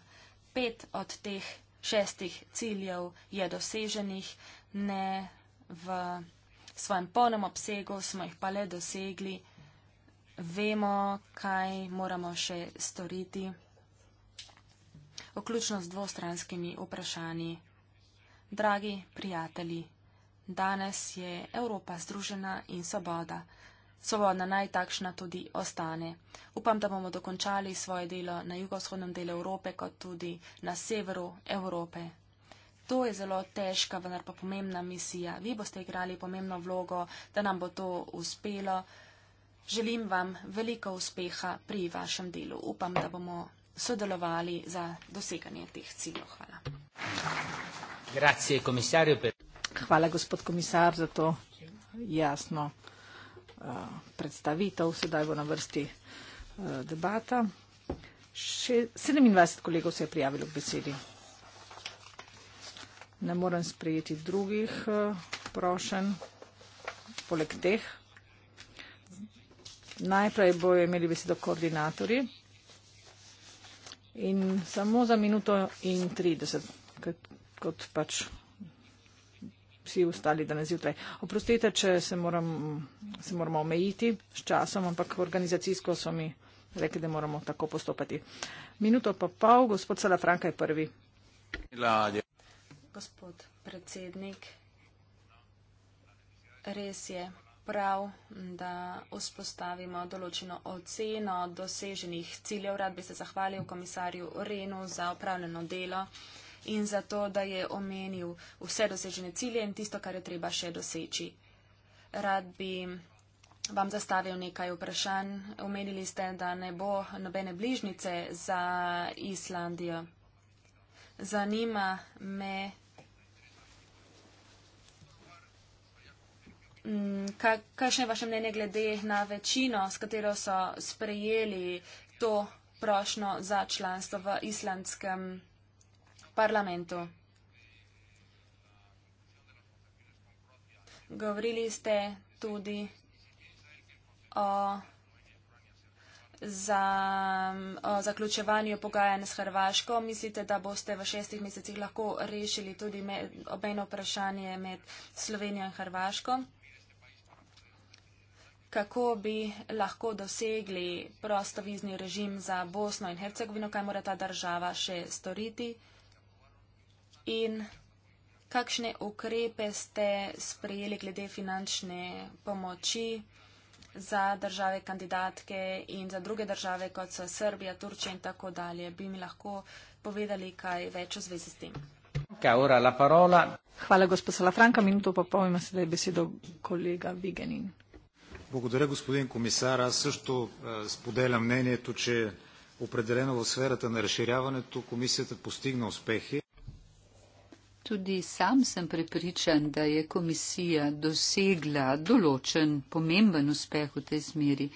Pet od teh šestih ciljev je doseženih, ne v svojem polnem obsegu smo jih pa le dosegli. Vemo, kaj moramo še storiti, vključno z dvostranskimi vprašanji. Dragi prijatelji, danes je Evropa združena in svoboda. Svoboda naj takšna tudi ostane. Upam, da bomo dokončali svoje delo na jugovzhodnem delu Evrope, kot tudi na severu Evrope. To je zelo težka, vendar pa pomembna misija. Vi boste igrali pomembno vlogo, da nam bo to uspelo. Želim vam veliko uspeha pri vašem delu. Upam, da bomo sodelovali za doseganje teh ciljev. Hvala. Grazie, Hvala, gospod komisar, za to jasno uh, predstavitev. Sedaj bo na vrsti uh, debata. Še 27 kolegov se je prijavilo k besedi. Ne morem sprejeti drugih uh, eh, prošen, poleg teh. Najprej bojo imeli besedo koordinatorji. In samo za minuto in 30, kot pač vsi ostali danes zjutraj. Oprostite, če se, moram, se moramo omejiti s časom, ampak organizacijsko so mi rekli, da moramo tako postopati. Minuto pa pol, gospod Salafranka je prvi. Ladje. Gospod predsednik, res je prav, da vzpostavimo določeno oceno doseženih ciljev. Rad bi se zahvalil komisarju Renu za upravljeno delo in za to, da je omenil vse dosežene cilje in tisto, kar je treba še doseči. Rad bi vam zastavil nekaj vprašanj. Omenili ste, da ne bo nobene bližnice za Islandijo. Zanima me. Mm, ka, kakšno je vaše mnenje glede na večino, s katero so sprejeli to prošno za članstvo v islandskem parlamentu. Govorili ste tudi o, za, o zaključevanju pogajanj s Hrvaško. Mislite, da boste v šestih mesecih lahko rešili tudi obeno vprašanje med Slovenijo in Hrvaško? Kako bi lahko dosegli prostovizni režim za Bosno in Hercegovino, kaj mora ta država še storiti? in kakšne ukrepe ste sprejeli glede finančne pomoči za države kandidatke in za druge države, kot so Srbija, Turčija in tako dalje. Bi mi lahko povedali kaj več v zvezi s tem? Hvala, gospod Salafranka. Minuto pa povem, da je besedo kolega Vigenin. Благодаря, господин комисар. Аз също а, споделям мнението, че определено в сферата на разширяването комисията постигна успехи tudi sam sem prepričan, da je komisija dosegla določen pomemben uspeh v tej smeri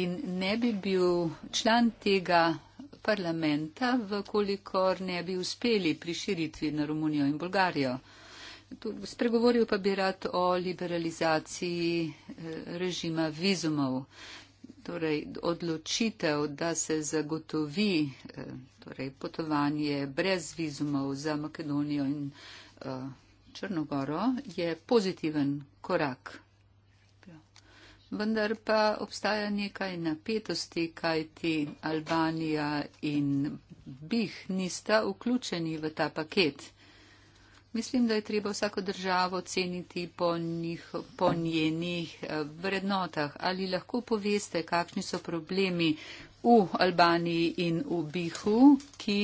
in ne bi bil član tega parlamenta, vkolikor ne bi uspeli pri širitvi na Romunijo in Bolgarijo. Spregovoril pa bi rad o liberalizaciji eh, režima vizumov torej, odločitev, da se zagotovi eh, torej, potovanje brez vizumov za Makedonijo in eh, Črnogoro, je pozitiven korak. Vendar pa obstaja nekaj napetosti, kajti Albanija in Bih nista vključeni v ta paket. Mislim, da je treba vsako državo ceniti po, njih, po njenih eh, vrednotah. Ali lahko poveste, kakšni so problemi v Albaniji in v Bihu, ki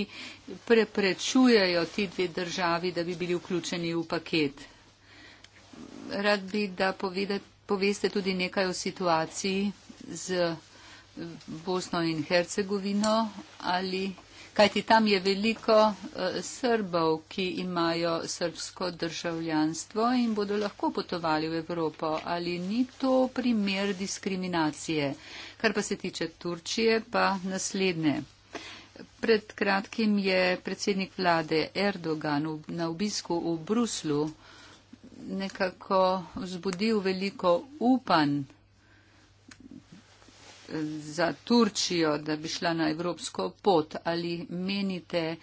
preprečujejo ti dve državi, da bi bili vključeni v paket? Rad bi, da povedat, poveste tudi nekaj o situaciji z eh, Bosno in Hercegovino ali kajti tam je veliko uh, Srbov, ki imajo srbsko državljanstvo in bodo lahko potovali v Evropo. Ali ni to primer diskriminacije? Kar pa se tiče Turčije, pa naslednje. Pred kratkim je predsednik vlade Erdogan v, na obisku v Bruslu nekako vzbudil veliko upanj za Turčijo, da bi šla na evropsko pot. Ali menite,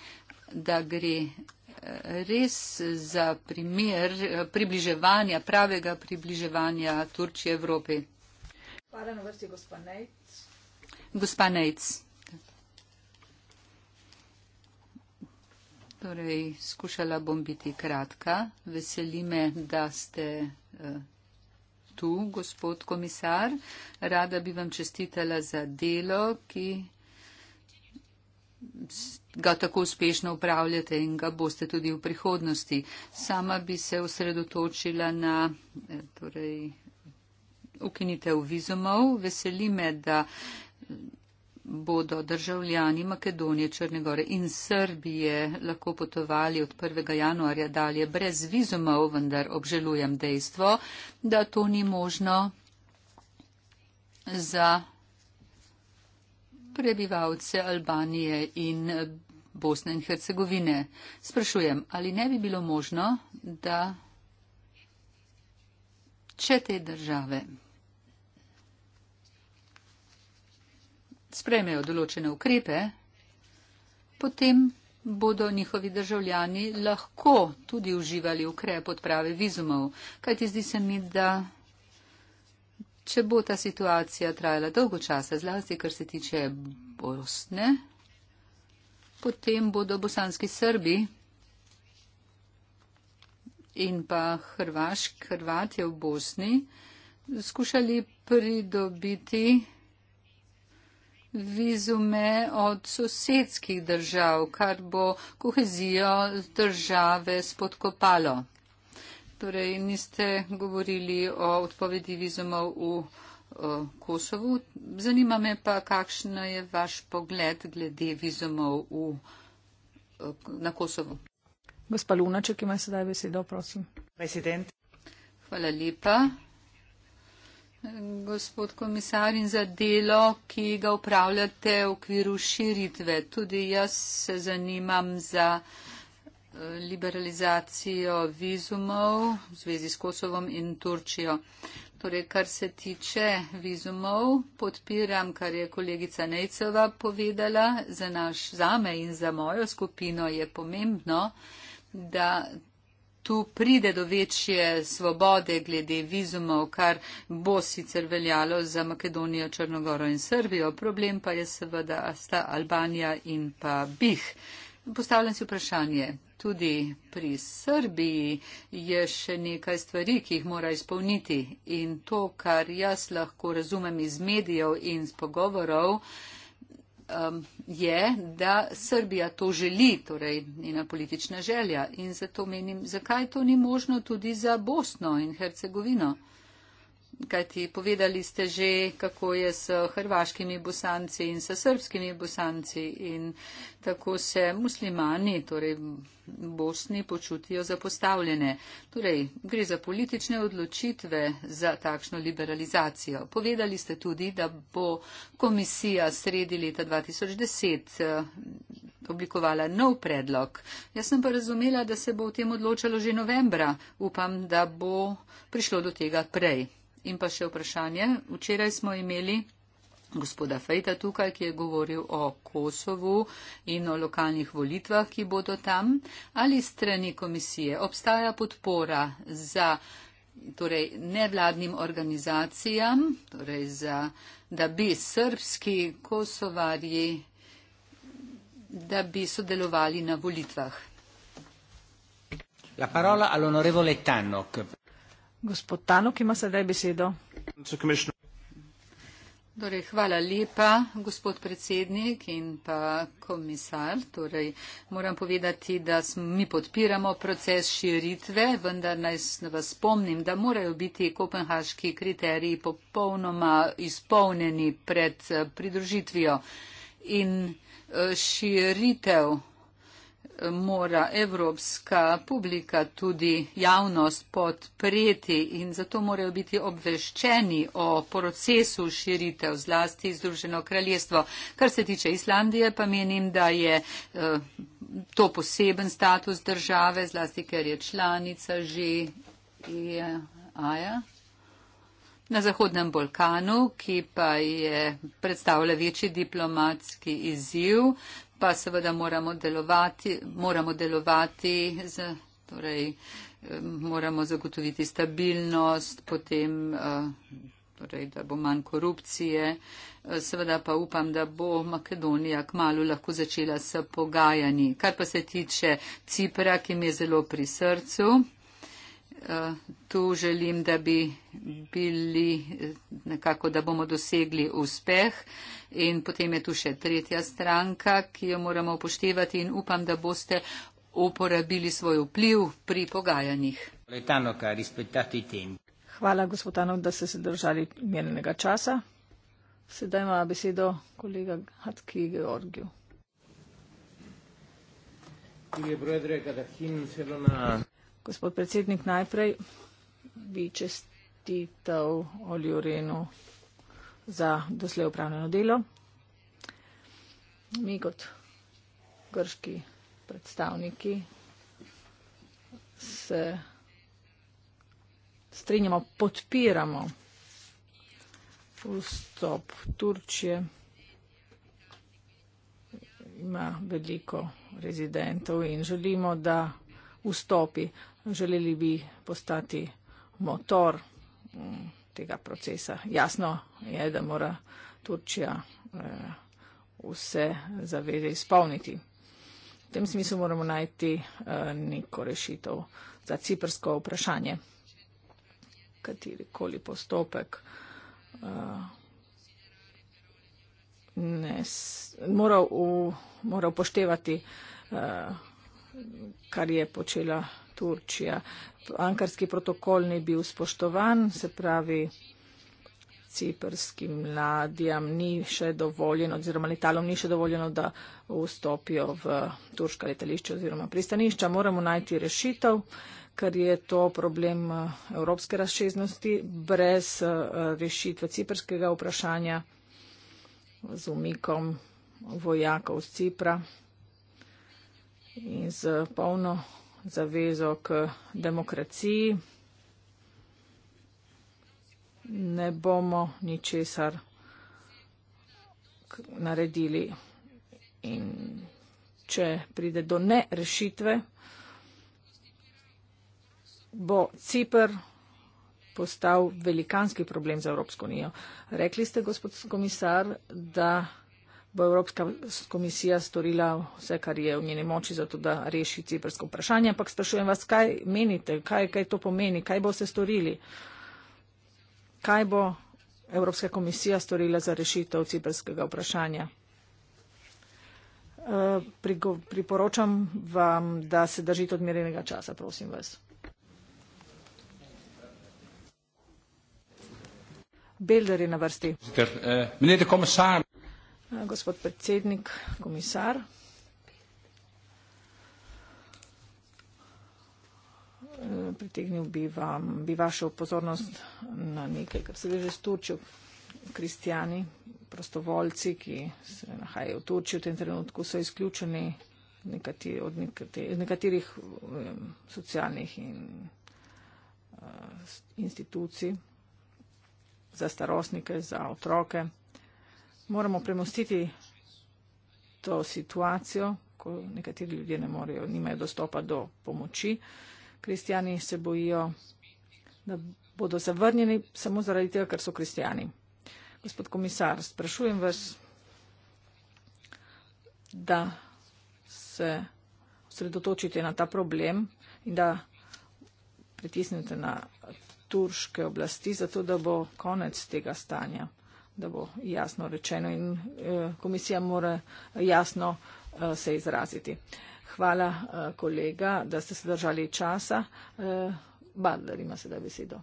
da gre eh, res za primer eh, približevanja, pravega približevanja Turčije Evropi? Hvala na vrsti, gospa Nejc. Gospa Nejc. Torej, skušala bom biti kratka. Veseli me, da ste. Uh, tu, gospod komisar. Rada bi vam čestitala za delo, ki ga tako uspešno upravljate in ga boste tudi v prihodnosti. Sama bi se osredotočila na eh, torej, ukinitev vizumov. Veseli me, da bodo državljani Makedonije, Črnegore in Srbije lahko potovali od 1. januarja dalje brez vizumov, vendar obžalujem dejstvo, da to ni možno za prebivalce Albanije in Bosne in Hercegovine. Sprašujem, ali ne bi bilo možno, da če te države sprejmejo določene ukrepe, potem bodo njihovi državljani lahko tudi uživali ukrep odprave vizumov. Kajti zdi se mi, da če bo ta situacija trajala dolgo časa, zlasti kar se tiče Bosne, potem bodo bosanski Srbi in pa Hrvaški, Hrvatje v Bosni, skušali pridobiti vizume od sosedskih držav, kar bo kohezijo države spodkopalo. Torej, niste govorili o odpovedi vizumov v o, Kosovu. Zanima me pa, kakšen je vaš pogled glede vizumov v, o, na Kosovu. Gospa Lunaček ima sedaj besedo, prosim. Resident. Hvala lepa gospod komisar in za delo, ki ga upravljate v okviru širitve. Tudi jaz se zanimam za eh, liberalizacijo vizumov v zvezi s Kosovom in Turčijo. Torej, kar se tiče vizumov, podpiram, kar je kolegica Nejcova povedala, za naš zame in za mojo skupino je pomembno, da tu pride do večje svobode glede vizumov, kar bo sicer veljalo za Makedonijo, Črnogoro in Srbijo. Problem pa je seveda sta Albanija in pa Bih. Postavljam si vprašanje. Tudi pri Srbiji je še nekaj stvari, ki jih mora izpolniti. In to, kar jaz lahko razumem iz medijev in iz pogovorov, um, je, da Srbija to želi, torej njena politična želja. In zato menim, zakaj to ni možno tudi za Bosno in Hercegovino kajti povedali ste že, kako je s hrvaškimi bosanci in s srbskimi bosanci in tako se muslimani, torej Bosni, počutijo zapostavljene. Torej, gre za politične odločitve za takšno liberalizacijo. Povedali ste tudi, da bo komisija sredi leta 2010 eh, oblikovala nov predlog. Jaz sem pa razumela, da se bo v tem odločalo že novembra. Upam, da bo prišlo do tega prej. In pa še vprašanje. Včeraj smo imeli gospoda Fejta tukaj, ki je govoril o Kosovu in o lokalnih volitvah, ki bodo tam. Ali strani komisije obstaja podpora za torej, nevladnim organizacijam, torej za, da bi srbski kosovarji da bi sodelovali na volitvah. La parola all'onorevole Tannock. Gospod Tanuk ima sedaj besedo. Torej, hvala lepa, gospod predsednik in pa komisar. Torej, moram povedati, da mi podpiramo proces širitve, vendar naj vas spomnim, da morajo biti kopenhaški kriteriji popolnoma izpolneni pred eh, pridružitvijo. In eh, širitev mora evropska publika tudi javnost podpreti in zato morajo biti obveščeni o procesu širitev zlasti Združeno kraljestvo. Kar se tiče Islandije, pa menim, da je eh, to poseben status države, zlasti ker je članica že EAA na Zahodnem Balkanu, ki pa je predstavlja večji diplomatski izziv, pa seveda moramo delovati, moramo delovati, z, torej eh, moramo zagotoviti stabilnost, potem, eh, torej, da bo manj korupcije. Eh, seveda pa upam, da bo Makedonija kmalo lahko začela s pogajanji. Kar pa se tiče Cipra, ki mi je zelo pri srcu, Eh, tu želim, da bi bili eh, nekako, da bomo dosegli uspeh. In potem je tu še tretja stranka, ki jo moramo upoštevati in upam, da boste uporabili svoj vpliv pri pogajanjih. Hvala, gospod Tanov, da ste se držali mirnega časa. Sedaj ima besedo kolega Hatki Georgiju. Gospod predsednik, najprej bi čestital Olju Renu za doslej upravljeno delo. Mi kot grški predstavniki se strinjamo, podpiramo vstop Turčije. Ima veliko rezidentov in želimo, da vstopi želeli bi postati motor mm, tega procesa. Jasno je, da mora Turčija eh, vse zaveze izpolniti. V tem smislu moramo najti eh, neko rešitev za ciprsko vprašanje. Katerikoli postopek eh, ne, mora, u, mora upoštevati kar je počela Turčija. Ankarski protokol ni bil spoštovan, se pravi, ciprskim ladjam ni še dovoljeno, oziroma letalom ni še dovoljeno, da vstopijo v turška letališča oziroma pristanišča. Moramo najti rešitev, ker je to problem eh, evropske razšeznosti brez eh, rešitve ciprskega vprašanja z umikom vojakov z Cipra in z polno zavezo k demokraciji ne bomo ničesar naredili. In če pride do ne rešitve, bo Cipr postal velikanski problem za Evropsko unijo. Rekli ste, gospod komisar, da bo Evropska komisija storila vse, kar je v njeni moči, zato da reši ciprsko vprašanje. Ampak sprašujem vas, kaj menite, kaj, kaj to pomeni, kaj bo se storili, kaj bo Evropska komisija storila za rešitev ciprskega vprašanja. Eh, priporočam vam, da se držite odmerenega časa, prosim vas. Belder je na vrsti. Eh, meneer de commissaris. Gospod predsednik, komisar. Pritegnil bi, vam, bi vašo pozornost na nekaj, kar se veže s Turčjo. Kristijani, prostovoljci, ki se nahajajo v Turčji v tem trenutku, so izključeni od nekaterih um, socialnih in, uh, institucij za starostnike, za otroke moramo premostiti to situacijo, ko nekateri ljudje ne morejo, nimajo dostopa do pomoči. Kristijani se bojijo, da bodo zavrnjeni samo zaradi tega, ker so kristijani. Gospod komisar, sprašujem vas, da se osredotočite na ta problem in da pritisnete na turške oblasti, zato da bo konec tega stanja da bo jasno rečeno in eh, komisija mora jasno eh, se izraziti. Hvala, eh, kolega, da ste se držali časa. Bandar ima sedaj besedo.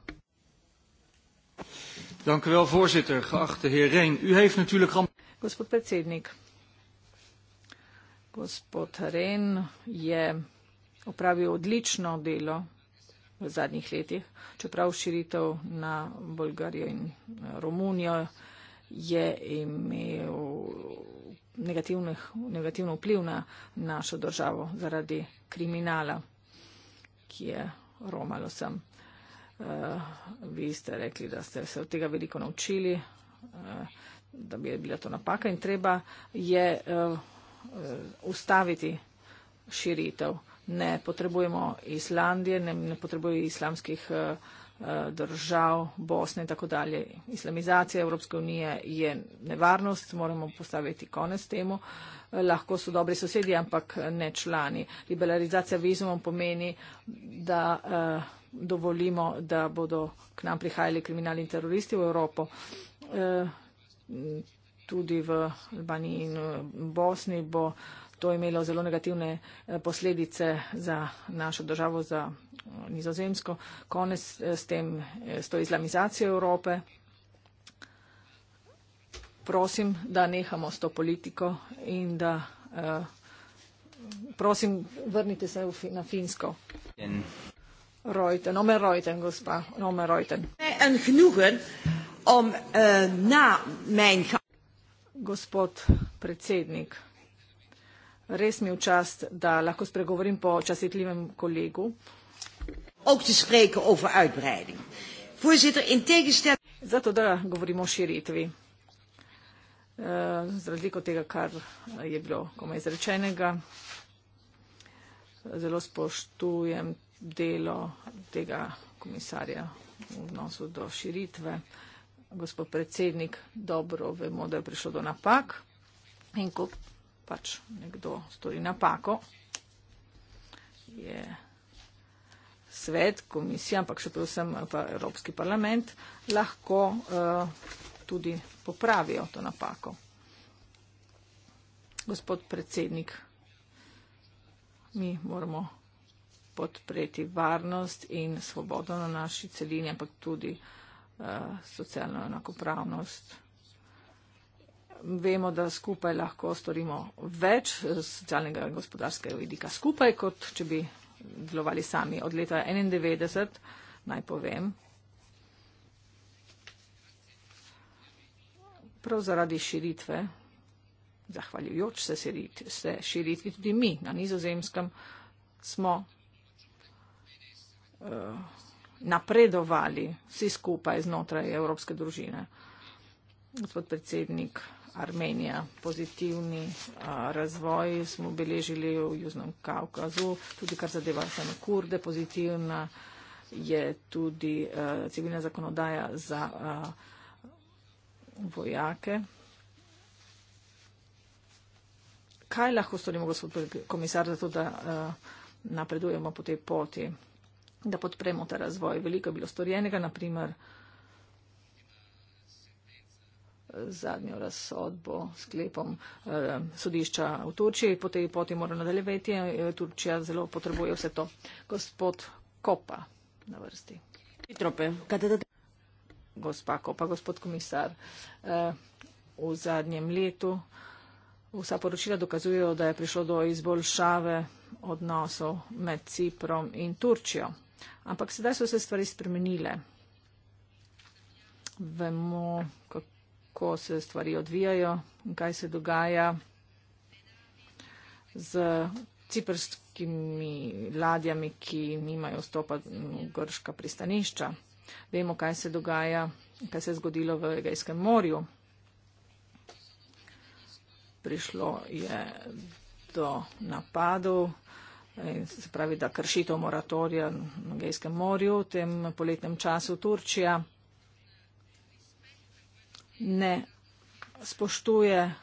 Dank u wel, voorzitter. Geachte heer Reen, u heeft natuurlijk... Gospod predsednik, gospod Reen je opravil odlično delo v zadnjih letih, čeprav širitev na Bolgarijo in Romunijo je je imel negativno vpliv na našo državo zaradi kriminala, ki je romalo sem. Uh, vi ste rekli, da ste se od tega veliko naučili, uh, da bi bila to napaka in treba je uh, ustaviti širitev. Ne potrebujemo Islandije, ne, ne potrebujemo islamskih. Uh, Eh, držav, Bosne in tako dalje. Islamizacija Evropske unije je nevarnost, moramo postaviti konec temu. Eh, lahko so dobri sosedi, ampak ne člani. Liberalizacija vizumom pomeni, da eh, dovolimo, da bodo k nam prihajali kriminali in teroristi v Evropo. Tudi v Albaniji in Bosni bo to imelo zelo negativne posledice za našo državo, za nizozemsko, konec eh, s, tem, eh, s to islamizacijo Evrope. Prosim, da nehamo s to politiko in da uh, prosim, vrnite se v, na Finsko. In. Reuten, nome Reuten, gospa, nome Reuten. En hnugen, om uh, na menj. Gospod predsednik, res mi je v čast, da lahko spregovorim po častitljivem kolegu ook te spreken over uitbreiding. Voorzitter, in tegenstelling. Zato da govorimo o širitvi. Eh, Z razliko tega, kar eh, je bilo komaj izrečenega, eh, zelo spoštujem delo tega komisarja v odnosu do širitve. Gospod predsednik, dobro vemo, da je prišlo do napak in ko pač nekdo stori napako, je. Yeah svet, komisija, ampak še predvsem pa Evropski parlament, lahko uh, tudi popravijo to napako. Gospod predsednik, mi moramo podpreti varnost in svobodo na naši celini, ampak tudi uh, socialno enakopravnost. Vemo, da skupaj lahko storimo več z socialnega in gospodarskega vidika skupaj, kot če bi delovali sami. Od leta 1991, naj povem, prav zaradi širitve, zahvaljujoč se, širit, se širitvi tudi mi na nizozemskem, smo uh, napredovali vsi skupaj znotraj Evropske družine. Gospod predsednik. Armenija. Pozitivni a, razvoj smo beležili v Južnem Kaukazu, tudi kar zadeva same kurde. Pozitivna je tudi a, civilna zakonodaja za a, vojake. Kaj lahko storimo, gospod komisar, za to, da a, napredujemo po tej poti, da podpremo ta razvoj? Veliko je bilo storjenega, naprimer zadnjo razsodbo sklepom eh, sodišča v Turčiji, potem poti mora nadaljevati. Eh, Turčija zelo potrebuje vse to. Gospod Kopa na vrsti. Gospa Kopa, gospod komisar, eh, v zadnjem letu vsa poročila dokazujejo, da je prišlo do izboljšave odnosov med Ciprom in Turčijo. Ampak sedaj so se stvari spremenile. Vemo, kako kako se stvari odvijajo in kaj se dogaja z ciprskimi ladjami, ki nimajo vstopa v grška pristanišča. Vemo, kaj se dogaja, kaj se je zgodilo v Egejskem morju. Prišlo je do napadov, eh, se pravi, da kršitev moratorija na Egejskem morju v tem poletnem času Turčija ne spoštuje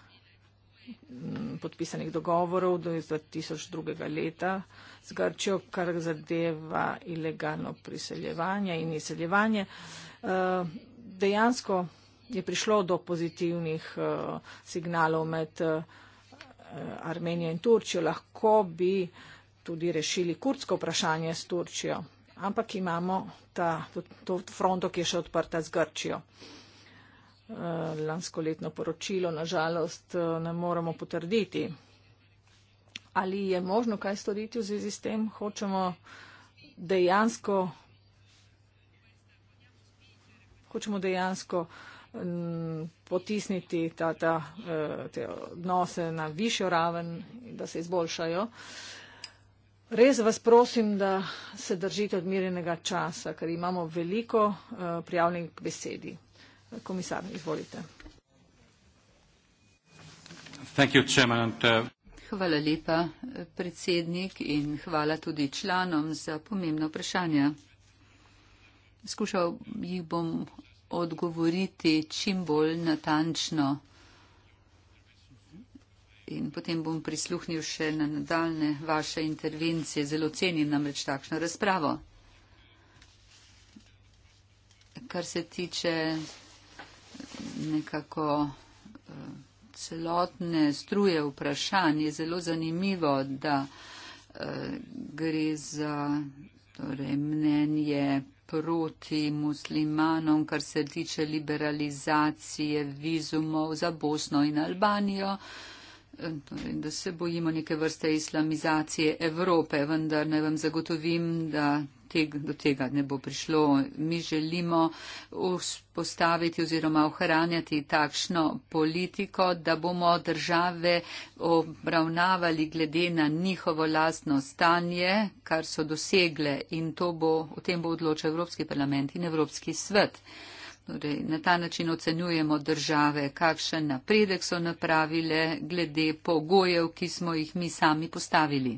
mm, podpisanih dogovorov do 2002. leta z Grčjo, kar zadeva ilegalno priseljevanje in izseljevanje. Eh, dejansko je prišlo do pozitivnih eh, signalov med eh, Armenijo in Turčijo. Lahko bi tudi rešili kurdsko vprašanje s Turčijo, ampak imamo ta, to fronto, ki je še odprta z Grčijo. Eh, lanskoletno poročilo nažalost eh, ne moremo potrditi. Ali je možno kaj storiti v zvezi s tem? Hočemo dejansko, hočemo dejansko mm, potisniti ta, ta, eh, te odnose na višjo raven, da se izboljšajo. Res vas prosim, da se držite odmirjenega časa, ker imamo veliko prijavljenih besedi komisar, izvolite. Uh, hvala lepa, predsednik, in hvala tudi članom za pomembna vprašanja. Skušal jih bom odgovoriti čim bolj natančno in potem bom prisluhnil še na nadaljne vaše intervencije. Zelo cenim namreč takšno razpravo. Kar se tiče nekako eh, celotne struje vprašanj. Je zelo zanimivo, da eh, gre za torej, mnenje proti muslimanom, kar se tiče liberalizacije vizumov za Bosno in Albanijo. Eh, torej, da se bojimo neke vrste islamizacije Evrope, vendar naj vam zagotovim, da teg, do tega ne bo prišlo. Mi želimo vzpostaviti oziroma ohranjati takšno politiko, da bomo države obravnavali glede na njihovo lastno stanje, kar so dosegle in bo, o tem bo odločil Evropski parlament in Evropski svet. Torej, na ta način ocenjujemo države, kakšen napredek so napravile glede pogojev, ki smo jih mi sami postavili.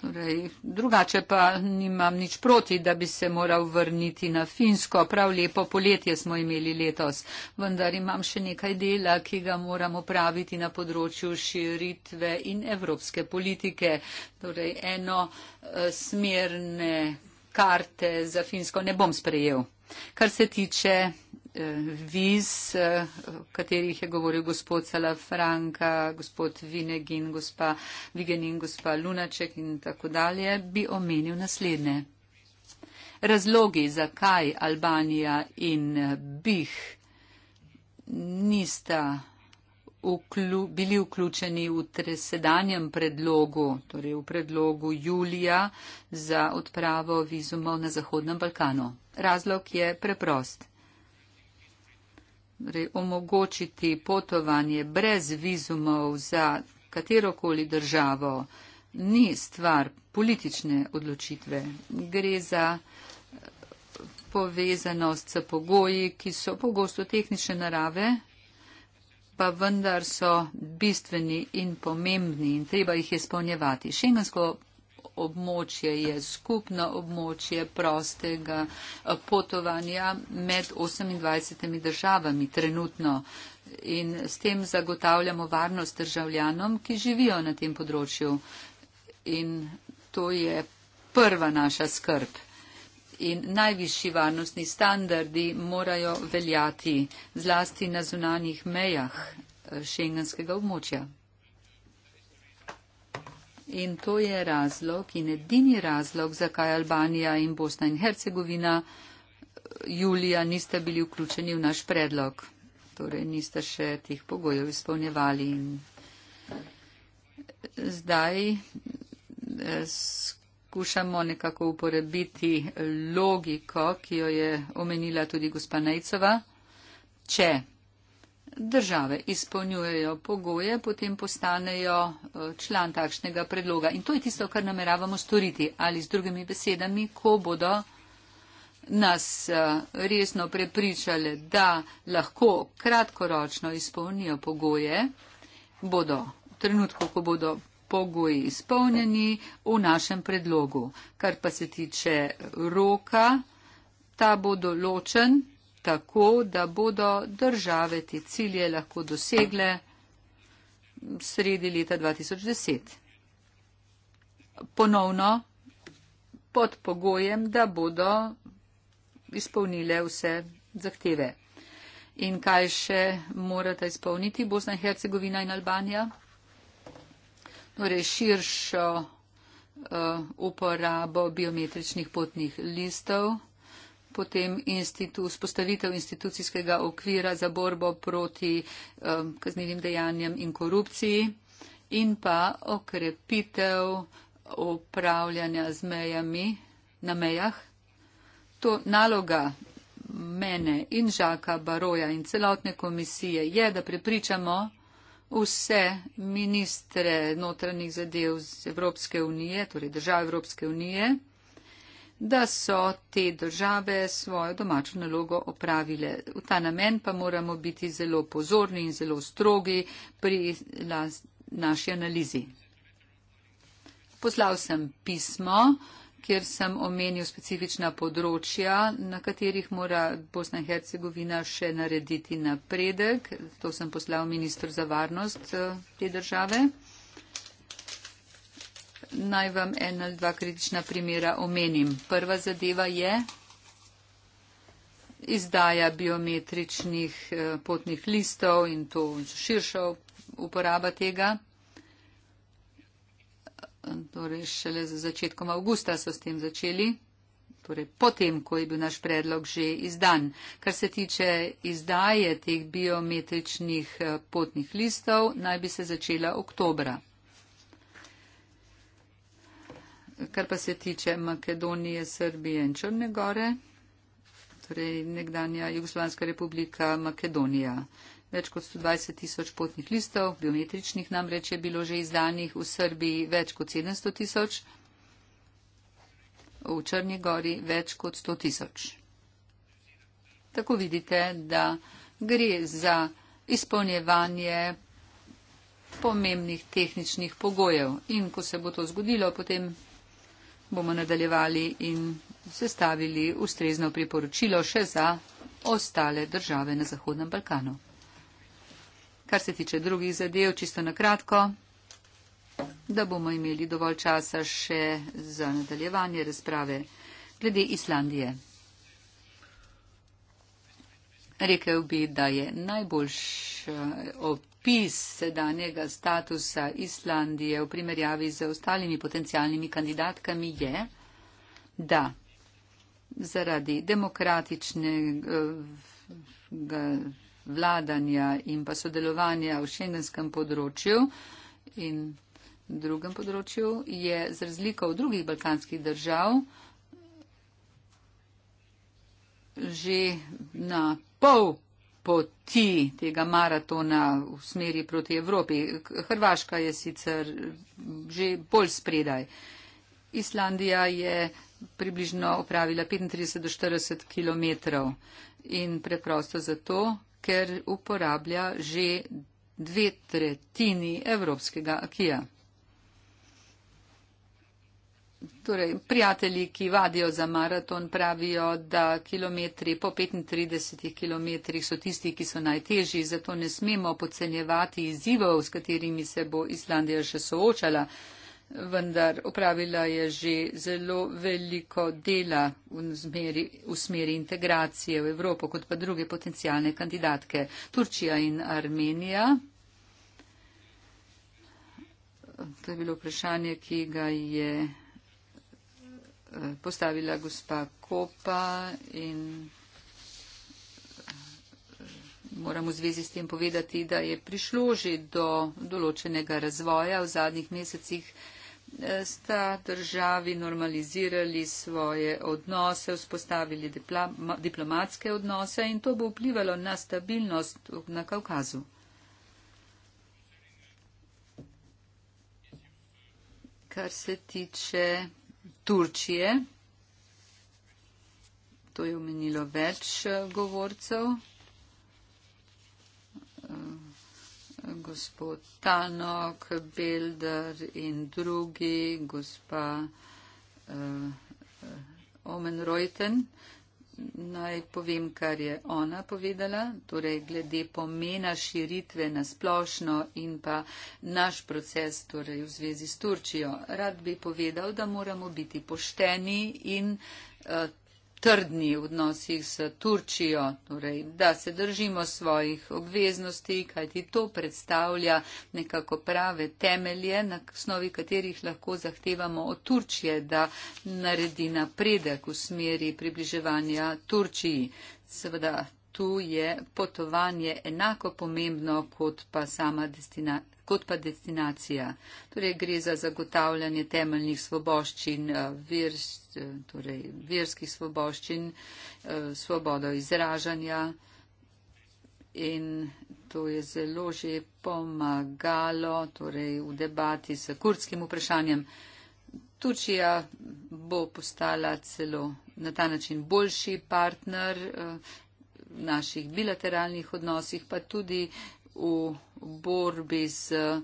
Torej, drugače pa nimam nič proti, da bi se moral vrniti na Finsko. Prav lepo poletje smo imeli letos, vendar imam še nekaj dela, ki ga moram opraviti na področju širitve in evropske politike. Torej, eno eh, smerne karte za Finsko ne bom sprejel. Kar se tiče eh, viz, eh, katerih je govoril gospod Salafranka, gospod Vinegin, gospa Vigenin, gospa Lunaček in tako dalje, bi omenil naslednje. Razlogi, zakaj Albanija in eh, Bih nista vklju, bili vključeni v sedanjem predlogu, torej v predlogu Julija za odpravo vizumov na Zahodnem Balkanu. Razlog je preprost. Torej, omogočiti potovanje brez vizumov za katerokoli državo ni stvar politične odločitve. Gre za eh, povezanost s pogoji, ki so pogosto tehnične narave, pa vendar so bistveni in pomembni in treba jih izpolnjevati. Šengensko območje je skupno območje prostega eh, potovanja med 28 državami trenutno in s tem zagotavljamo varnost državljanom, ki živijo na tem področju. In to je prva naša skrb in najvišji varnostni standardi morajo veljati zlasti na zunanjih mejah eh, šengenskega območja. In to je razlog in edini razlog, zakaj Albanija in Bosna in Hercegovina eh, julija nista bili vključeni v naš predlog. Torej nista še teh pogojev izpolnjevali. In eh, zdaj skušamo nekako uporabiti logiko, ki jo je omenila tudi gospa Nejcova. Če države izpolnjujejo pogoje, potem postanejo eh, član takšnega predloga. In to je tisto, kar nameravamo storiti. Ali z drugimi besedami, ko bodo nas eh, resno prepričale, da lahko kratkoročno izpolnijo pogoje, bodo v trenutku, ko bodo pogoji izpolnjeni v našem predlogu. Kar pa se tiče roka, ta bo določen tako, da bodo države te cilje lahko dosegle sredi leta 2010. Ponovno pod pogojem, da bodo izpolnile vse zahteve. In kaj še morata izpolniti Bosna in Hercegovina in Albanija? torej širšo eh, uporabo biometričnih potnih listov, potem vzpostavitev institucijskega okvira za borbo proti eh, kaznivim dejanjem in korupciji in pa okrepitev upravljanja z mejami na mejah. To naloga mene in Žaka Baroja in celotne komisije je, da prepričamo, vse ministre notranjih zadev z Evropske unije, torej države Evropske unije, da so te države svojo domačo nalogo opravile. V ta namen pa moramo biti zelo pozorni in zelo strogi pri naši analizi. Poslal sem pismo kjer sem omenil specifična področja, na katerih mora Bosna in Hercegovina še narediti napredek. To sem poslal ministru za varnost eh, te države. Naj vam ena ali dva kritična primera omenim. Prva zadeva je izdaja biometričnih eh, potnih listov in to širša uporaba tega torej šele z začetkom avgusta so s tem začeli, torej potem, ko je bil naš predlog že izdan. Kar se tiče izdaje teh biometričnih eh, potnih listov, naj bi se začela oktobra. Kar pa se tiče Makedonije, Srbije in Črne gore, torej nekdanja Jugoslavijska republika Makedonija več kot 120 tisoč potnih listov, biometričnih namreč je bilo že izdanih v Srbiji več kot 700 tisoč, v Črni gori več kot 100 tisoč. Tako vidite, da gre za izpolnjevanje pomembnih tehničnih pogojev in ko se bo to zgodilo, potem bomo nadaljevali in sestavili ustrezno priporočilo še za ostale države na Zahodnem Balkanu. Kar se tiče drugih zadev, čisto na kratko, da bomo imeli dovolj časa še za nadaljevanje razprave glede Islandije. Rekel bi, da je najboljši eh, opis sedanjega statusa Islandije v primerjavi z ostalimi potencijalnimi kandidatkami je, da zaradi demokratičnega eh, vladanja in pa sodelovanja v šengenskem področju in drugem področju je z razliko od drugih balkanskih držav že na pol poti tega maratona v smeri proti Evropi. Hrvaška je sicer že bolj spredaj. Islandija je približno opravila 35 do 40 km in preprosto zato, ker uporablja že dve tretjini evropskega akija. Torej, prijatelji, ki vadijo za maraton, pravijo, da kilometri po 35 km so tisti, ki so najtežji, zato ne smemo podcenjevati izzivov, s katerimi se bo Islandija še soočala vendar opravila je že zelo veliko dela v, zmeri, v smeri integracije v Evropo, kot pa druge potencijalne kandidatke. Turčija in Armenija. To je bilo vprašanje, ki ga je eh, postavila gospa Kopa in eh, moram v zvezi s tem povedati, da je prišlo že do določenega razvoja v zadnjih mesecih sta državi normalizirali svoje odnose, vzpostavili diploma, diplomatske odnose in to bo vplivalo na stabilnost na Kaukazu. Kar se tiče Turčije, to je omenilo več eh, govorcev. Uh, gospod Tanok, Bilder in drugi, gospa uh, Omen Reuten. Naj povem, kar je ona povedala, torej glede pomena širitve na splošno in pa naš proces torej v zvezi s Turčijo. Rad bi povedal, da moramo biti pošteni in uh, trdni odnosih s Turčijo, torej, da se držimo svojih obveznosti, kajti to predstavlja nekako prave temelje, na osnovi katerih lahko zahtevamo od Turčije, da naredi napredek v smeri približevanja Turčiji. Seveda, tu je potovanje enako pomembno kot pa sama destinacija kot pa destinacija. Torej, gre za zagotavljanje temeljnih svoboščin, eh, vir, eh, torej, verskih svoboščin, eh, svobodo izražanja in to je zelo že pomagalo torej, v debati s kurdskim vprašanjem. Turčija bo postala celo na ta način boljši partner v naših bilateralnih odnosih, pa tudi v borbi z eh,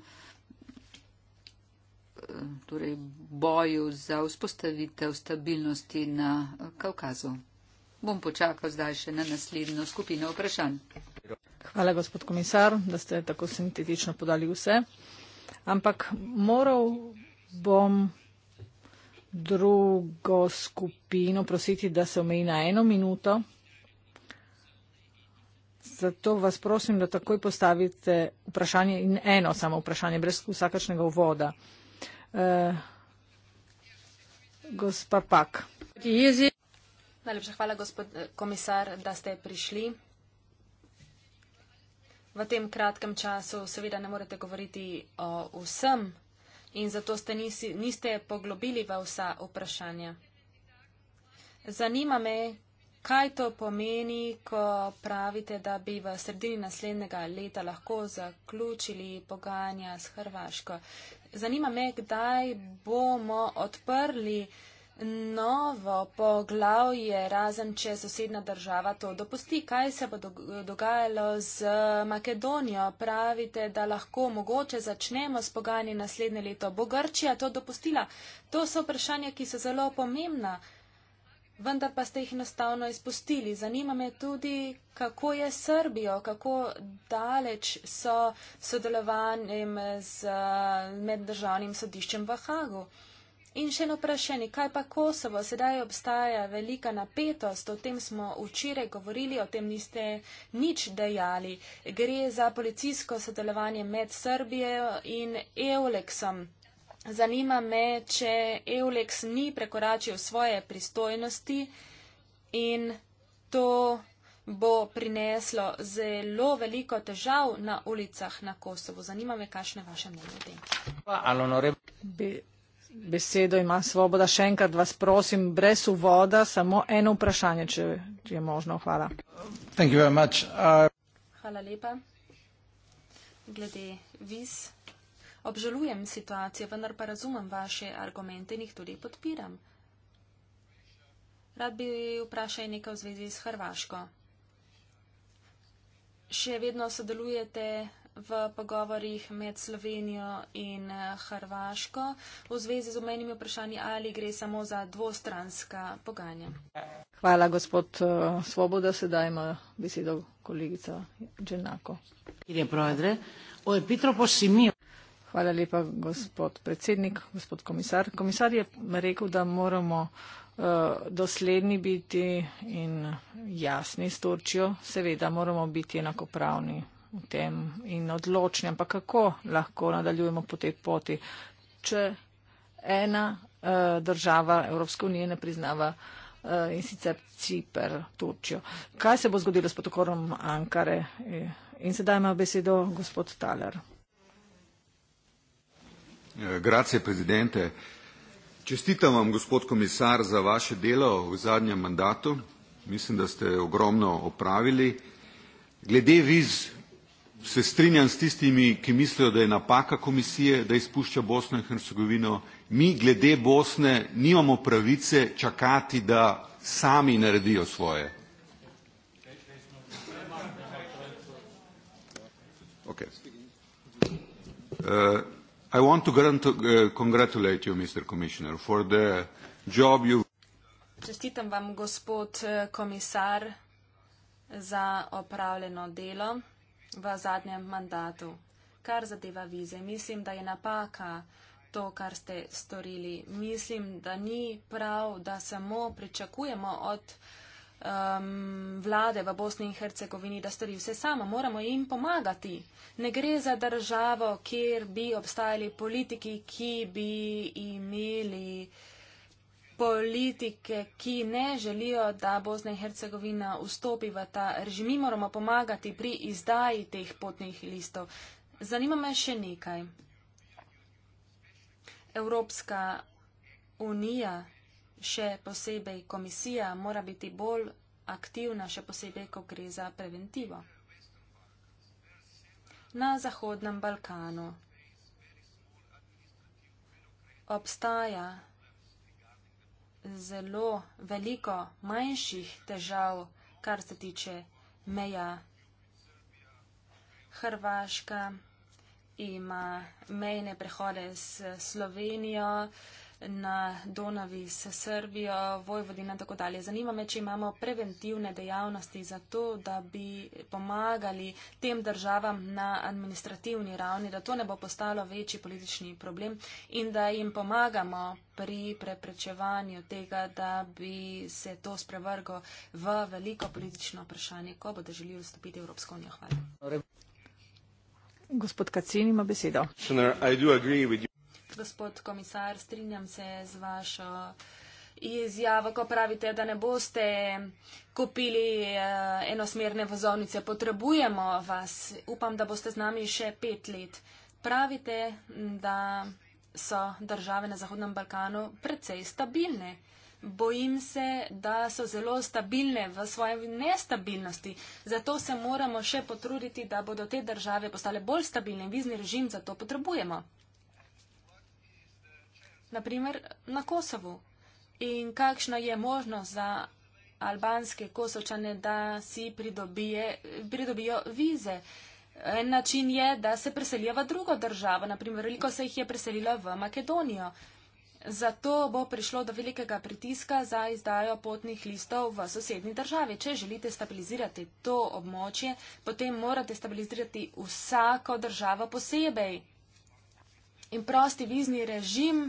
torej boju za vzpostavitev stabilnosti na Kaukazu. Bom počakal zdaj še na naslednjo skupino vprašanj. Hvala, gospod komisar, da ste tako sintetično podali vse. Ampak moral bom drugo skupino prositi, da se omeji na eno minuto, Zato vas prosim, da takoj postavite vprašanje in eno samo vprašanje, brez vsakačnega uvoda. Eh, gospa Pak. Najlepša hvala, gospod eh, komisar, da ste prišli. V tem kratkem času seveda ne morete govoriti o vsem in zato ste nisi, niste poglobili v vsa vprašanja. Zanima me, Kaj to pomeni, ko pravite, da bi v sredini naslednjega leta lahko zaključili pogajanja s Hrvaško? Zanima me, kdaj bomo odprli novo poglavje, razen če sosedna država to dopusti. Kaj se bo dogajalo z Makedonijo? Pravite, da lahko mogoče začnemo s pogajanji naslednje leto. Bo Grčija to dopustila? To so vprašanja, ki so zelo pomembna vendar pa ste jih enostavno izpustili. Zanima me tudi, kako je Srbijo, kako daleč so sodelovanjem z eh, meddržavnim sodiščem v Hagu. In še eno vprašanje, kaj pa Kosovo? Sedaj obstaja velika napetost, o tem smo včeraj govorili, o tem niste nič dejali. Gre za policijsko sodelovanje med Srbijo in Euleksom. Zanima me, če Eulex ni prekoračil svoje pristojnosti in to bo prineslo zelo veliko težav na ulicah na Kosovo. Zanima me, kakšne vaše mnenje o tem. Besedo ima svoboda. Še enkrat vas prosim, brez uvoda, samo eno vprašanje, če, če je možno. Hvala. Uh, Hvala lepa. Glede viz. Obžalujem situacijo, vendar pa razumem vaše argumente in jih tudi podpiram. Rad bi vprašal nekaj v zvezi s Hrvaško. Še vedno sodelujete v pogovorjih med Slovenijo in eh, Hrvaško v zvezi z omenjimi vprašanji, ali gre samo za dvostranska pogajanja. Hvala, gospod eh, Svoboda. Sedaj ima besedo kolegica Dženako. Petro, prosim, mi. Hvala lepa, gospod predsednik, gospod komisar. Komisar je rekel, da moramo uh, dosledni biti in jasni s Turčijo. Seveda moramo biti enakopravni v tem in odločni, ampak kako lahko nadaljujemo po tej poti, če ena uh, država Evropske unije ne priznava uh, in sicer Cipr, Turčijo. Kaj se bo zgodilo s protokolom Ankare? In sedaj ima besedo gospod Taler. Eh, grazie, presidente. Čestitam vam, gospod komisar, za vaše delo v zadnjem mandatu. Mislim, da ste ogromno opravili. Glede viz se strinjam s tistimi, ki mislijo, da je napaka komisije, da izpušča Bosno in Hercegovino. Mi glede Bosne nimamo pravice čakati, da sami naredijo svoje. Okay. Uh, I want to grant, uh, congratulate you, Mr. Commissioner, for the job you. Čestitam vam, gospod eh, komisar, za opravljeno delo v zadnjem mandatu. Kar zadeva vize, mislim, da je napaka to, kar ste storili. Mislim, da ni prav, da samo pričakujemo od um, vlade v Bosni in Hercegovini, da stori vse samo. Moramo jim pomagati. Ne gre za državo, kjer bi obstajali politiki, ki bi imeli politike, ki ne želijo, da Bosna in Hercegovina vstopi v ta režim. Mi moramo pomagati pri izdaji teh potnih listov. Zanima me še nekaj. Evropska unija še posebej komisija mora biti bolj aktivna, še posebej, ko gre za preventivo. Na Zahodnem Balkanu obstaja zelo veliko manjših težav, kar se tiče meja. Hrvaška ima mejne prehode s Slovenijo na Donavi s Srbijo, Vojvodina in tako dalje. Zanima me, če imamo preventivne dejavnosti za to, da bi pomagali tem državam na administrativni ravni, da to ne bo postalo večji politični problem in da jim pomagamo pri preprečevanju tega, da bi se to sprevrgo v veliko politično vprašanje, ko bodo želeli vstopiti v Evropsko unijo. Hvala. Gospod Kacin ima besedo gospod komisar, strinjam se z vašo izjavo, ko pravite, da ne boste kupili eh, enosmerne vozovnice. Potrebujemo vas. Upam, da boste z nami še pet let. Pravite, da so države na Zahodnem Balkanu precej stabilne. Bojim se, da so zelo stabilne v svoji nestabilnosti. Zato se moramo še potruditi, da bodo te države postale bolj stabilne. Vizni režim za to potrebujemo naprimer na Kosovu. In kakšna je možnost za albanske kosovčane, da si pridobije, pridobijo vize? En način je, da se preselijo v drugo državo, naprimer veliko se jih je preselilo v Makedonijo. Zato bo prišlo do velikega pritiska za izdajo potnih listov v sosednji državi. Če želite stabilizirati to območje, potem morate stabilizirati vsako državo posebej. In prosti vizni režim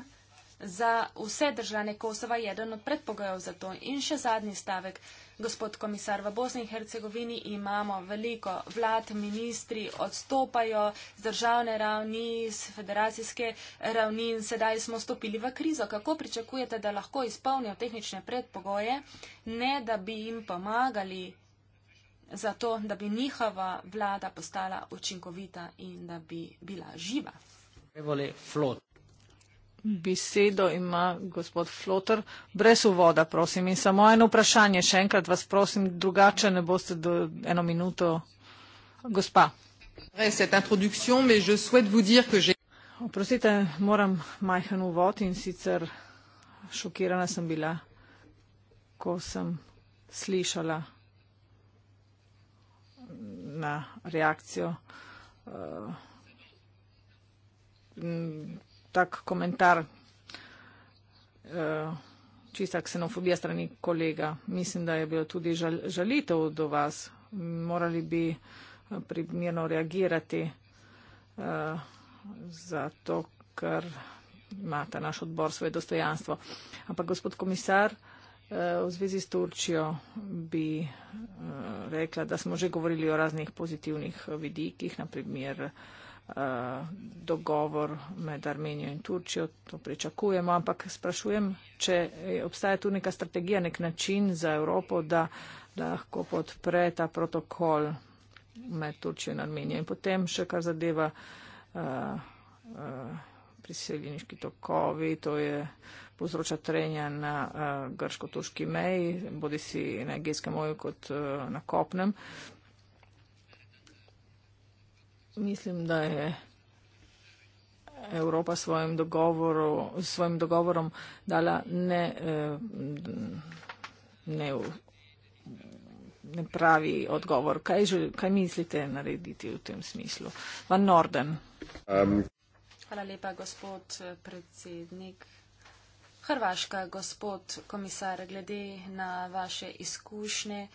za vse državljane Kosova jedan od predpogojev za to. In še zadnji stavek, gospod komisar, v Bosni in Hercegovini imamo veliko vlad, ministri odstopajo z državne ravni, z federacijske ravni in sedaj smo stopili v krizo. Kako pričakujete, da lahko izpolnijo tehnične predpogoje, ne da bi jim pomagali za to, da bi njihova vlada postala učinkovita in da bi bila živa? Revoli flot besedo ima gospod Flotr. Brez uvoda, prosim. In samo eno vprašanje, še enkrat vas prosim, drugače ne boste do eno minuto. Gospa. Oprostite, moram majhen uvod in sicer šokirana sem bila, ko sem slišala na reakcijo. Uh, tak komentar, eh, čista ksenofobija strani kolega. Mislim, da je bilo tudi žal, žalitev do vas. Morali bi eh, primerno reagirati eh, zato, ker ima ta naš odbor svoje dostojanstvo. Ampak gospod komisar, v zvezi s Turčijo bi rekla, da smo že govorili o raznih pozitivnih vidikih, naprimer. Eh, dogovor med Armenijo in Turčijo, to pričakujemo, ampak sprašujem, če obstaja tu neka strategija, nek način za Evropo, da, da lahko podpre ta protokol med Turčijo in Armenijo. In potem še kar zadeva uh, uh, priseljeniški tokovi, to je povzroča trenja na uh, grško-turški meji, bodi si na Egejskem oju kot uh, na Kopnem. Uh, mislim, da je Evropa s svojim, svojim dogovorom dala ne, eh, ne, ne pravi odgovor. Kaj, že, kaj mislite narediti v tem smislu? Van Norden. Um. Hvala lepa, gospod predsednik. Hrvaška, gospod komisar, glede na vaše izkušnje,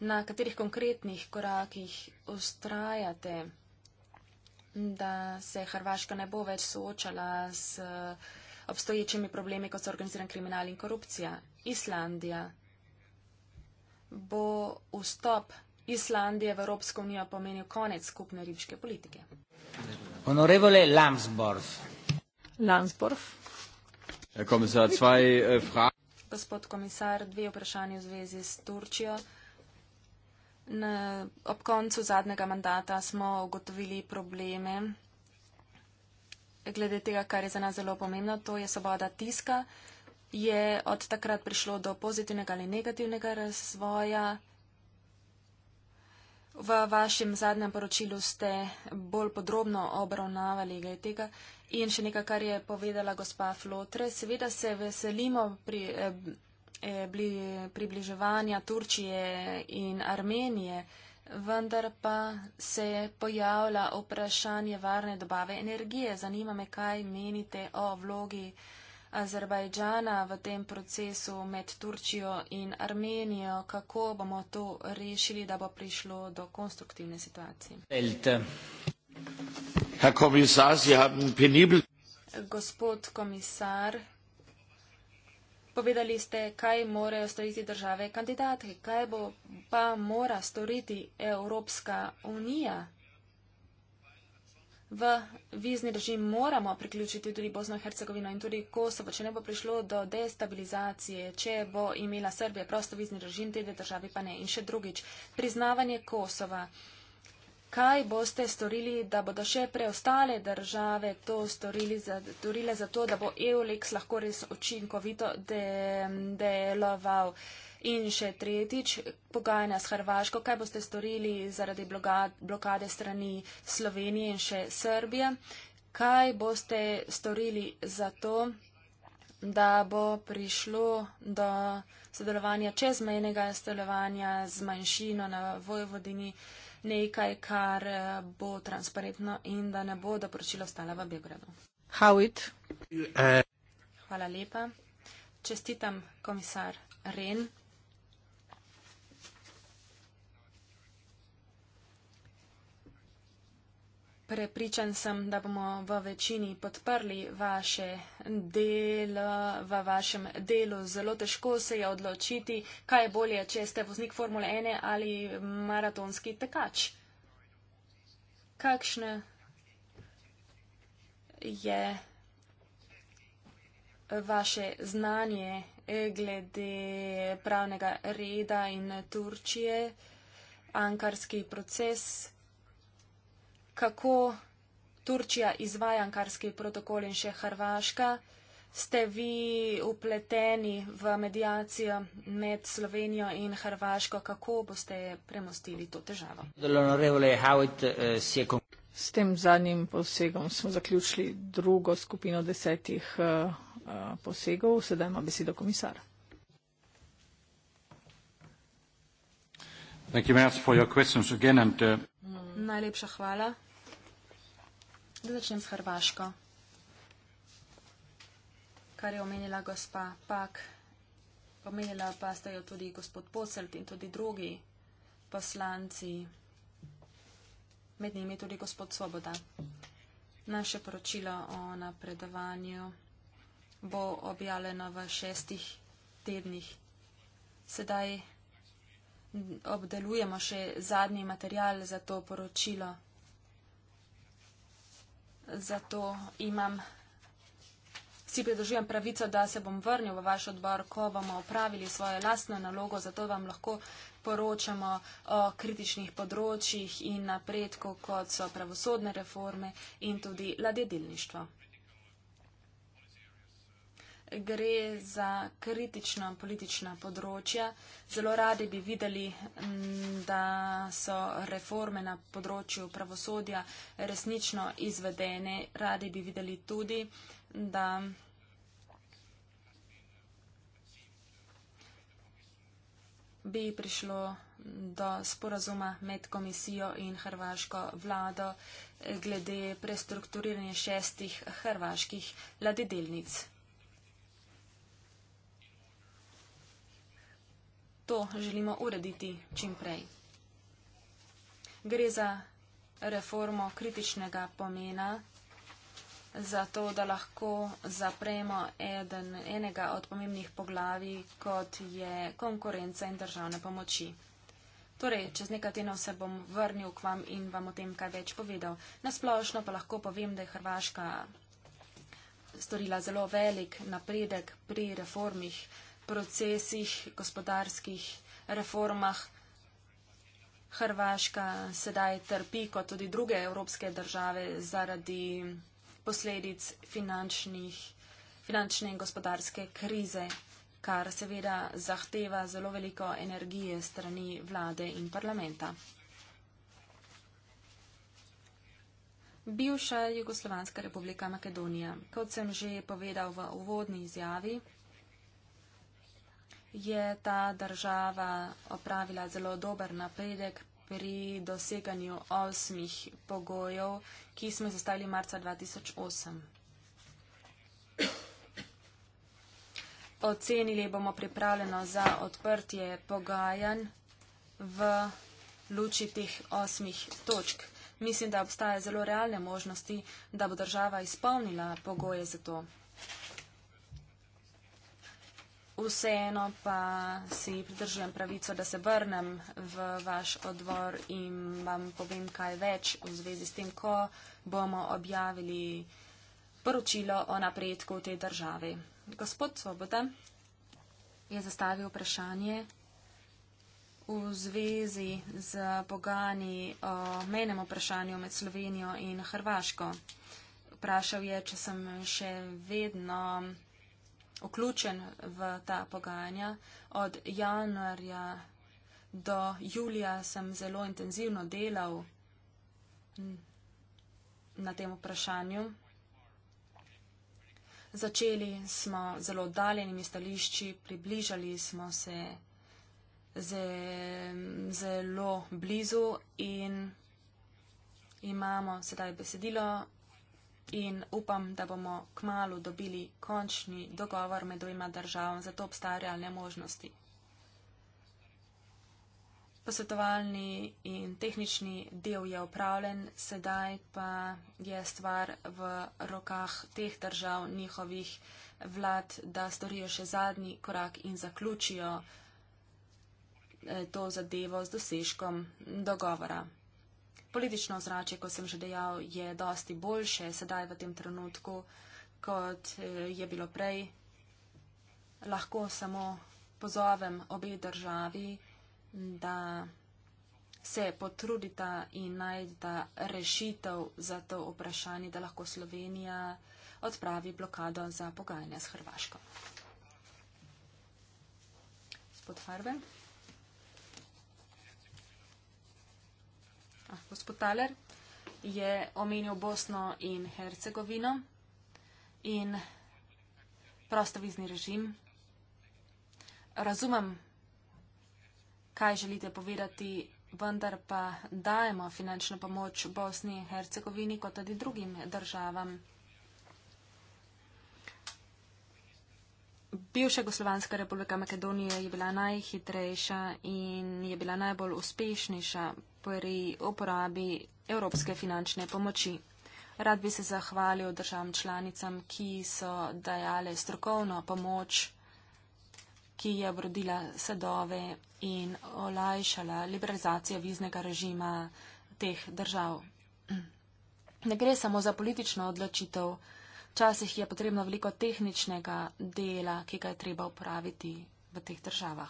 na katerih konkretnih korakih ustrajate? da se Hrvaška ne bo več soočala s eh, obstoječimi problemi, kot so organiziran kriminal in korupcija. Islandija bo vstop Islandije v Evropsko unijo pomenil konec skupne ribiške politike. Honorevole Lansborf. Lansborf. Äh, komisar, dve vprašanje v zvezi s Turčijo. Na, ob koncu zadnjega mandata smo ugotovili probleme glede tega, kar je za nas zelo pomembno, to je svoboda tiska. Je od takrat prišlo do pozitivnega ali negativnega razvoja? V vašem zadnjem poročilu ste bolj podrobno obravnavali glede tega. In še nekaj, kar je povedala gospa Flotre. Seveda se veselimo pri. Eh, Eh, bli, približevanja Turčije in Armenije, vendar pa se pojavlja vprašanje varne dobave energije. Zanima me, kaj menite o vlogi Azerbajdžana v tem procesu med Turčijo in Armenijo, kako bomo to rešili, da bo prišlo do konstruktivne situacije. Gospod komisar, Povedali ste, kaj morajo storiti države kandidatke, kaj bo pa mora storiti Evropska unija. V vizni režim moramo priključiti tudi Bosno in Hercegovino in tudi Kosovo, če ne bo prišlo do destabilizacije, če bo imela Srbija prosto vizni režim, te države pa ne. In še drugič, priznavanje Kosova. Kaj boste storili, da bodo še preostale države to storile za to, da bo EULEX lahko res očinkovito deloval? In še tretjič, pogajanja s Hrvaško, kaj boste storili zaradi blokade strani Slovenije in še Srbije? Kaj boste storili za to, da bo prišlo do sodelovanja čezmejnega sodelovanja z manjšino na Vojvodini? nekaj, kar eh, bo transparentno in da ne bo doporočilo ostalo v Belgradu. Eh. Hvala lepa. Čestitam, komisar Ren. Prepričan sem, da bomo v večini podprli vaše delo, v vašem delu. Zelo težko se je odločiti, kaj je bolje, če ste voznik Formule 1 ali maratonski tekač. Kakšne je vaše znanje eh, glede pravnega reda in Turčije, ankarski proces? kako Turčija izvaja ankarski protokol in še Hrvaška. Ste vi upleteni v medijacijo med Slovenijo in Hrvaško? Kako boste premostili to težavo? Eh, S tem zadnjim posegom smo zaključili drugo skupino desetih eh, eh, posegov. Sedaj ima besedo komisar. Najlepša hvala. Da začnem s Hrvaško, kar je omenila gospa Pak, omenila pa ste jo tudi gospod Poselt in tudi drugi poslanci, med njimi tudi gospod Svoboda. Naše poročilo o napredovanju bo objavljeno v šestih tednih. Sedaj obdelujemo še zadnji material za to poročilo zato imam, si pridržujem pravico, da se bom vrnil v vaš odbor, ko bomo opravili svojo lastno nalogo, zato vam lahko poročamo o kritičnih področjih in napredku, kot so pravosodne reforme in tudi ladedilništvo gre za kritična politična področja. Zelo radi bi videli, da so reforme na področju pravosodja resnično izvedene. Radi bi videli tudi, da bi prišlo do sporazuma med komisijo in hrvaško vlado glede prestrukturiranja šestih hrvaških ladedelnic. to želimo urediti čim prej. Gre za reformo kritičnega pomena, zato da lahko zapremo eden, enega od pomembnih poglavij, kot je konkurenca in državne pomoči. Torej, čez nekaj tednov se bom vrnil k vam in vam o tem kaj več povedal. Nasplošno pa lahko povem, da je Hrvaška storila zelo velik napredek pri reformih procesih, gospodarskih reformah. Hrvaška sedaj trpi, kot tudi druge evropske države, zaradi posledic finančne in gospodarske krize, kar seveda zahteva zelo veliko energije strani vlade in parlamenta. Bivša Jugoslovanska republika Makedonija, kot sem že povedal v uvodni izjavi, je ta država opravila zelo dober napredek pri doseganju osmih pogojev, ki smo jih zastavili marca 2008. Ocenili bomo pripravljeno za odprtje pogajanj v luči teh osmih točk. Mislim, da obstaja zelo realne možnosti, da bo država izpolnila pogoje za to vseeno pa si pridržujem pravico, da se vrnem v vaš odvor in vam povem kaj več v zvezi s tem, ko bomo objavili poročilo o napredku v tej državi. Gospod Svoboda je zastavil vprašanje v zvezi z pogani o menem vprašanju med Slovenijo in Hrvaško. Vprašal je, če sem še vedno vključen v ta pogajanja. Od januarja do julija sem zelo intenzivno delal na tem vprašanju. Začeli smo zelo oddaljenimi stališči, približali smo se zelo blizu in imamo sedaj besedilo in upam, da bomo kmalo dobili končni dogovor med dvema državama, zato obstaja realne možnosti. Posvetovalni in tehnični del je upravljen, sedaj pa je stvar v rokah teh držav, njihovih vlad, da storijo še zadnji korak in zaključijo eh, to zadevo z dosežkom dogovora. Politično ozračje, kot sem že dejal, je dosti boljše sedaj v tem trenutku, kot eh, je bilo prej. Lahko samo pozovem obe državi, da se potrudita in najdita rešitev za to vprašanje, da lahko Slovenija odpravi blokado za pogajanja s Hrvaško. Gospod Farben. Ah, gospod Taler, je omenil Bosno in Hercegovino in prostovizni režim. Razumem, kaj želite povedati, vendar pa dajemo finančno pomoč Bosni in Hercegovini kot tudi drugim državam. Bivša Goslovanska republika Makedonija je bila najhitrejša in je bila najbolj uspešnejša pri uporabi evropske finančne pomoči. Rad bi se zahvalil državam članicam, ki so dajale strokovno pomoč, ki je obrodila sadove in olajšala liberalizacijo viznega režima teh držav. Ne gre samo za politično odločitev, včasih je potrebno veliko tehničnega dela, ki ga je treba upraviti v teh državah.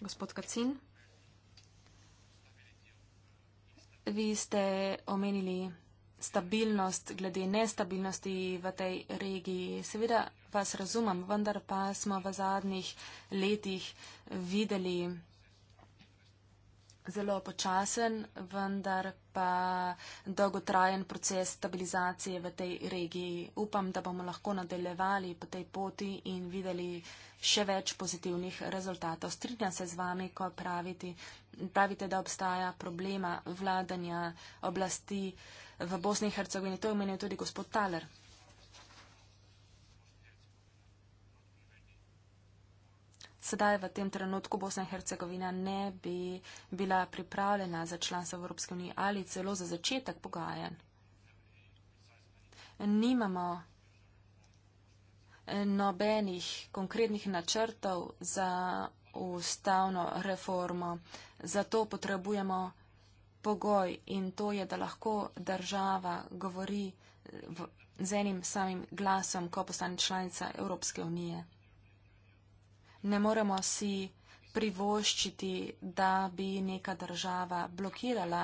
Gospod Kacin. Vi ste omenili stabilnost glede nestabilnosti v tej regiji. Seveda vas razumem, vendar pa smo v zadnjih letih videli zelo počasen, vendar pa dolgotrajen proces stabilizacije v tej regiji. Upam, da bomo lahko nadaljevali po tej poti in videli še več pozitivnih rezultatov. Strinjam se z vami, ko praviti, pravite, da obstaja problema vladanja oblasti v Bosni in Hercegovini. To je omenil tudi gospod Taler. Sedaj v tem trenutku Bosna in Hercegovina ne bi bila pripravljena za članstvo Evropske unije ali celo za začetek pogajanj. Nimamo eh, nobenih konkretnih načrtov za ustavno reformo. Zato potrebujemo pogoj in to je, da lahko država govori v, z enim samim glasom, ko postane članica Evropske unije ne moremo si privoščiti, da bi neka država blokirala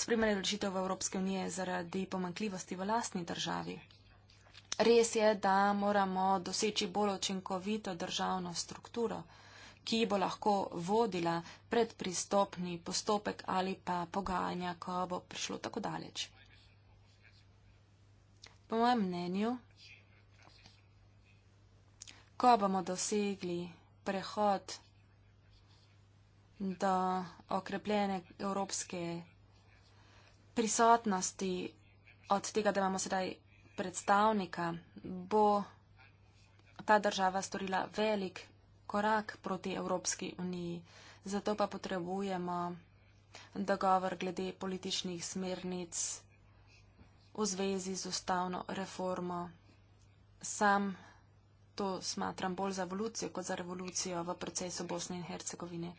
spremljanje rešitev v Evropske unije zaradi pomankljivosti v lastni državi. Res je, da moramo doseči bolj očinkovito državno strukturo, ki bo lahko vodila predpristopni postopek ali pa pogajanja, ko bo prišlo tako daleč. Po mojem mnenju, ko bomo dosegli prehod do okrepljene evropske prisotnosti od tega, da imamo sedaj predstavnika, bo ta država storila velik korak proti Evropski uniji. Zato pa potrebujemo dogovor glede političnih smernic v zvezi z ustavno reformo. Sam to smatram bolj za evolucijo kot za revolucijo v procesu Bosne in Hercegovine.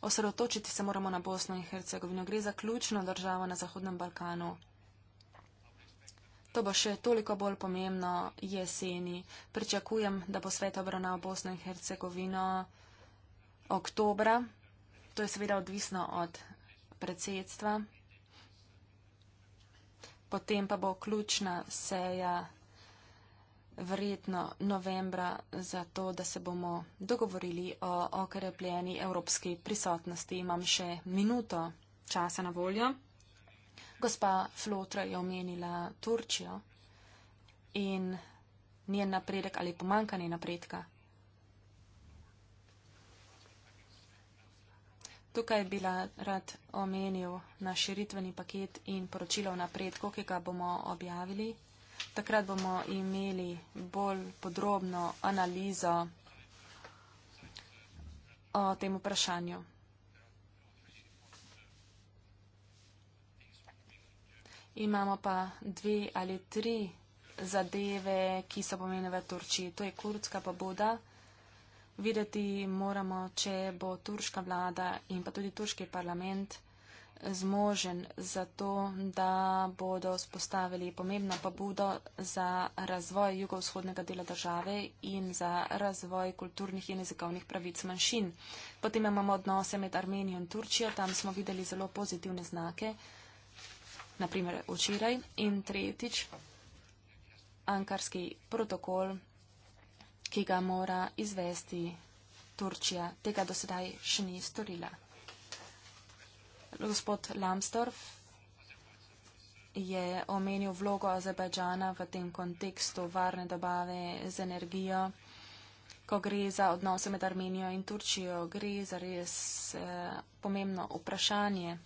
Osredotočiti se moramo na Bosno in Hercegovino. Gre za ključno državo na Zahodnem Balkanu. To bo še toliko bolj pomembno jeseni. Pričakujem, da bo svet obravnal Bosno in Hercegovino oktobra. To je seveda odvisno od predsedstva. Potem pa bo ključna seja verjetno novembra za to, da se bomo dogovorili o okrepljeni evropski prisotnosti. Imam še minuto časa na voljo. Gospa Flotra je omenila Turčijo in njen napredek ali pomankanje napredka. Tukaj bi rad omenil na širitveni paket in poročilo o napredku, ki ga bomo objavili Takrat bomo imeli bolj podrobno analizo o tem vprašanju. Imamo pa dve ali tri zadeve, ki so pomenile v Turčiji. To je kurdska pobuda. Videti moramo, če bo turška vlada in pa tudi turški parlament vsega, zmožen za to, da bodo spostavili pomembno pobudo za razvoj jugovzhodnega dela države in za razvoj kulturnih in jezikovnih pravic manjšin. Potem imamo odnose med Armenijo in Turčijo, tam smo videli zelo pozitivne znake, naprimer včeraj in tretjič ankarski protokol, ki ga mora izvesti Turčija. Tega do sedaj še ni storila. Gospod Lambsdorff je omenil vlogo Azerbajdžana v tem kontekstu varne dobave z energijo, ko gre za odnose med Armenijo in Turčijo. Gre za res eh, pomembno vprašanje.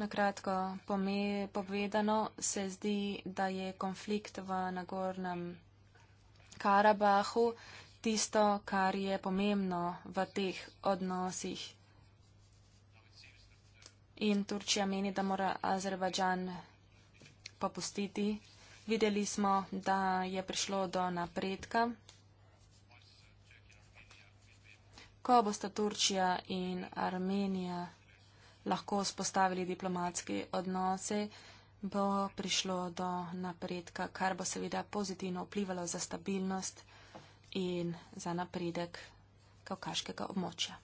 Na kratko povedano se zdi, da je konflikt v Nagornem Karabahu tisto, kar je pomembno v teh odnosih. In Turčija meni, da mora Azerbajdžan popustiti. Videli smo, da je prišlo do napredka. Ko bosta Turčija in Armenija lahko spostavili diplomatske odnose, bo prišlo do napredka, kar bo seveda pozitivno vplivalo za stabilnost in za napredek kavkaškega območja.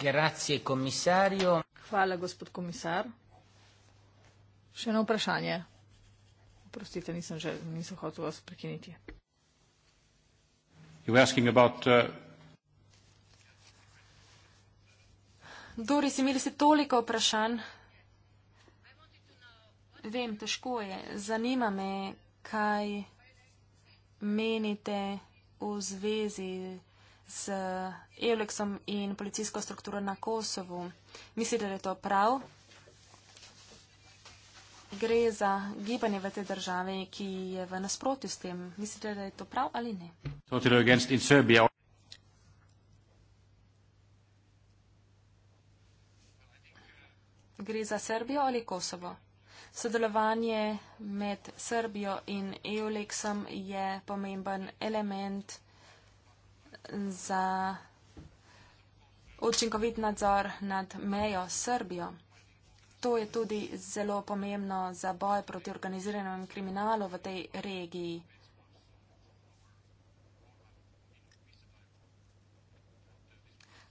Grazie, Hvala, gospod komisar. Še eno vprašanje. Prostite, nisem, že, nisem hotel vas prekiniti. Uh, Doris, imeli ste toliko vprašanj. Vem, težko je. Zanima me, kaj menite v zvezi z Eulexom in policijsko strukturo na Kosovu? Mislite, da je to prav? Gre za gibanje v tej državi, ki je v nasprotju s tem. Mislite, da je to prav ali ne? Gre za Srbijo ali Kosovo? Sodelovanje med Srbijo in EULEX-om je pomemben element za učinkovit nadzor nad mejo Srbijo. To je tudi zelo pomembno za boj proti organiziranem kriminalu v tej regiji.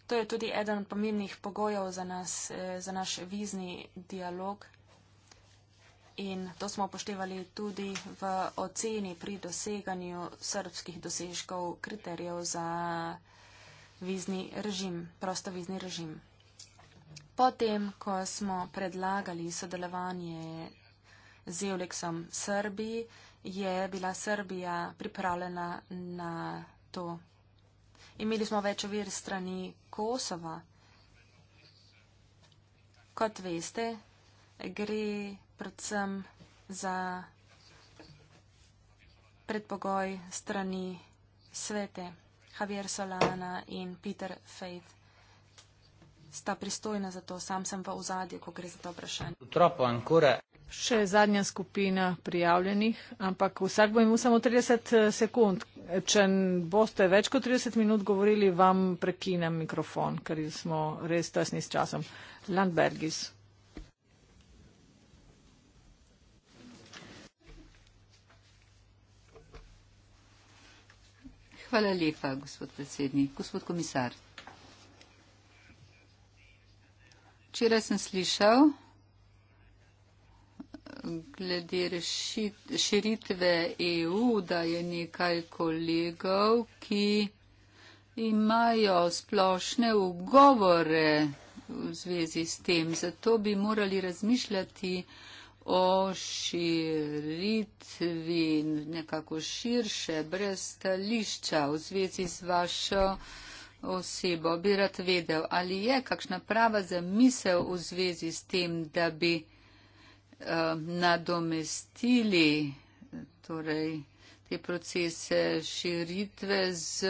To je tudi eden od pomembnih pogojev za, nas, eh, za naš vizni dialog in to smo upoštevali tudi v oceni pri doseganju srpskih dosežkov kriterijev za vizni režim, prostovizni režim. Potem, ko smo predlagali sodelovanje z Euleksom Srbiji, je bila Srbija pripravljena na to. Imeli smo več vir strani Kosova. Kot veste, gre predvsem za predpogoj strani svete. Javier Solana in Peter Faith sta pristojna za to, sam sem pa v zadju, ko gre za to vprašanje. Še zadnja skupina prijavljenih, ampak vsak bo imel samo 30 eh, sekund. Če boste več kot 30 minut govorili, vam prekinem mikrofon, ker smo res tesni s časom. Landbergis. Hvala lepa, gospod predsednik. Gospod komisar. Včeraj sem slišal glede širitve EU, da je nekaj kolegov, ki imajo splošne ugovore v zvezi s tem. Zato bi morali razmišljati, o širitvi nekako širše, brez stališča v zvezi z vašo osebo. Bi rad vedel, ali je kakšna prava zamisel v zvezi s tem, da bi uh, nadomestili torej, uh, te procese širitve z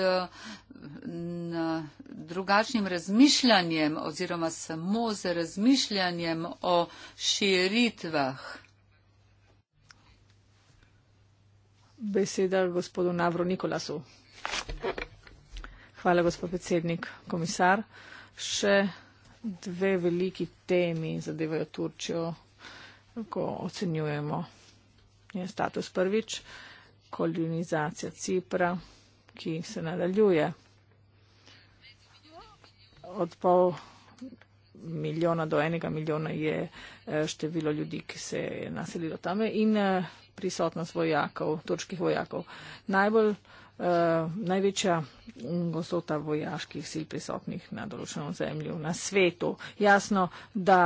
drugačnim razmišljanjem oziroma samo z razmišljanjem o širitvah. Beseda gospodu Navro Nikolasu. Hvala, gospod predsednik, komisar. Še dve veliki temi zadevajo Turčijo, ko ocenjujemo njen status prvič. Uh, kolonizacija Cipra, ki se nadaljuje. Od pol milijona do enega milijona je eh, število ljudi, ki se je naselilo tam eh, in eh, prisotnost vojakov, turških vojakov. Najbolj, največja gostota vojaških sil prisotnih na določenem zemlju, na svetu. Jasno, da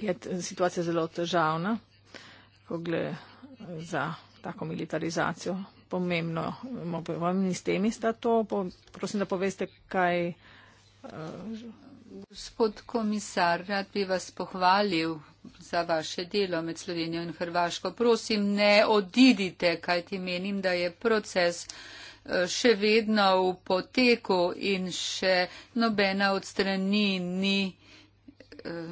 je situacija zelo težavna ko gre eh, za tako militarizacijo. Pomembno, pomembni s temi sta to. Prosim, da poveste, kaj. Eh, Gospod komisar, rad bi vas pohvalil za vaše delo med Slovenijo in Hrvaško. Prosim, ne odidite, kaj ti menim, da je proces eh, še vedno v poteku in še nobena od strani ni. Uh,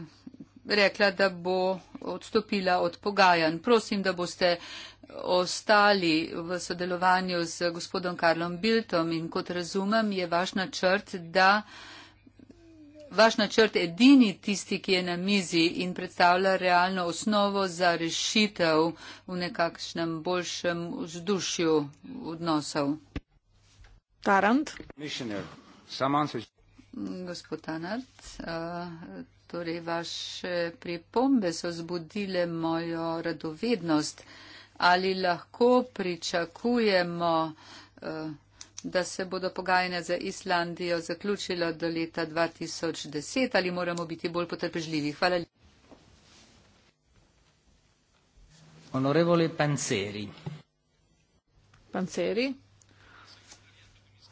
rekla, da bo odstopila od pogajanj. Prosim, da boste ostali v sodelovanju z gospodom Karlom Biltom in kot razumem je vaš načrt, da vaš načrt edini tisti, ki je na mizi in predstavlja realno osnovo za rešitev v nekakšnem boljšem vzdušju odnosov. Tarant. Gospod Tanart, eh, Torej, vaše pripombe so zbudile mojo radovednost. Ali lahko pričakujemo, eh, da se bodo pogajanja za Islandijo zaključila do leta 2010 ali moramo biti bolj potrpežljivi? Hvala lepa. Onorevoli panceri. Panceri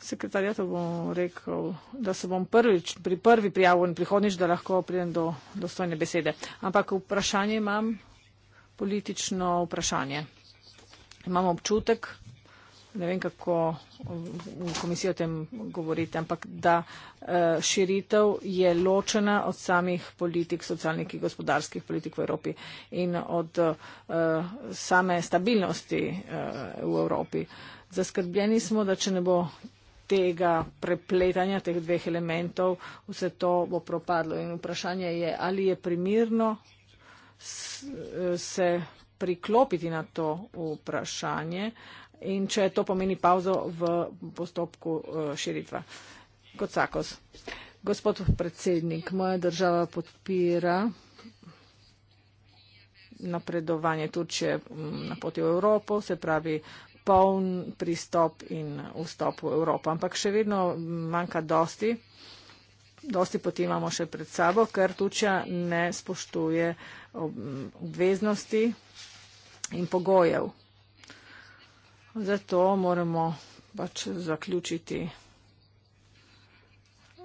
sekretarjato bom rekel, da se bom prvič, pri prvi prijavu in prihodnič, da lahko pridem do dostojne besede. Ampak vprašanje imam, politično vprašanje. Imam občutek, ne vem kako v komisiji o tem govorite, ampak da eh, širitev je ločena od samih politik, socialnih in gospodarskih politik v Evropi in od eh, same stabilnosti eh, v Evropi. Zaskrbljeni smo, da če ne bo tega prepletanja teh dveh elementov, vse to bo propadlo. In vprašanje je, ali je primirno se priklopiti na to vprašanje in če to pomeni pauzo v postopku e, širitva. Kot sakos. Gospod predsednik, moja država podpira napredovanje Turčije na poti v Evropo, se pravi poln pristop in vstop v Evropo. Ampak še vedno manjka dosti, dosti poti imamo še pred sabo, ker Turčija ne spoštuje obveznosti in pogojev. Zato moramo pač zaključiti.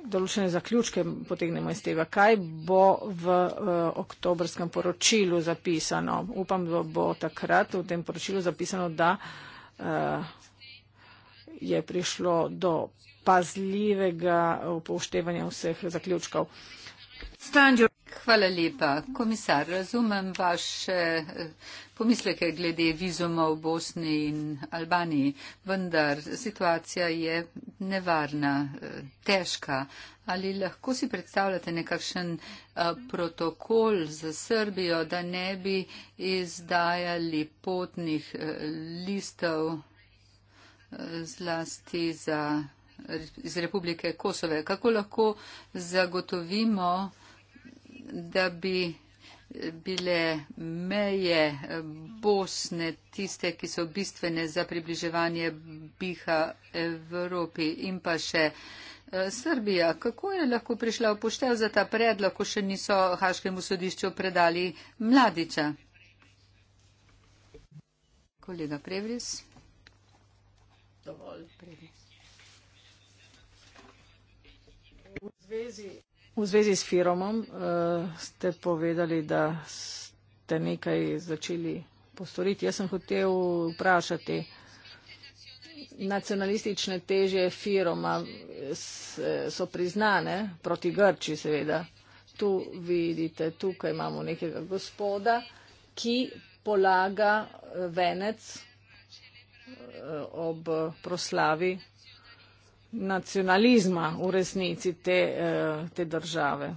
Določene zaključke potegnemo iz tega, kaj bo v uh, oktobrskem poročilu zapisano. Upam, da bo takrat v tem poročilu zapisano, da uh, je prišlo do pazljivega upoštevanja vseh zaključkov. Hvala lepa. Komisar, razumem vaše eh, pomisleke glede vizuma v Bosni in Albaniji, vendar situacija je nevarna, eh, težka. Ali lahko si predstavljate nekakšen eh, protokol za Srbijo, da ne bi izdajali potnih listov zlasti za, iz Republike Kosove? Kako lahko zagotovimo, da bi bile meje Bosne tiste, ki so bistvene za približevanje biha Evropi in pa še eh, Srbija. Kako je lahko prišla upoštev za ta predlog, ko še niso Haškemu sodišču predali mladiča? Kolega Prevris. Dovolj. Prevris. V zvezi V zvezi s firomom uh, eh, ste povedali, da ste nekaj začeli postoriti. Jaz sem hotel vprašati, nacionalistične teže firoma so priznane proti Grči, seveda. Tu vidite, tukaj imamo nekega gospoda, ki polaga venec eh, ob proslavi nacionalizma v resnici te, eh, te države.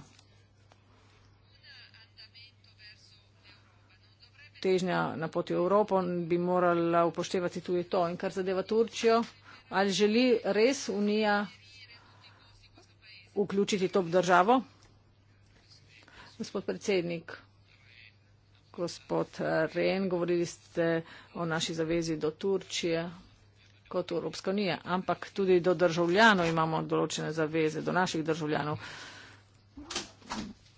Težnja na poti v Evropo bi morala upoštevati tudi to. In kar zadeva Turčijo, ali želi res Unija vključiti to državo? Gospod predsednik, gospod Ren, govorili ste o naši zavezi do Turčije kot Evropska unija, ampak tudi do državljanov imamo določene zaveze, do naših državljanov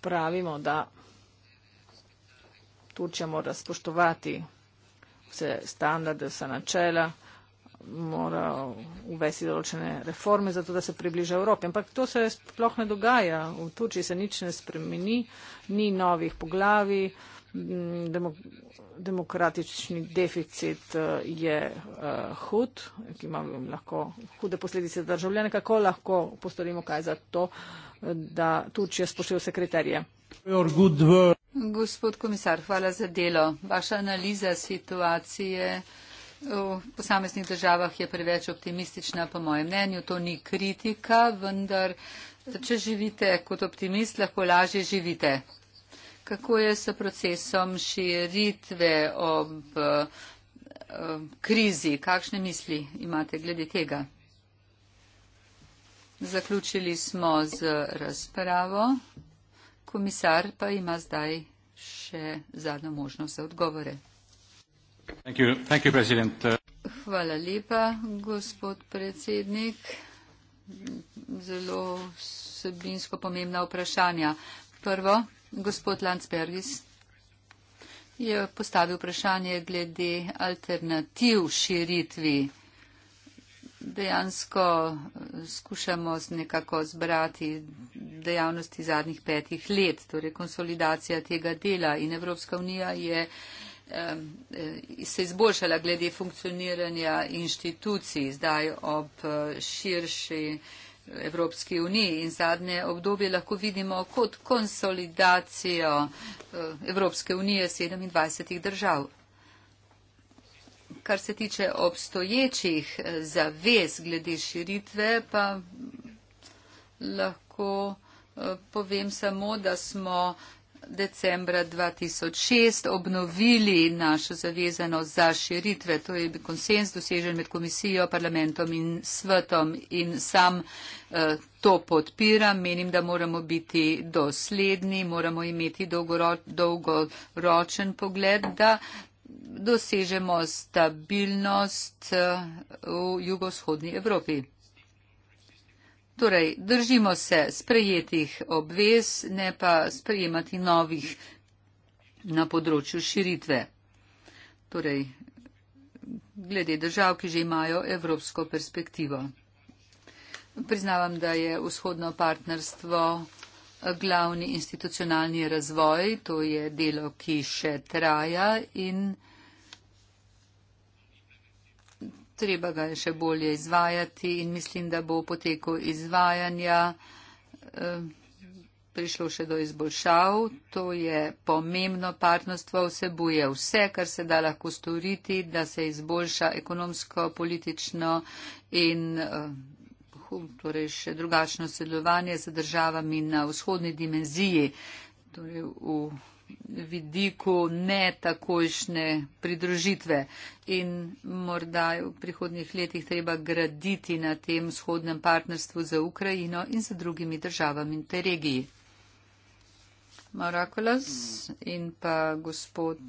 pravimo, da Turčja mora spoštovati vse standarde, vse načela, mora uvesti določene reforme, zato da se približa Evropi. Ampak to se sploh ne dogaja. V Turčji se nič ne spremeni, ni novih poglavij. Mm, demok demokratični deficit eh, je uh, hud, ki ima lahko hude posledice za državljane. Kako lahko postorimo kaj za to, eh, da Turčija spoštuje vse kriterije? Gospod komisar, hvala za delo. Vaša analiza situacije v posameznih državah je preveč optimistična, po mojem mnenju. To ni kritika, vendar, če živite kot optimist, lahko lažje živite. Kako je s procesom širitve ob eh, krizi? Kakšne misli imate glede tega? Zaključili smo z razpravo. Komisar pa ima zdaj še zadnjo možnost za odgovore. Thank you. Thank you, Hvala lepa, gospod predsednik. Zelo vsebinsko pomembna vprašanja. Prvo, Gospod Landsbergis je postavil vprašanje glede alternativ širitvi. Dejansko eh, skušamo nekako zbrati dejavnosti zadnjih petih let, torej konsolidacija tega dela in Evropska unija je eh, se izboljšala glede funkcioniranja inštitucij zdaj ob eh, širši Evropski uniji in zadnje obdobje lahko vidimo kot konsolidacijo eh, Evropske unije 27 držav. Kar se tiče obstoječih eh, zavez glede širitve, pa lahko eh, povem samo, da smo uh, decembra 2006 obnovili našo zavezano za širitve. To je bil konsens dosežen med komisijo, parlamentom in svetom in sam eh, to podpiram. Menim, da moramo biti dosledni, moramo imeti dolgoročen pogled, da dosežemo stabilnost eh, v jugovzhodni Evropi. Torej, držimo se sprejetih obvez, ne pa sprejemati novih na področju širitve. Torej, glede držav, ki že imajo evropsko perspektivo. Priznavam, da je vzhodno partnerstvo glavni institucionalni razvoj, to je delo, ki še traja in treba ga je še bolje izvajati in mislim, da bo v poteku izvajanja eh, prišlo še do izboljšav. To je pomembno partnerstvo, vsebuje vse, kar se da lahko storiti, da se izboljša ekonomsko, politično in eh, torej še drugačno sodelovanje z državami na vzhodni dimenziji. Torej v vidiku ne takošne pridružitve in morda v prihodnjih letih treba graditi na tem shodnem partnerstvu za Ukrajino in za drugimi državami in te regiji. Marakulas in pa gospod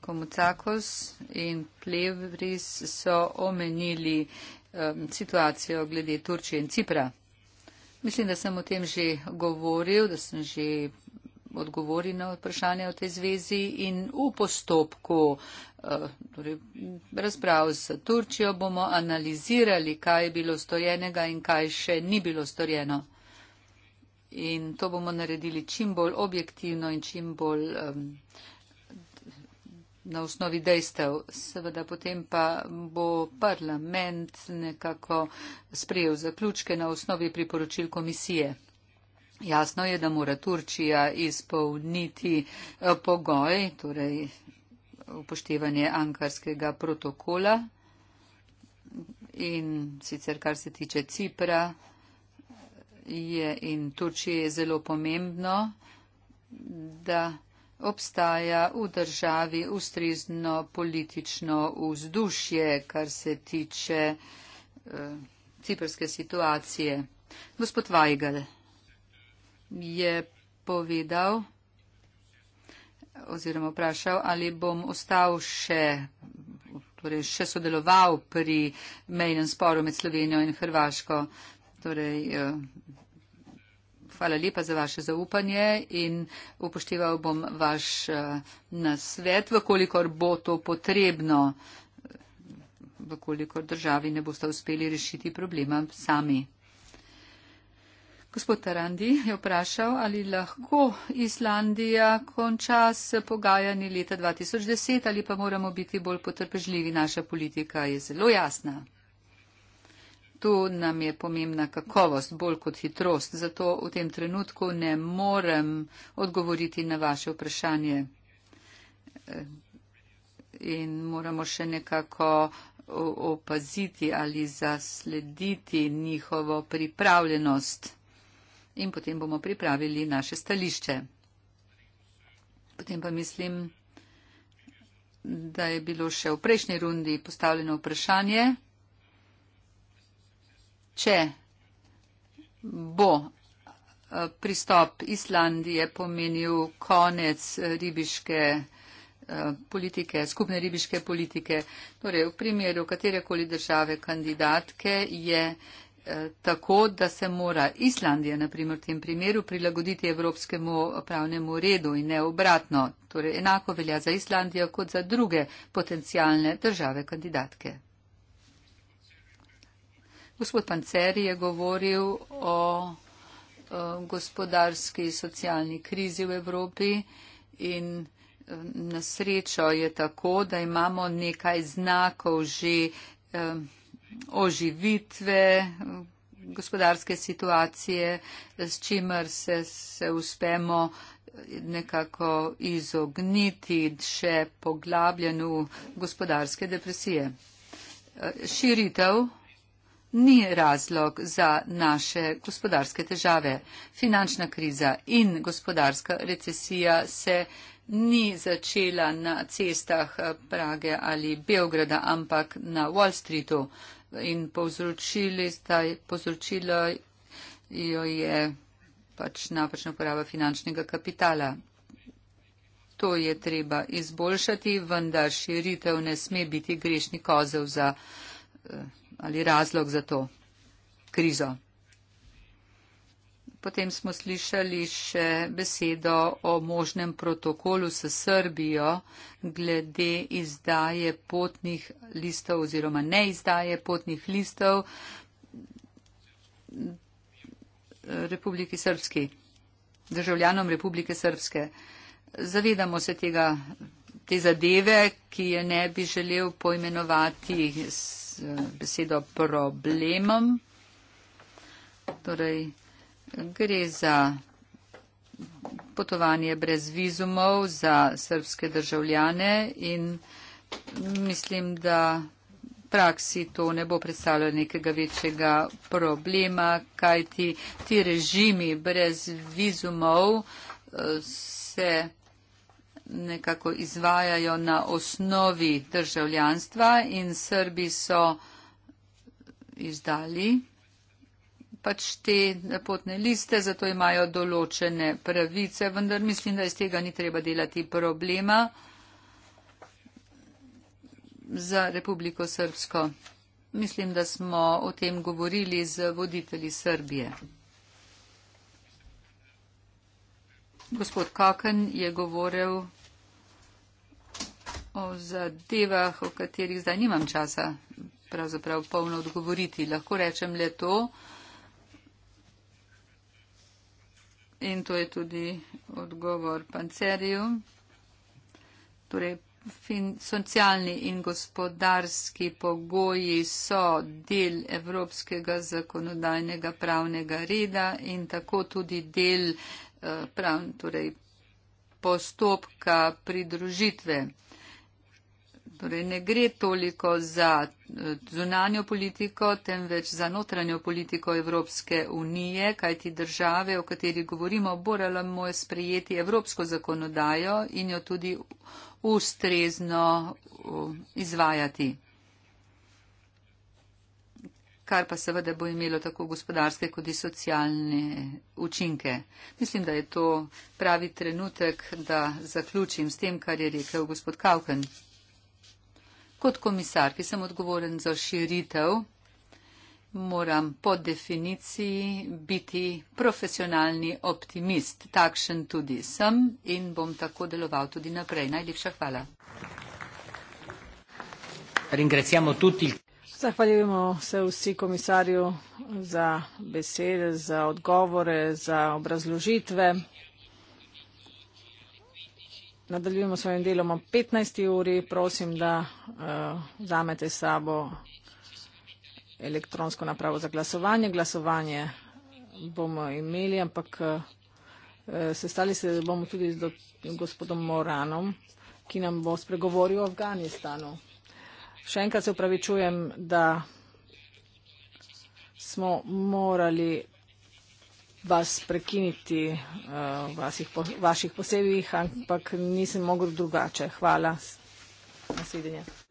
Komucakos in Plevris so omenili um, situacijo glede Turčije in Cipra. Mislim, da sem o tem že govoril, da sem že odgovori na vprašanje v tej zvezi in v postopku eh, torej, razprav s Turčijo bomo analizirali, kaj je bilo storjenega in kaj še ni bilo storjeno. In to bomo naredili čim bolj objektivno in čim bolj um, na osnovi dejstev. Seveda potem pa bo parlament nekako sprejel zaključke na osnovi priporočil komisije. Jasno je, da mora Turčija izpolniti eh, pogoj, torej upoštevanje ankarskega protokola in sicer kar se tiče Cipra je in Turčije je zelo pomembno, da obstaja v državi ustrezno politično vzdušje, kar se tiče eh, ciprske situacije. Gospod Weigel je povedal oziroma vprašal, ali bom ostal še, torej še sodeloval pri mejnem sporu med Slovenijo in Hrvaško. Torej, eh, hvala lepa za vaše zaupanje in upošteval bom vaš eh, nasvet, vkolikor bo to potrebno, vkolikor državi ne boste uspeli rešiti problema sami. Gospod Tarandi je vprašal, ali lahko Islandija konča s pogajanji leta 2010 ali pa moramo biti bolj potrpežljivi. Naša politika je zelo jasna. Tu nam je pomembna kakovost bolj kot hitrost, zato v tem trenutku ne morem odgovoriti na vaše vprašanje. In moramo še nekako opaziti ali zaslediti njihovo pripravljenost in potem bomo pripravili naše stališče. Potem pa mislim, da je bilo še v prejšnji rundi postavljeno vprašanje, če bo eh, pristop Islandije pomenil konec eh, ribiške eh, politike, skupne ribiške politike. Torej, v primeru katerekoli države kandidatke je tako, da se mora Islandija, naprimer v tem primeru, prilagoditi evropskemu pravnemu redu in ne obratno. Torej, enako velja za Islandijo kot za druge potencijalne države kandidatke. Gospod Panceri je govoril o, o gospodarski socialni krizi v Evropi in eh, na srečo je tako, da imamo nekaj znakov že. Eh, oživitve gospodarske situacije, s čimer se, se uspemo nekako izogniti še poglabljanju gospodarske depresije. Širitev ni razlog za naše gospodarske težave. Finančna kriza in gospodarska recesija se ni začela na cestah Prage ali Beograda, ampak na Wall Streetu in povzročila jo je pač napačna uporaba finančnega kapitala. To je treba izboljšati, vendar širitev ne sme biti grešni kozel za, eh, ali razlog za to krizo. Potem smo slišali še besedo o možnem protokolu s Srbijo glede izdaje potnih listov oziroma neizdaje potnih listov Republiki Srpski, državljanom Republike Srpske. Zavedamo se tega, te zadeve, ki je ne bi želel poimenovati z besedo problemom. Torej, gre za potovanje brez vizumov za srbske državljane in mislim, da praksi to ne bo predstavljalo nekega večjega problema, kajti ti režimi brez vizumov eh, se nekako izvajajo na osnovi državljanstva in Srbi so izdali pač te potne liste, zato imajo določene pravice, vendar mislim, da iz tega ni treba delati problema za Republiko Srbsko. Mislim, da smo o tem govorili z voditelji Srbije. Gospod Kaken je govoril o zadevah, o katerih zdaj nimam časa pravzaprav polno odgovoriti. Lahko rečem le to, In to je tudi odgovor pancerju. Torej, fin, socialni in gospodarski pogoji so del evropskega zakonodajnega pravnega reda in tako tudi del uh, prav, torej, postopka pridružitve. Torej ne gre toliko za eh, zunanjo politiko, temveč za notranjo politiko Evropske unije, kajti države, o kateri govorimo, morala moje sprejeti evropsko zakonodajo in jo tudi ustrezno eh, izvajati. Kar pa seveda bo imelo tako gospodarske kot in socialne učinke. Mislim, da je to pravi trenutek, da zaključim s tem, kar je rekel gospod Kaukan kot komisar, ki sem odgovoren za širitev, moram po definiciji biti profesionalni optimist. Takšen tudi sem in bom tako deloval tudi naprej. Najlepša hvala. Zahvaljujemo se vsi komisarju za besede, za odgovore, za obrazložitve. Nadaljujemo s svojim delom o 15. uri. Prosim, da eh, vzamete uh, sabo elektronsko napravo za glasovanje. Glasovanje bomo imeli, ampak uh, sestali se bomo tudi z gospodom Moranom, ki nam bo spregovoril o Afganistanu. Še enkrat se upravičujem, da smo morali vas prekiniti uh, eh, vasih, po, vaših posebjih, ampak nisem mogel drugače. Hvala. Nasvidenje.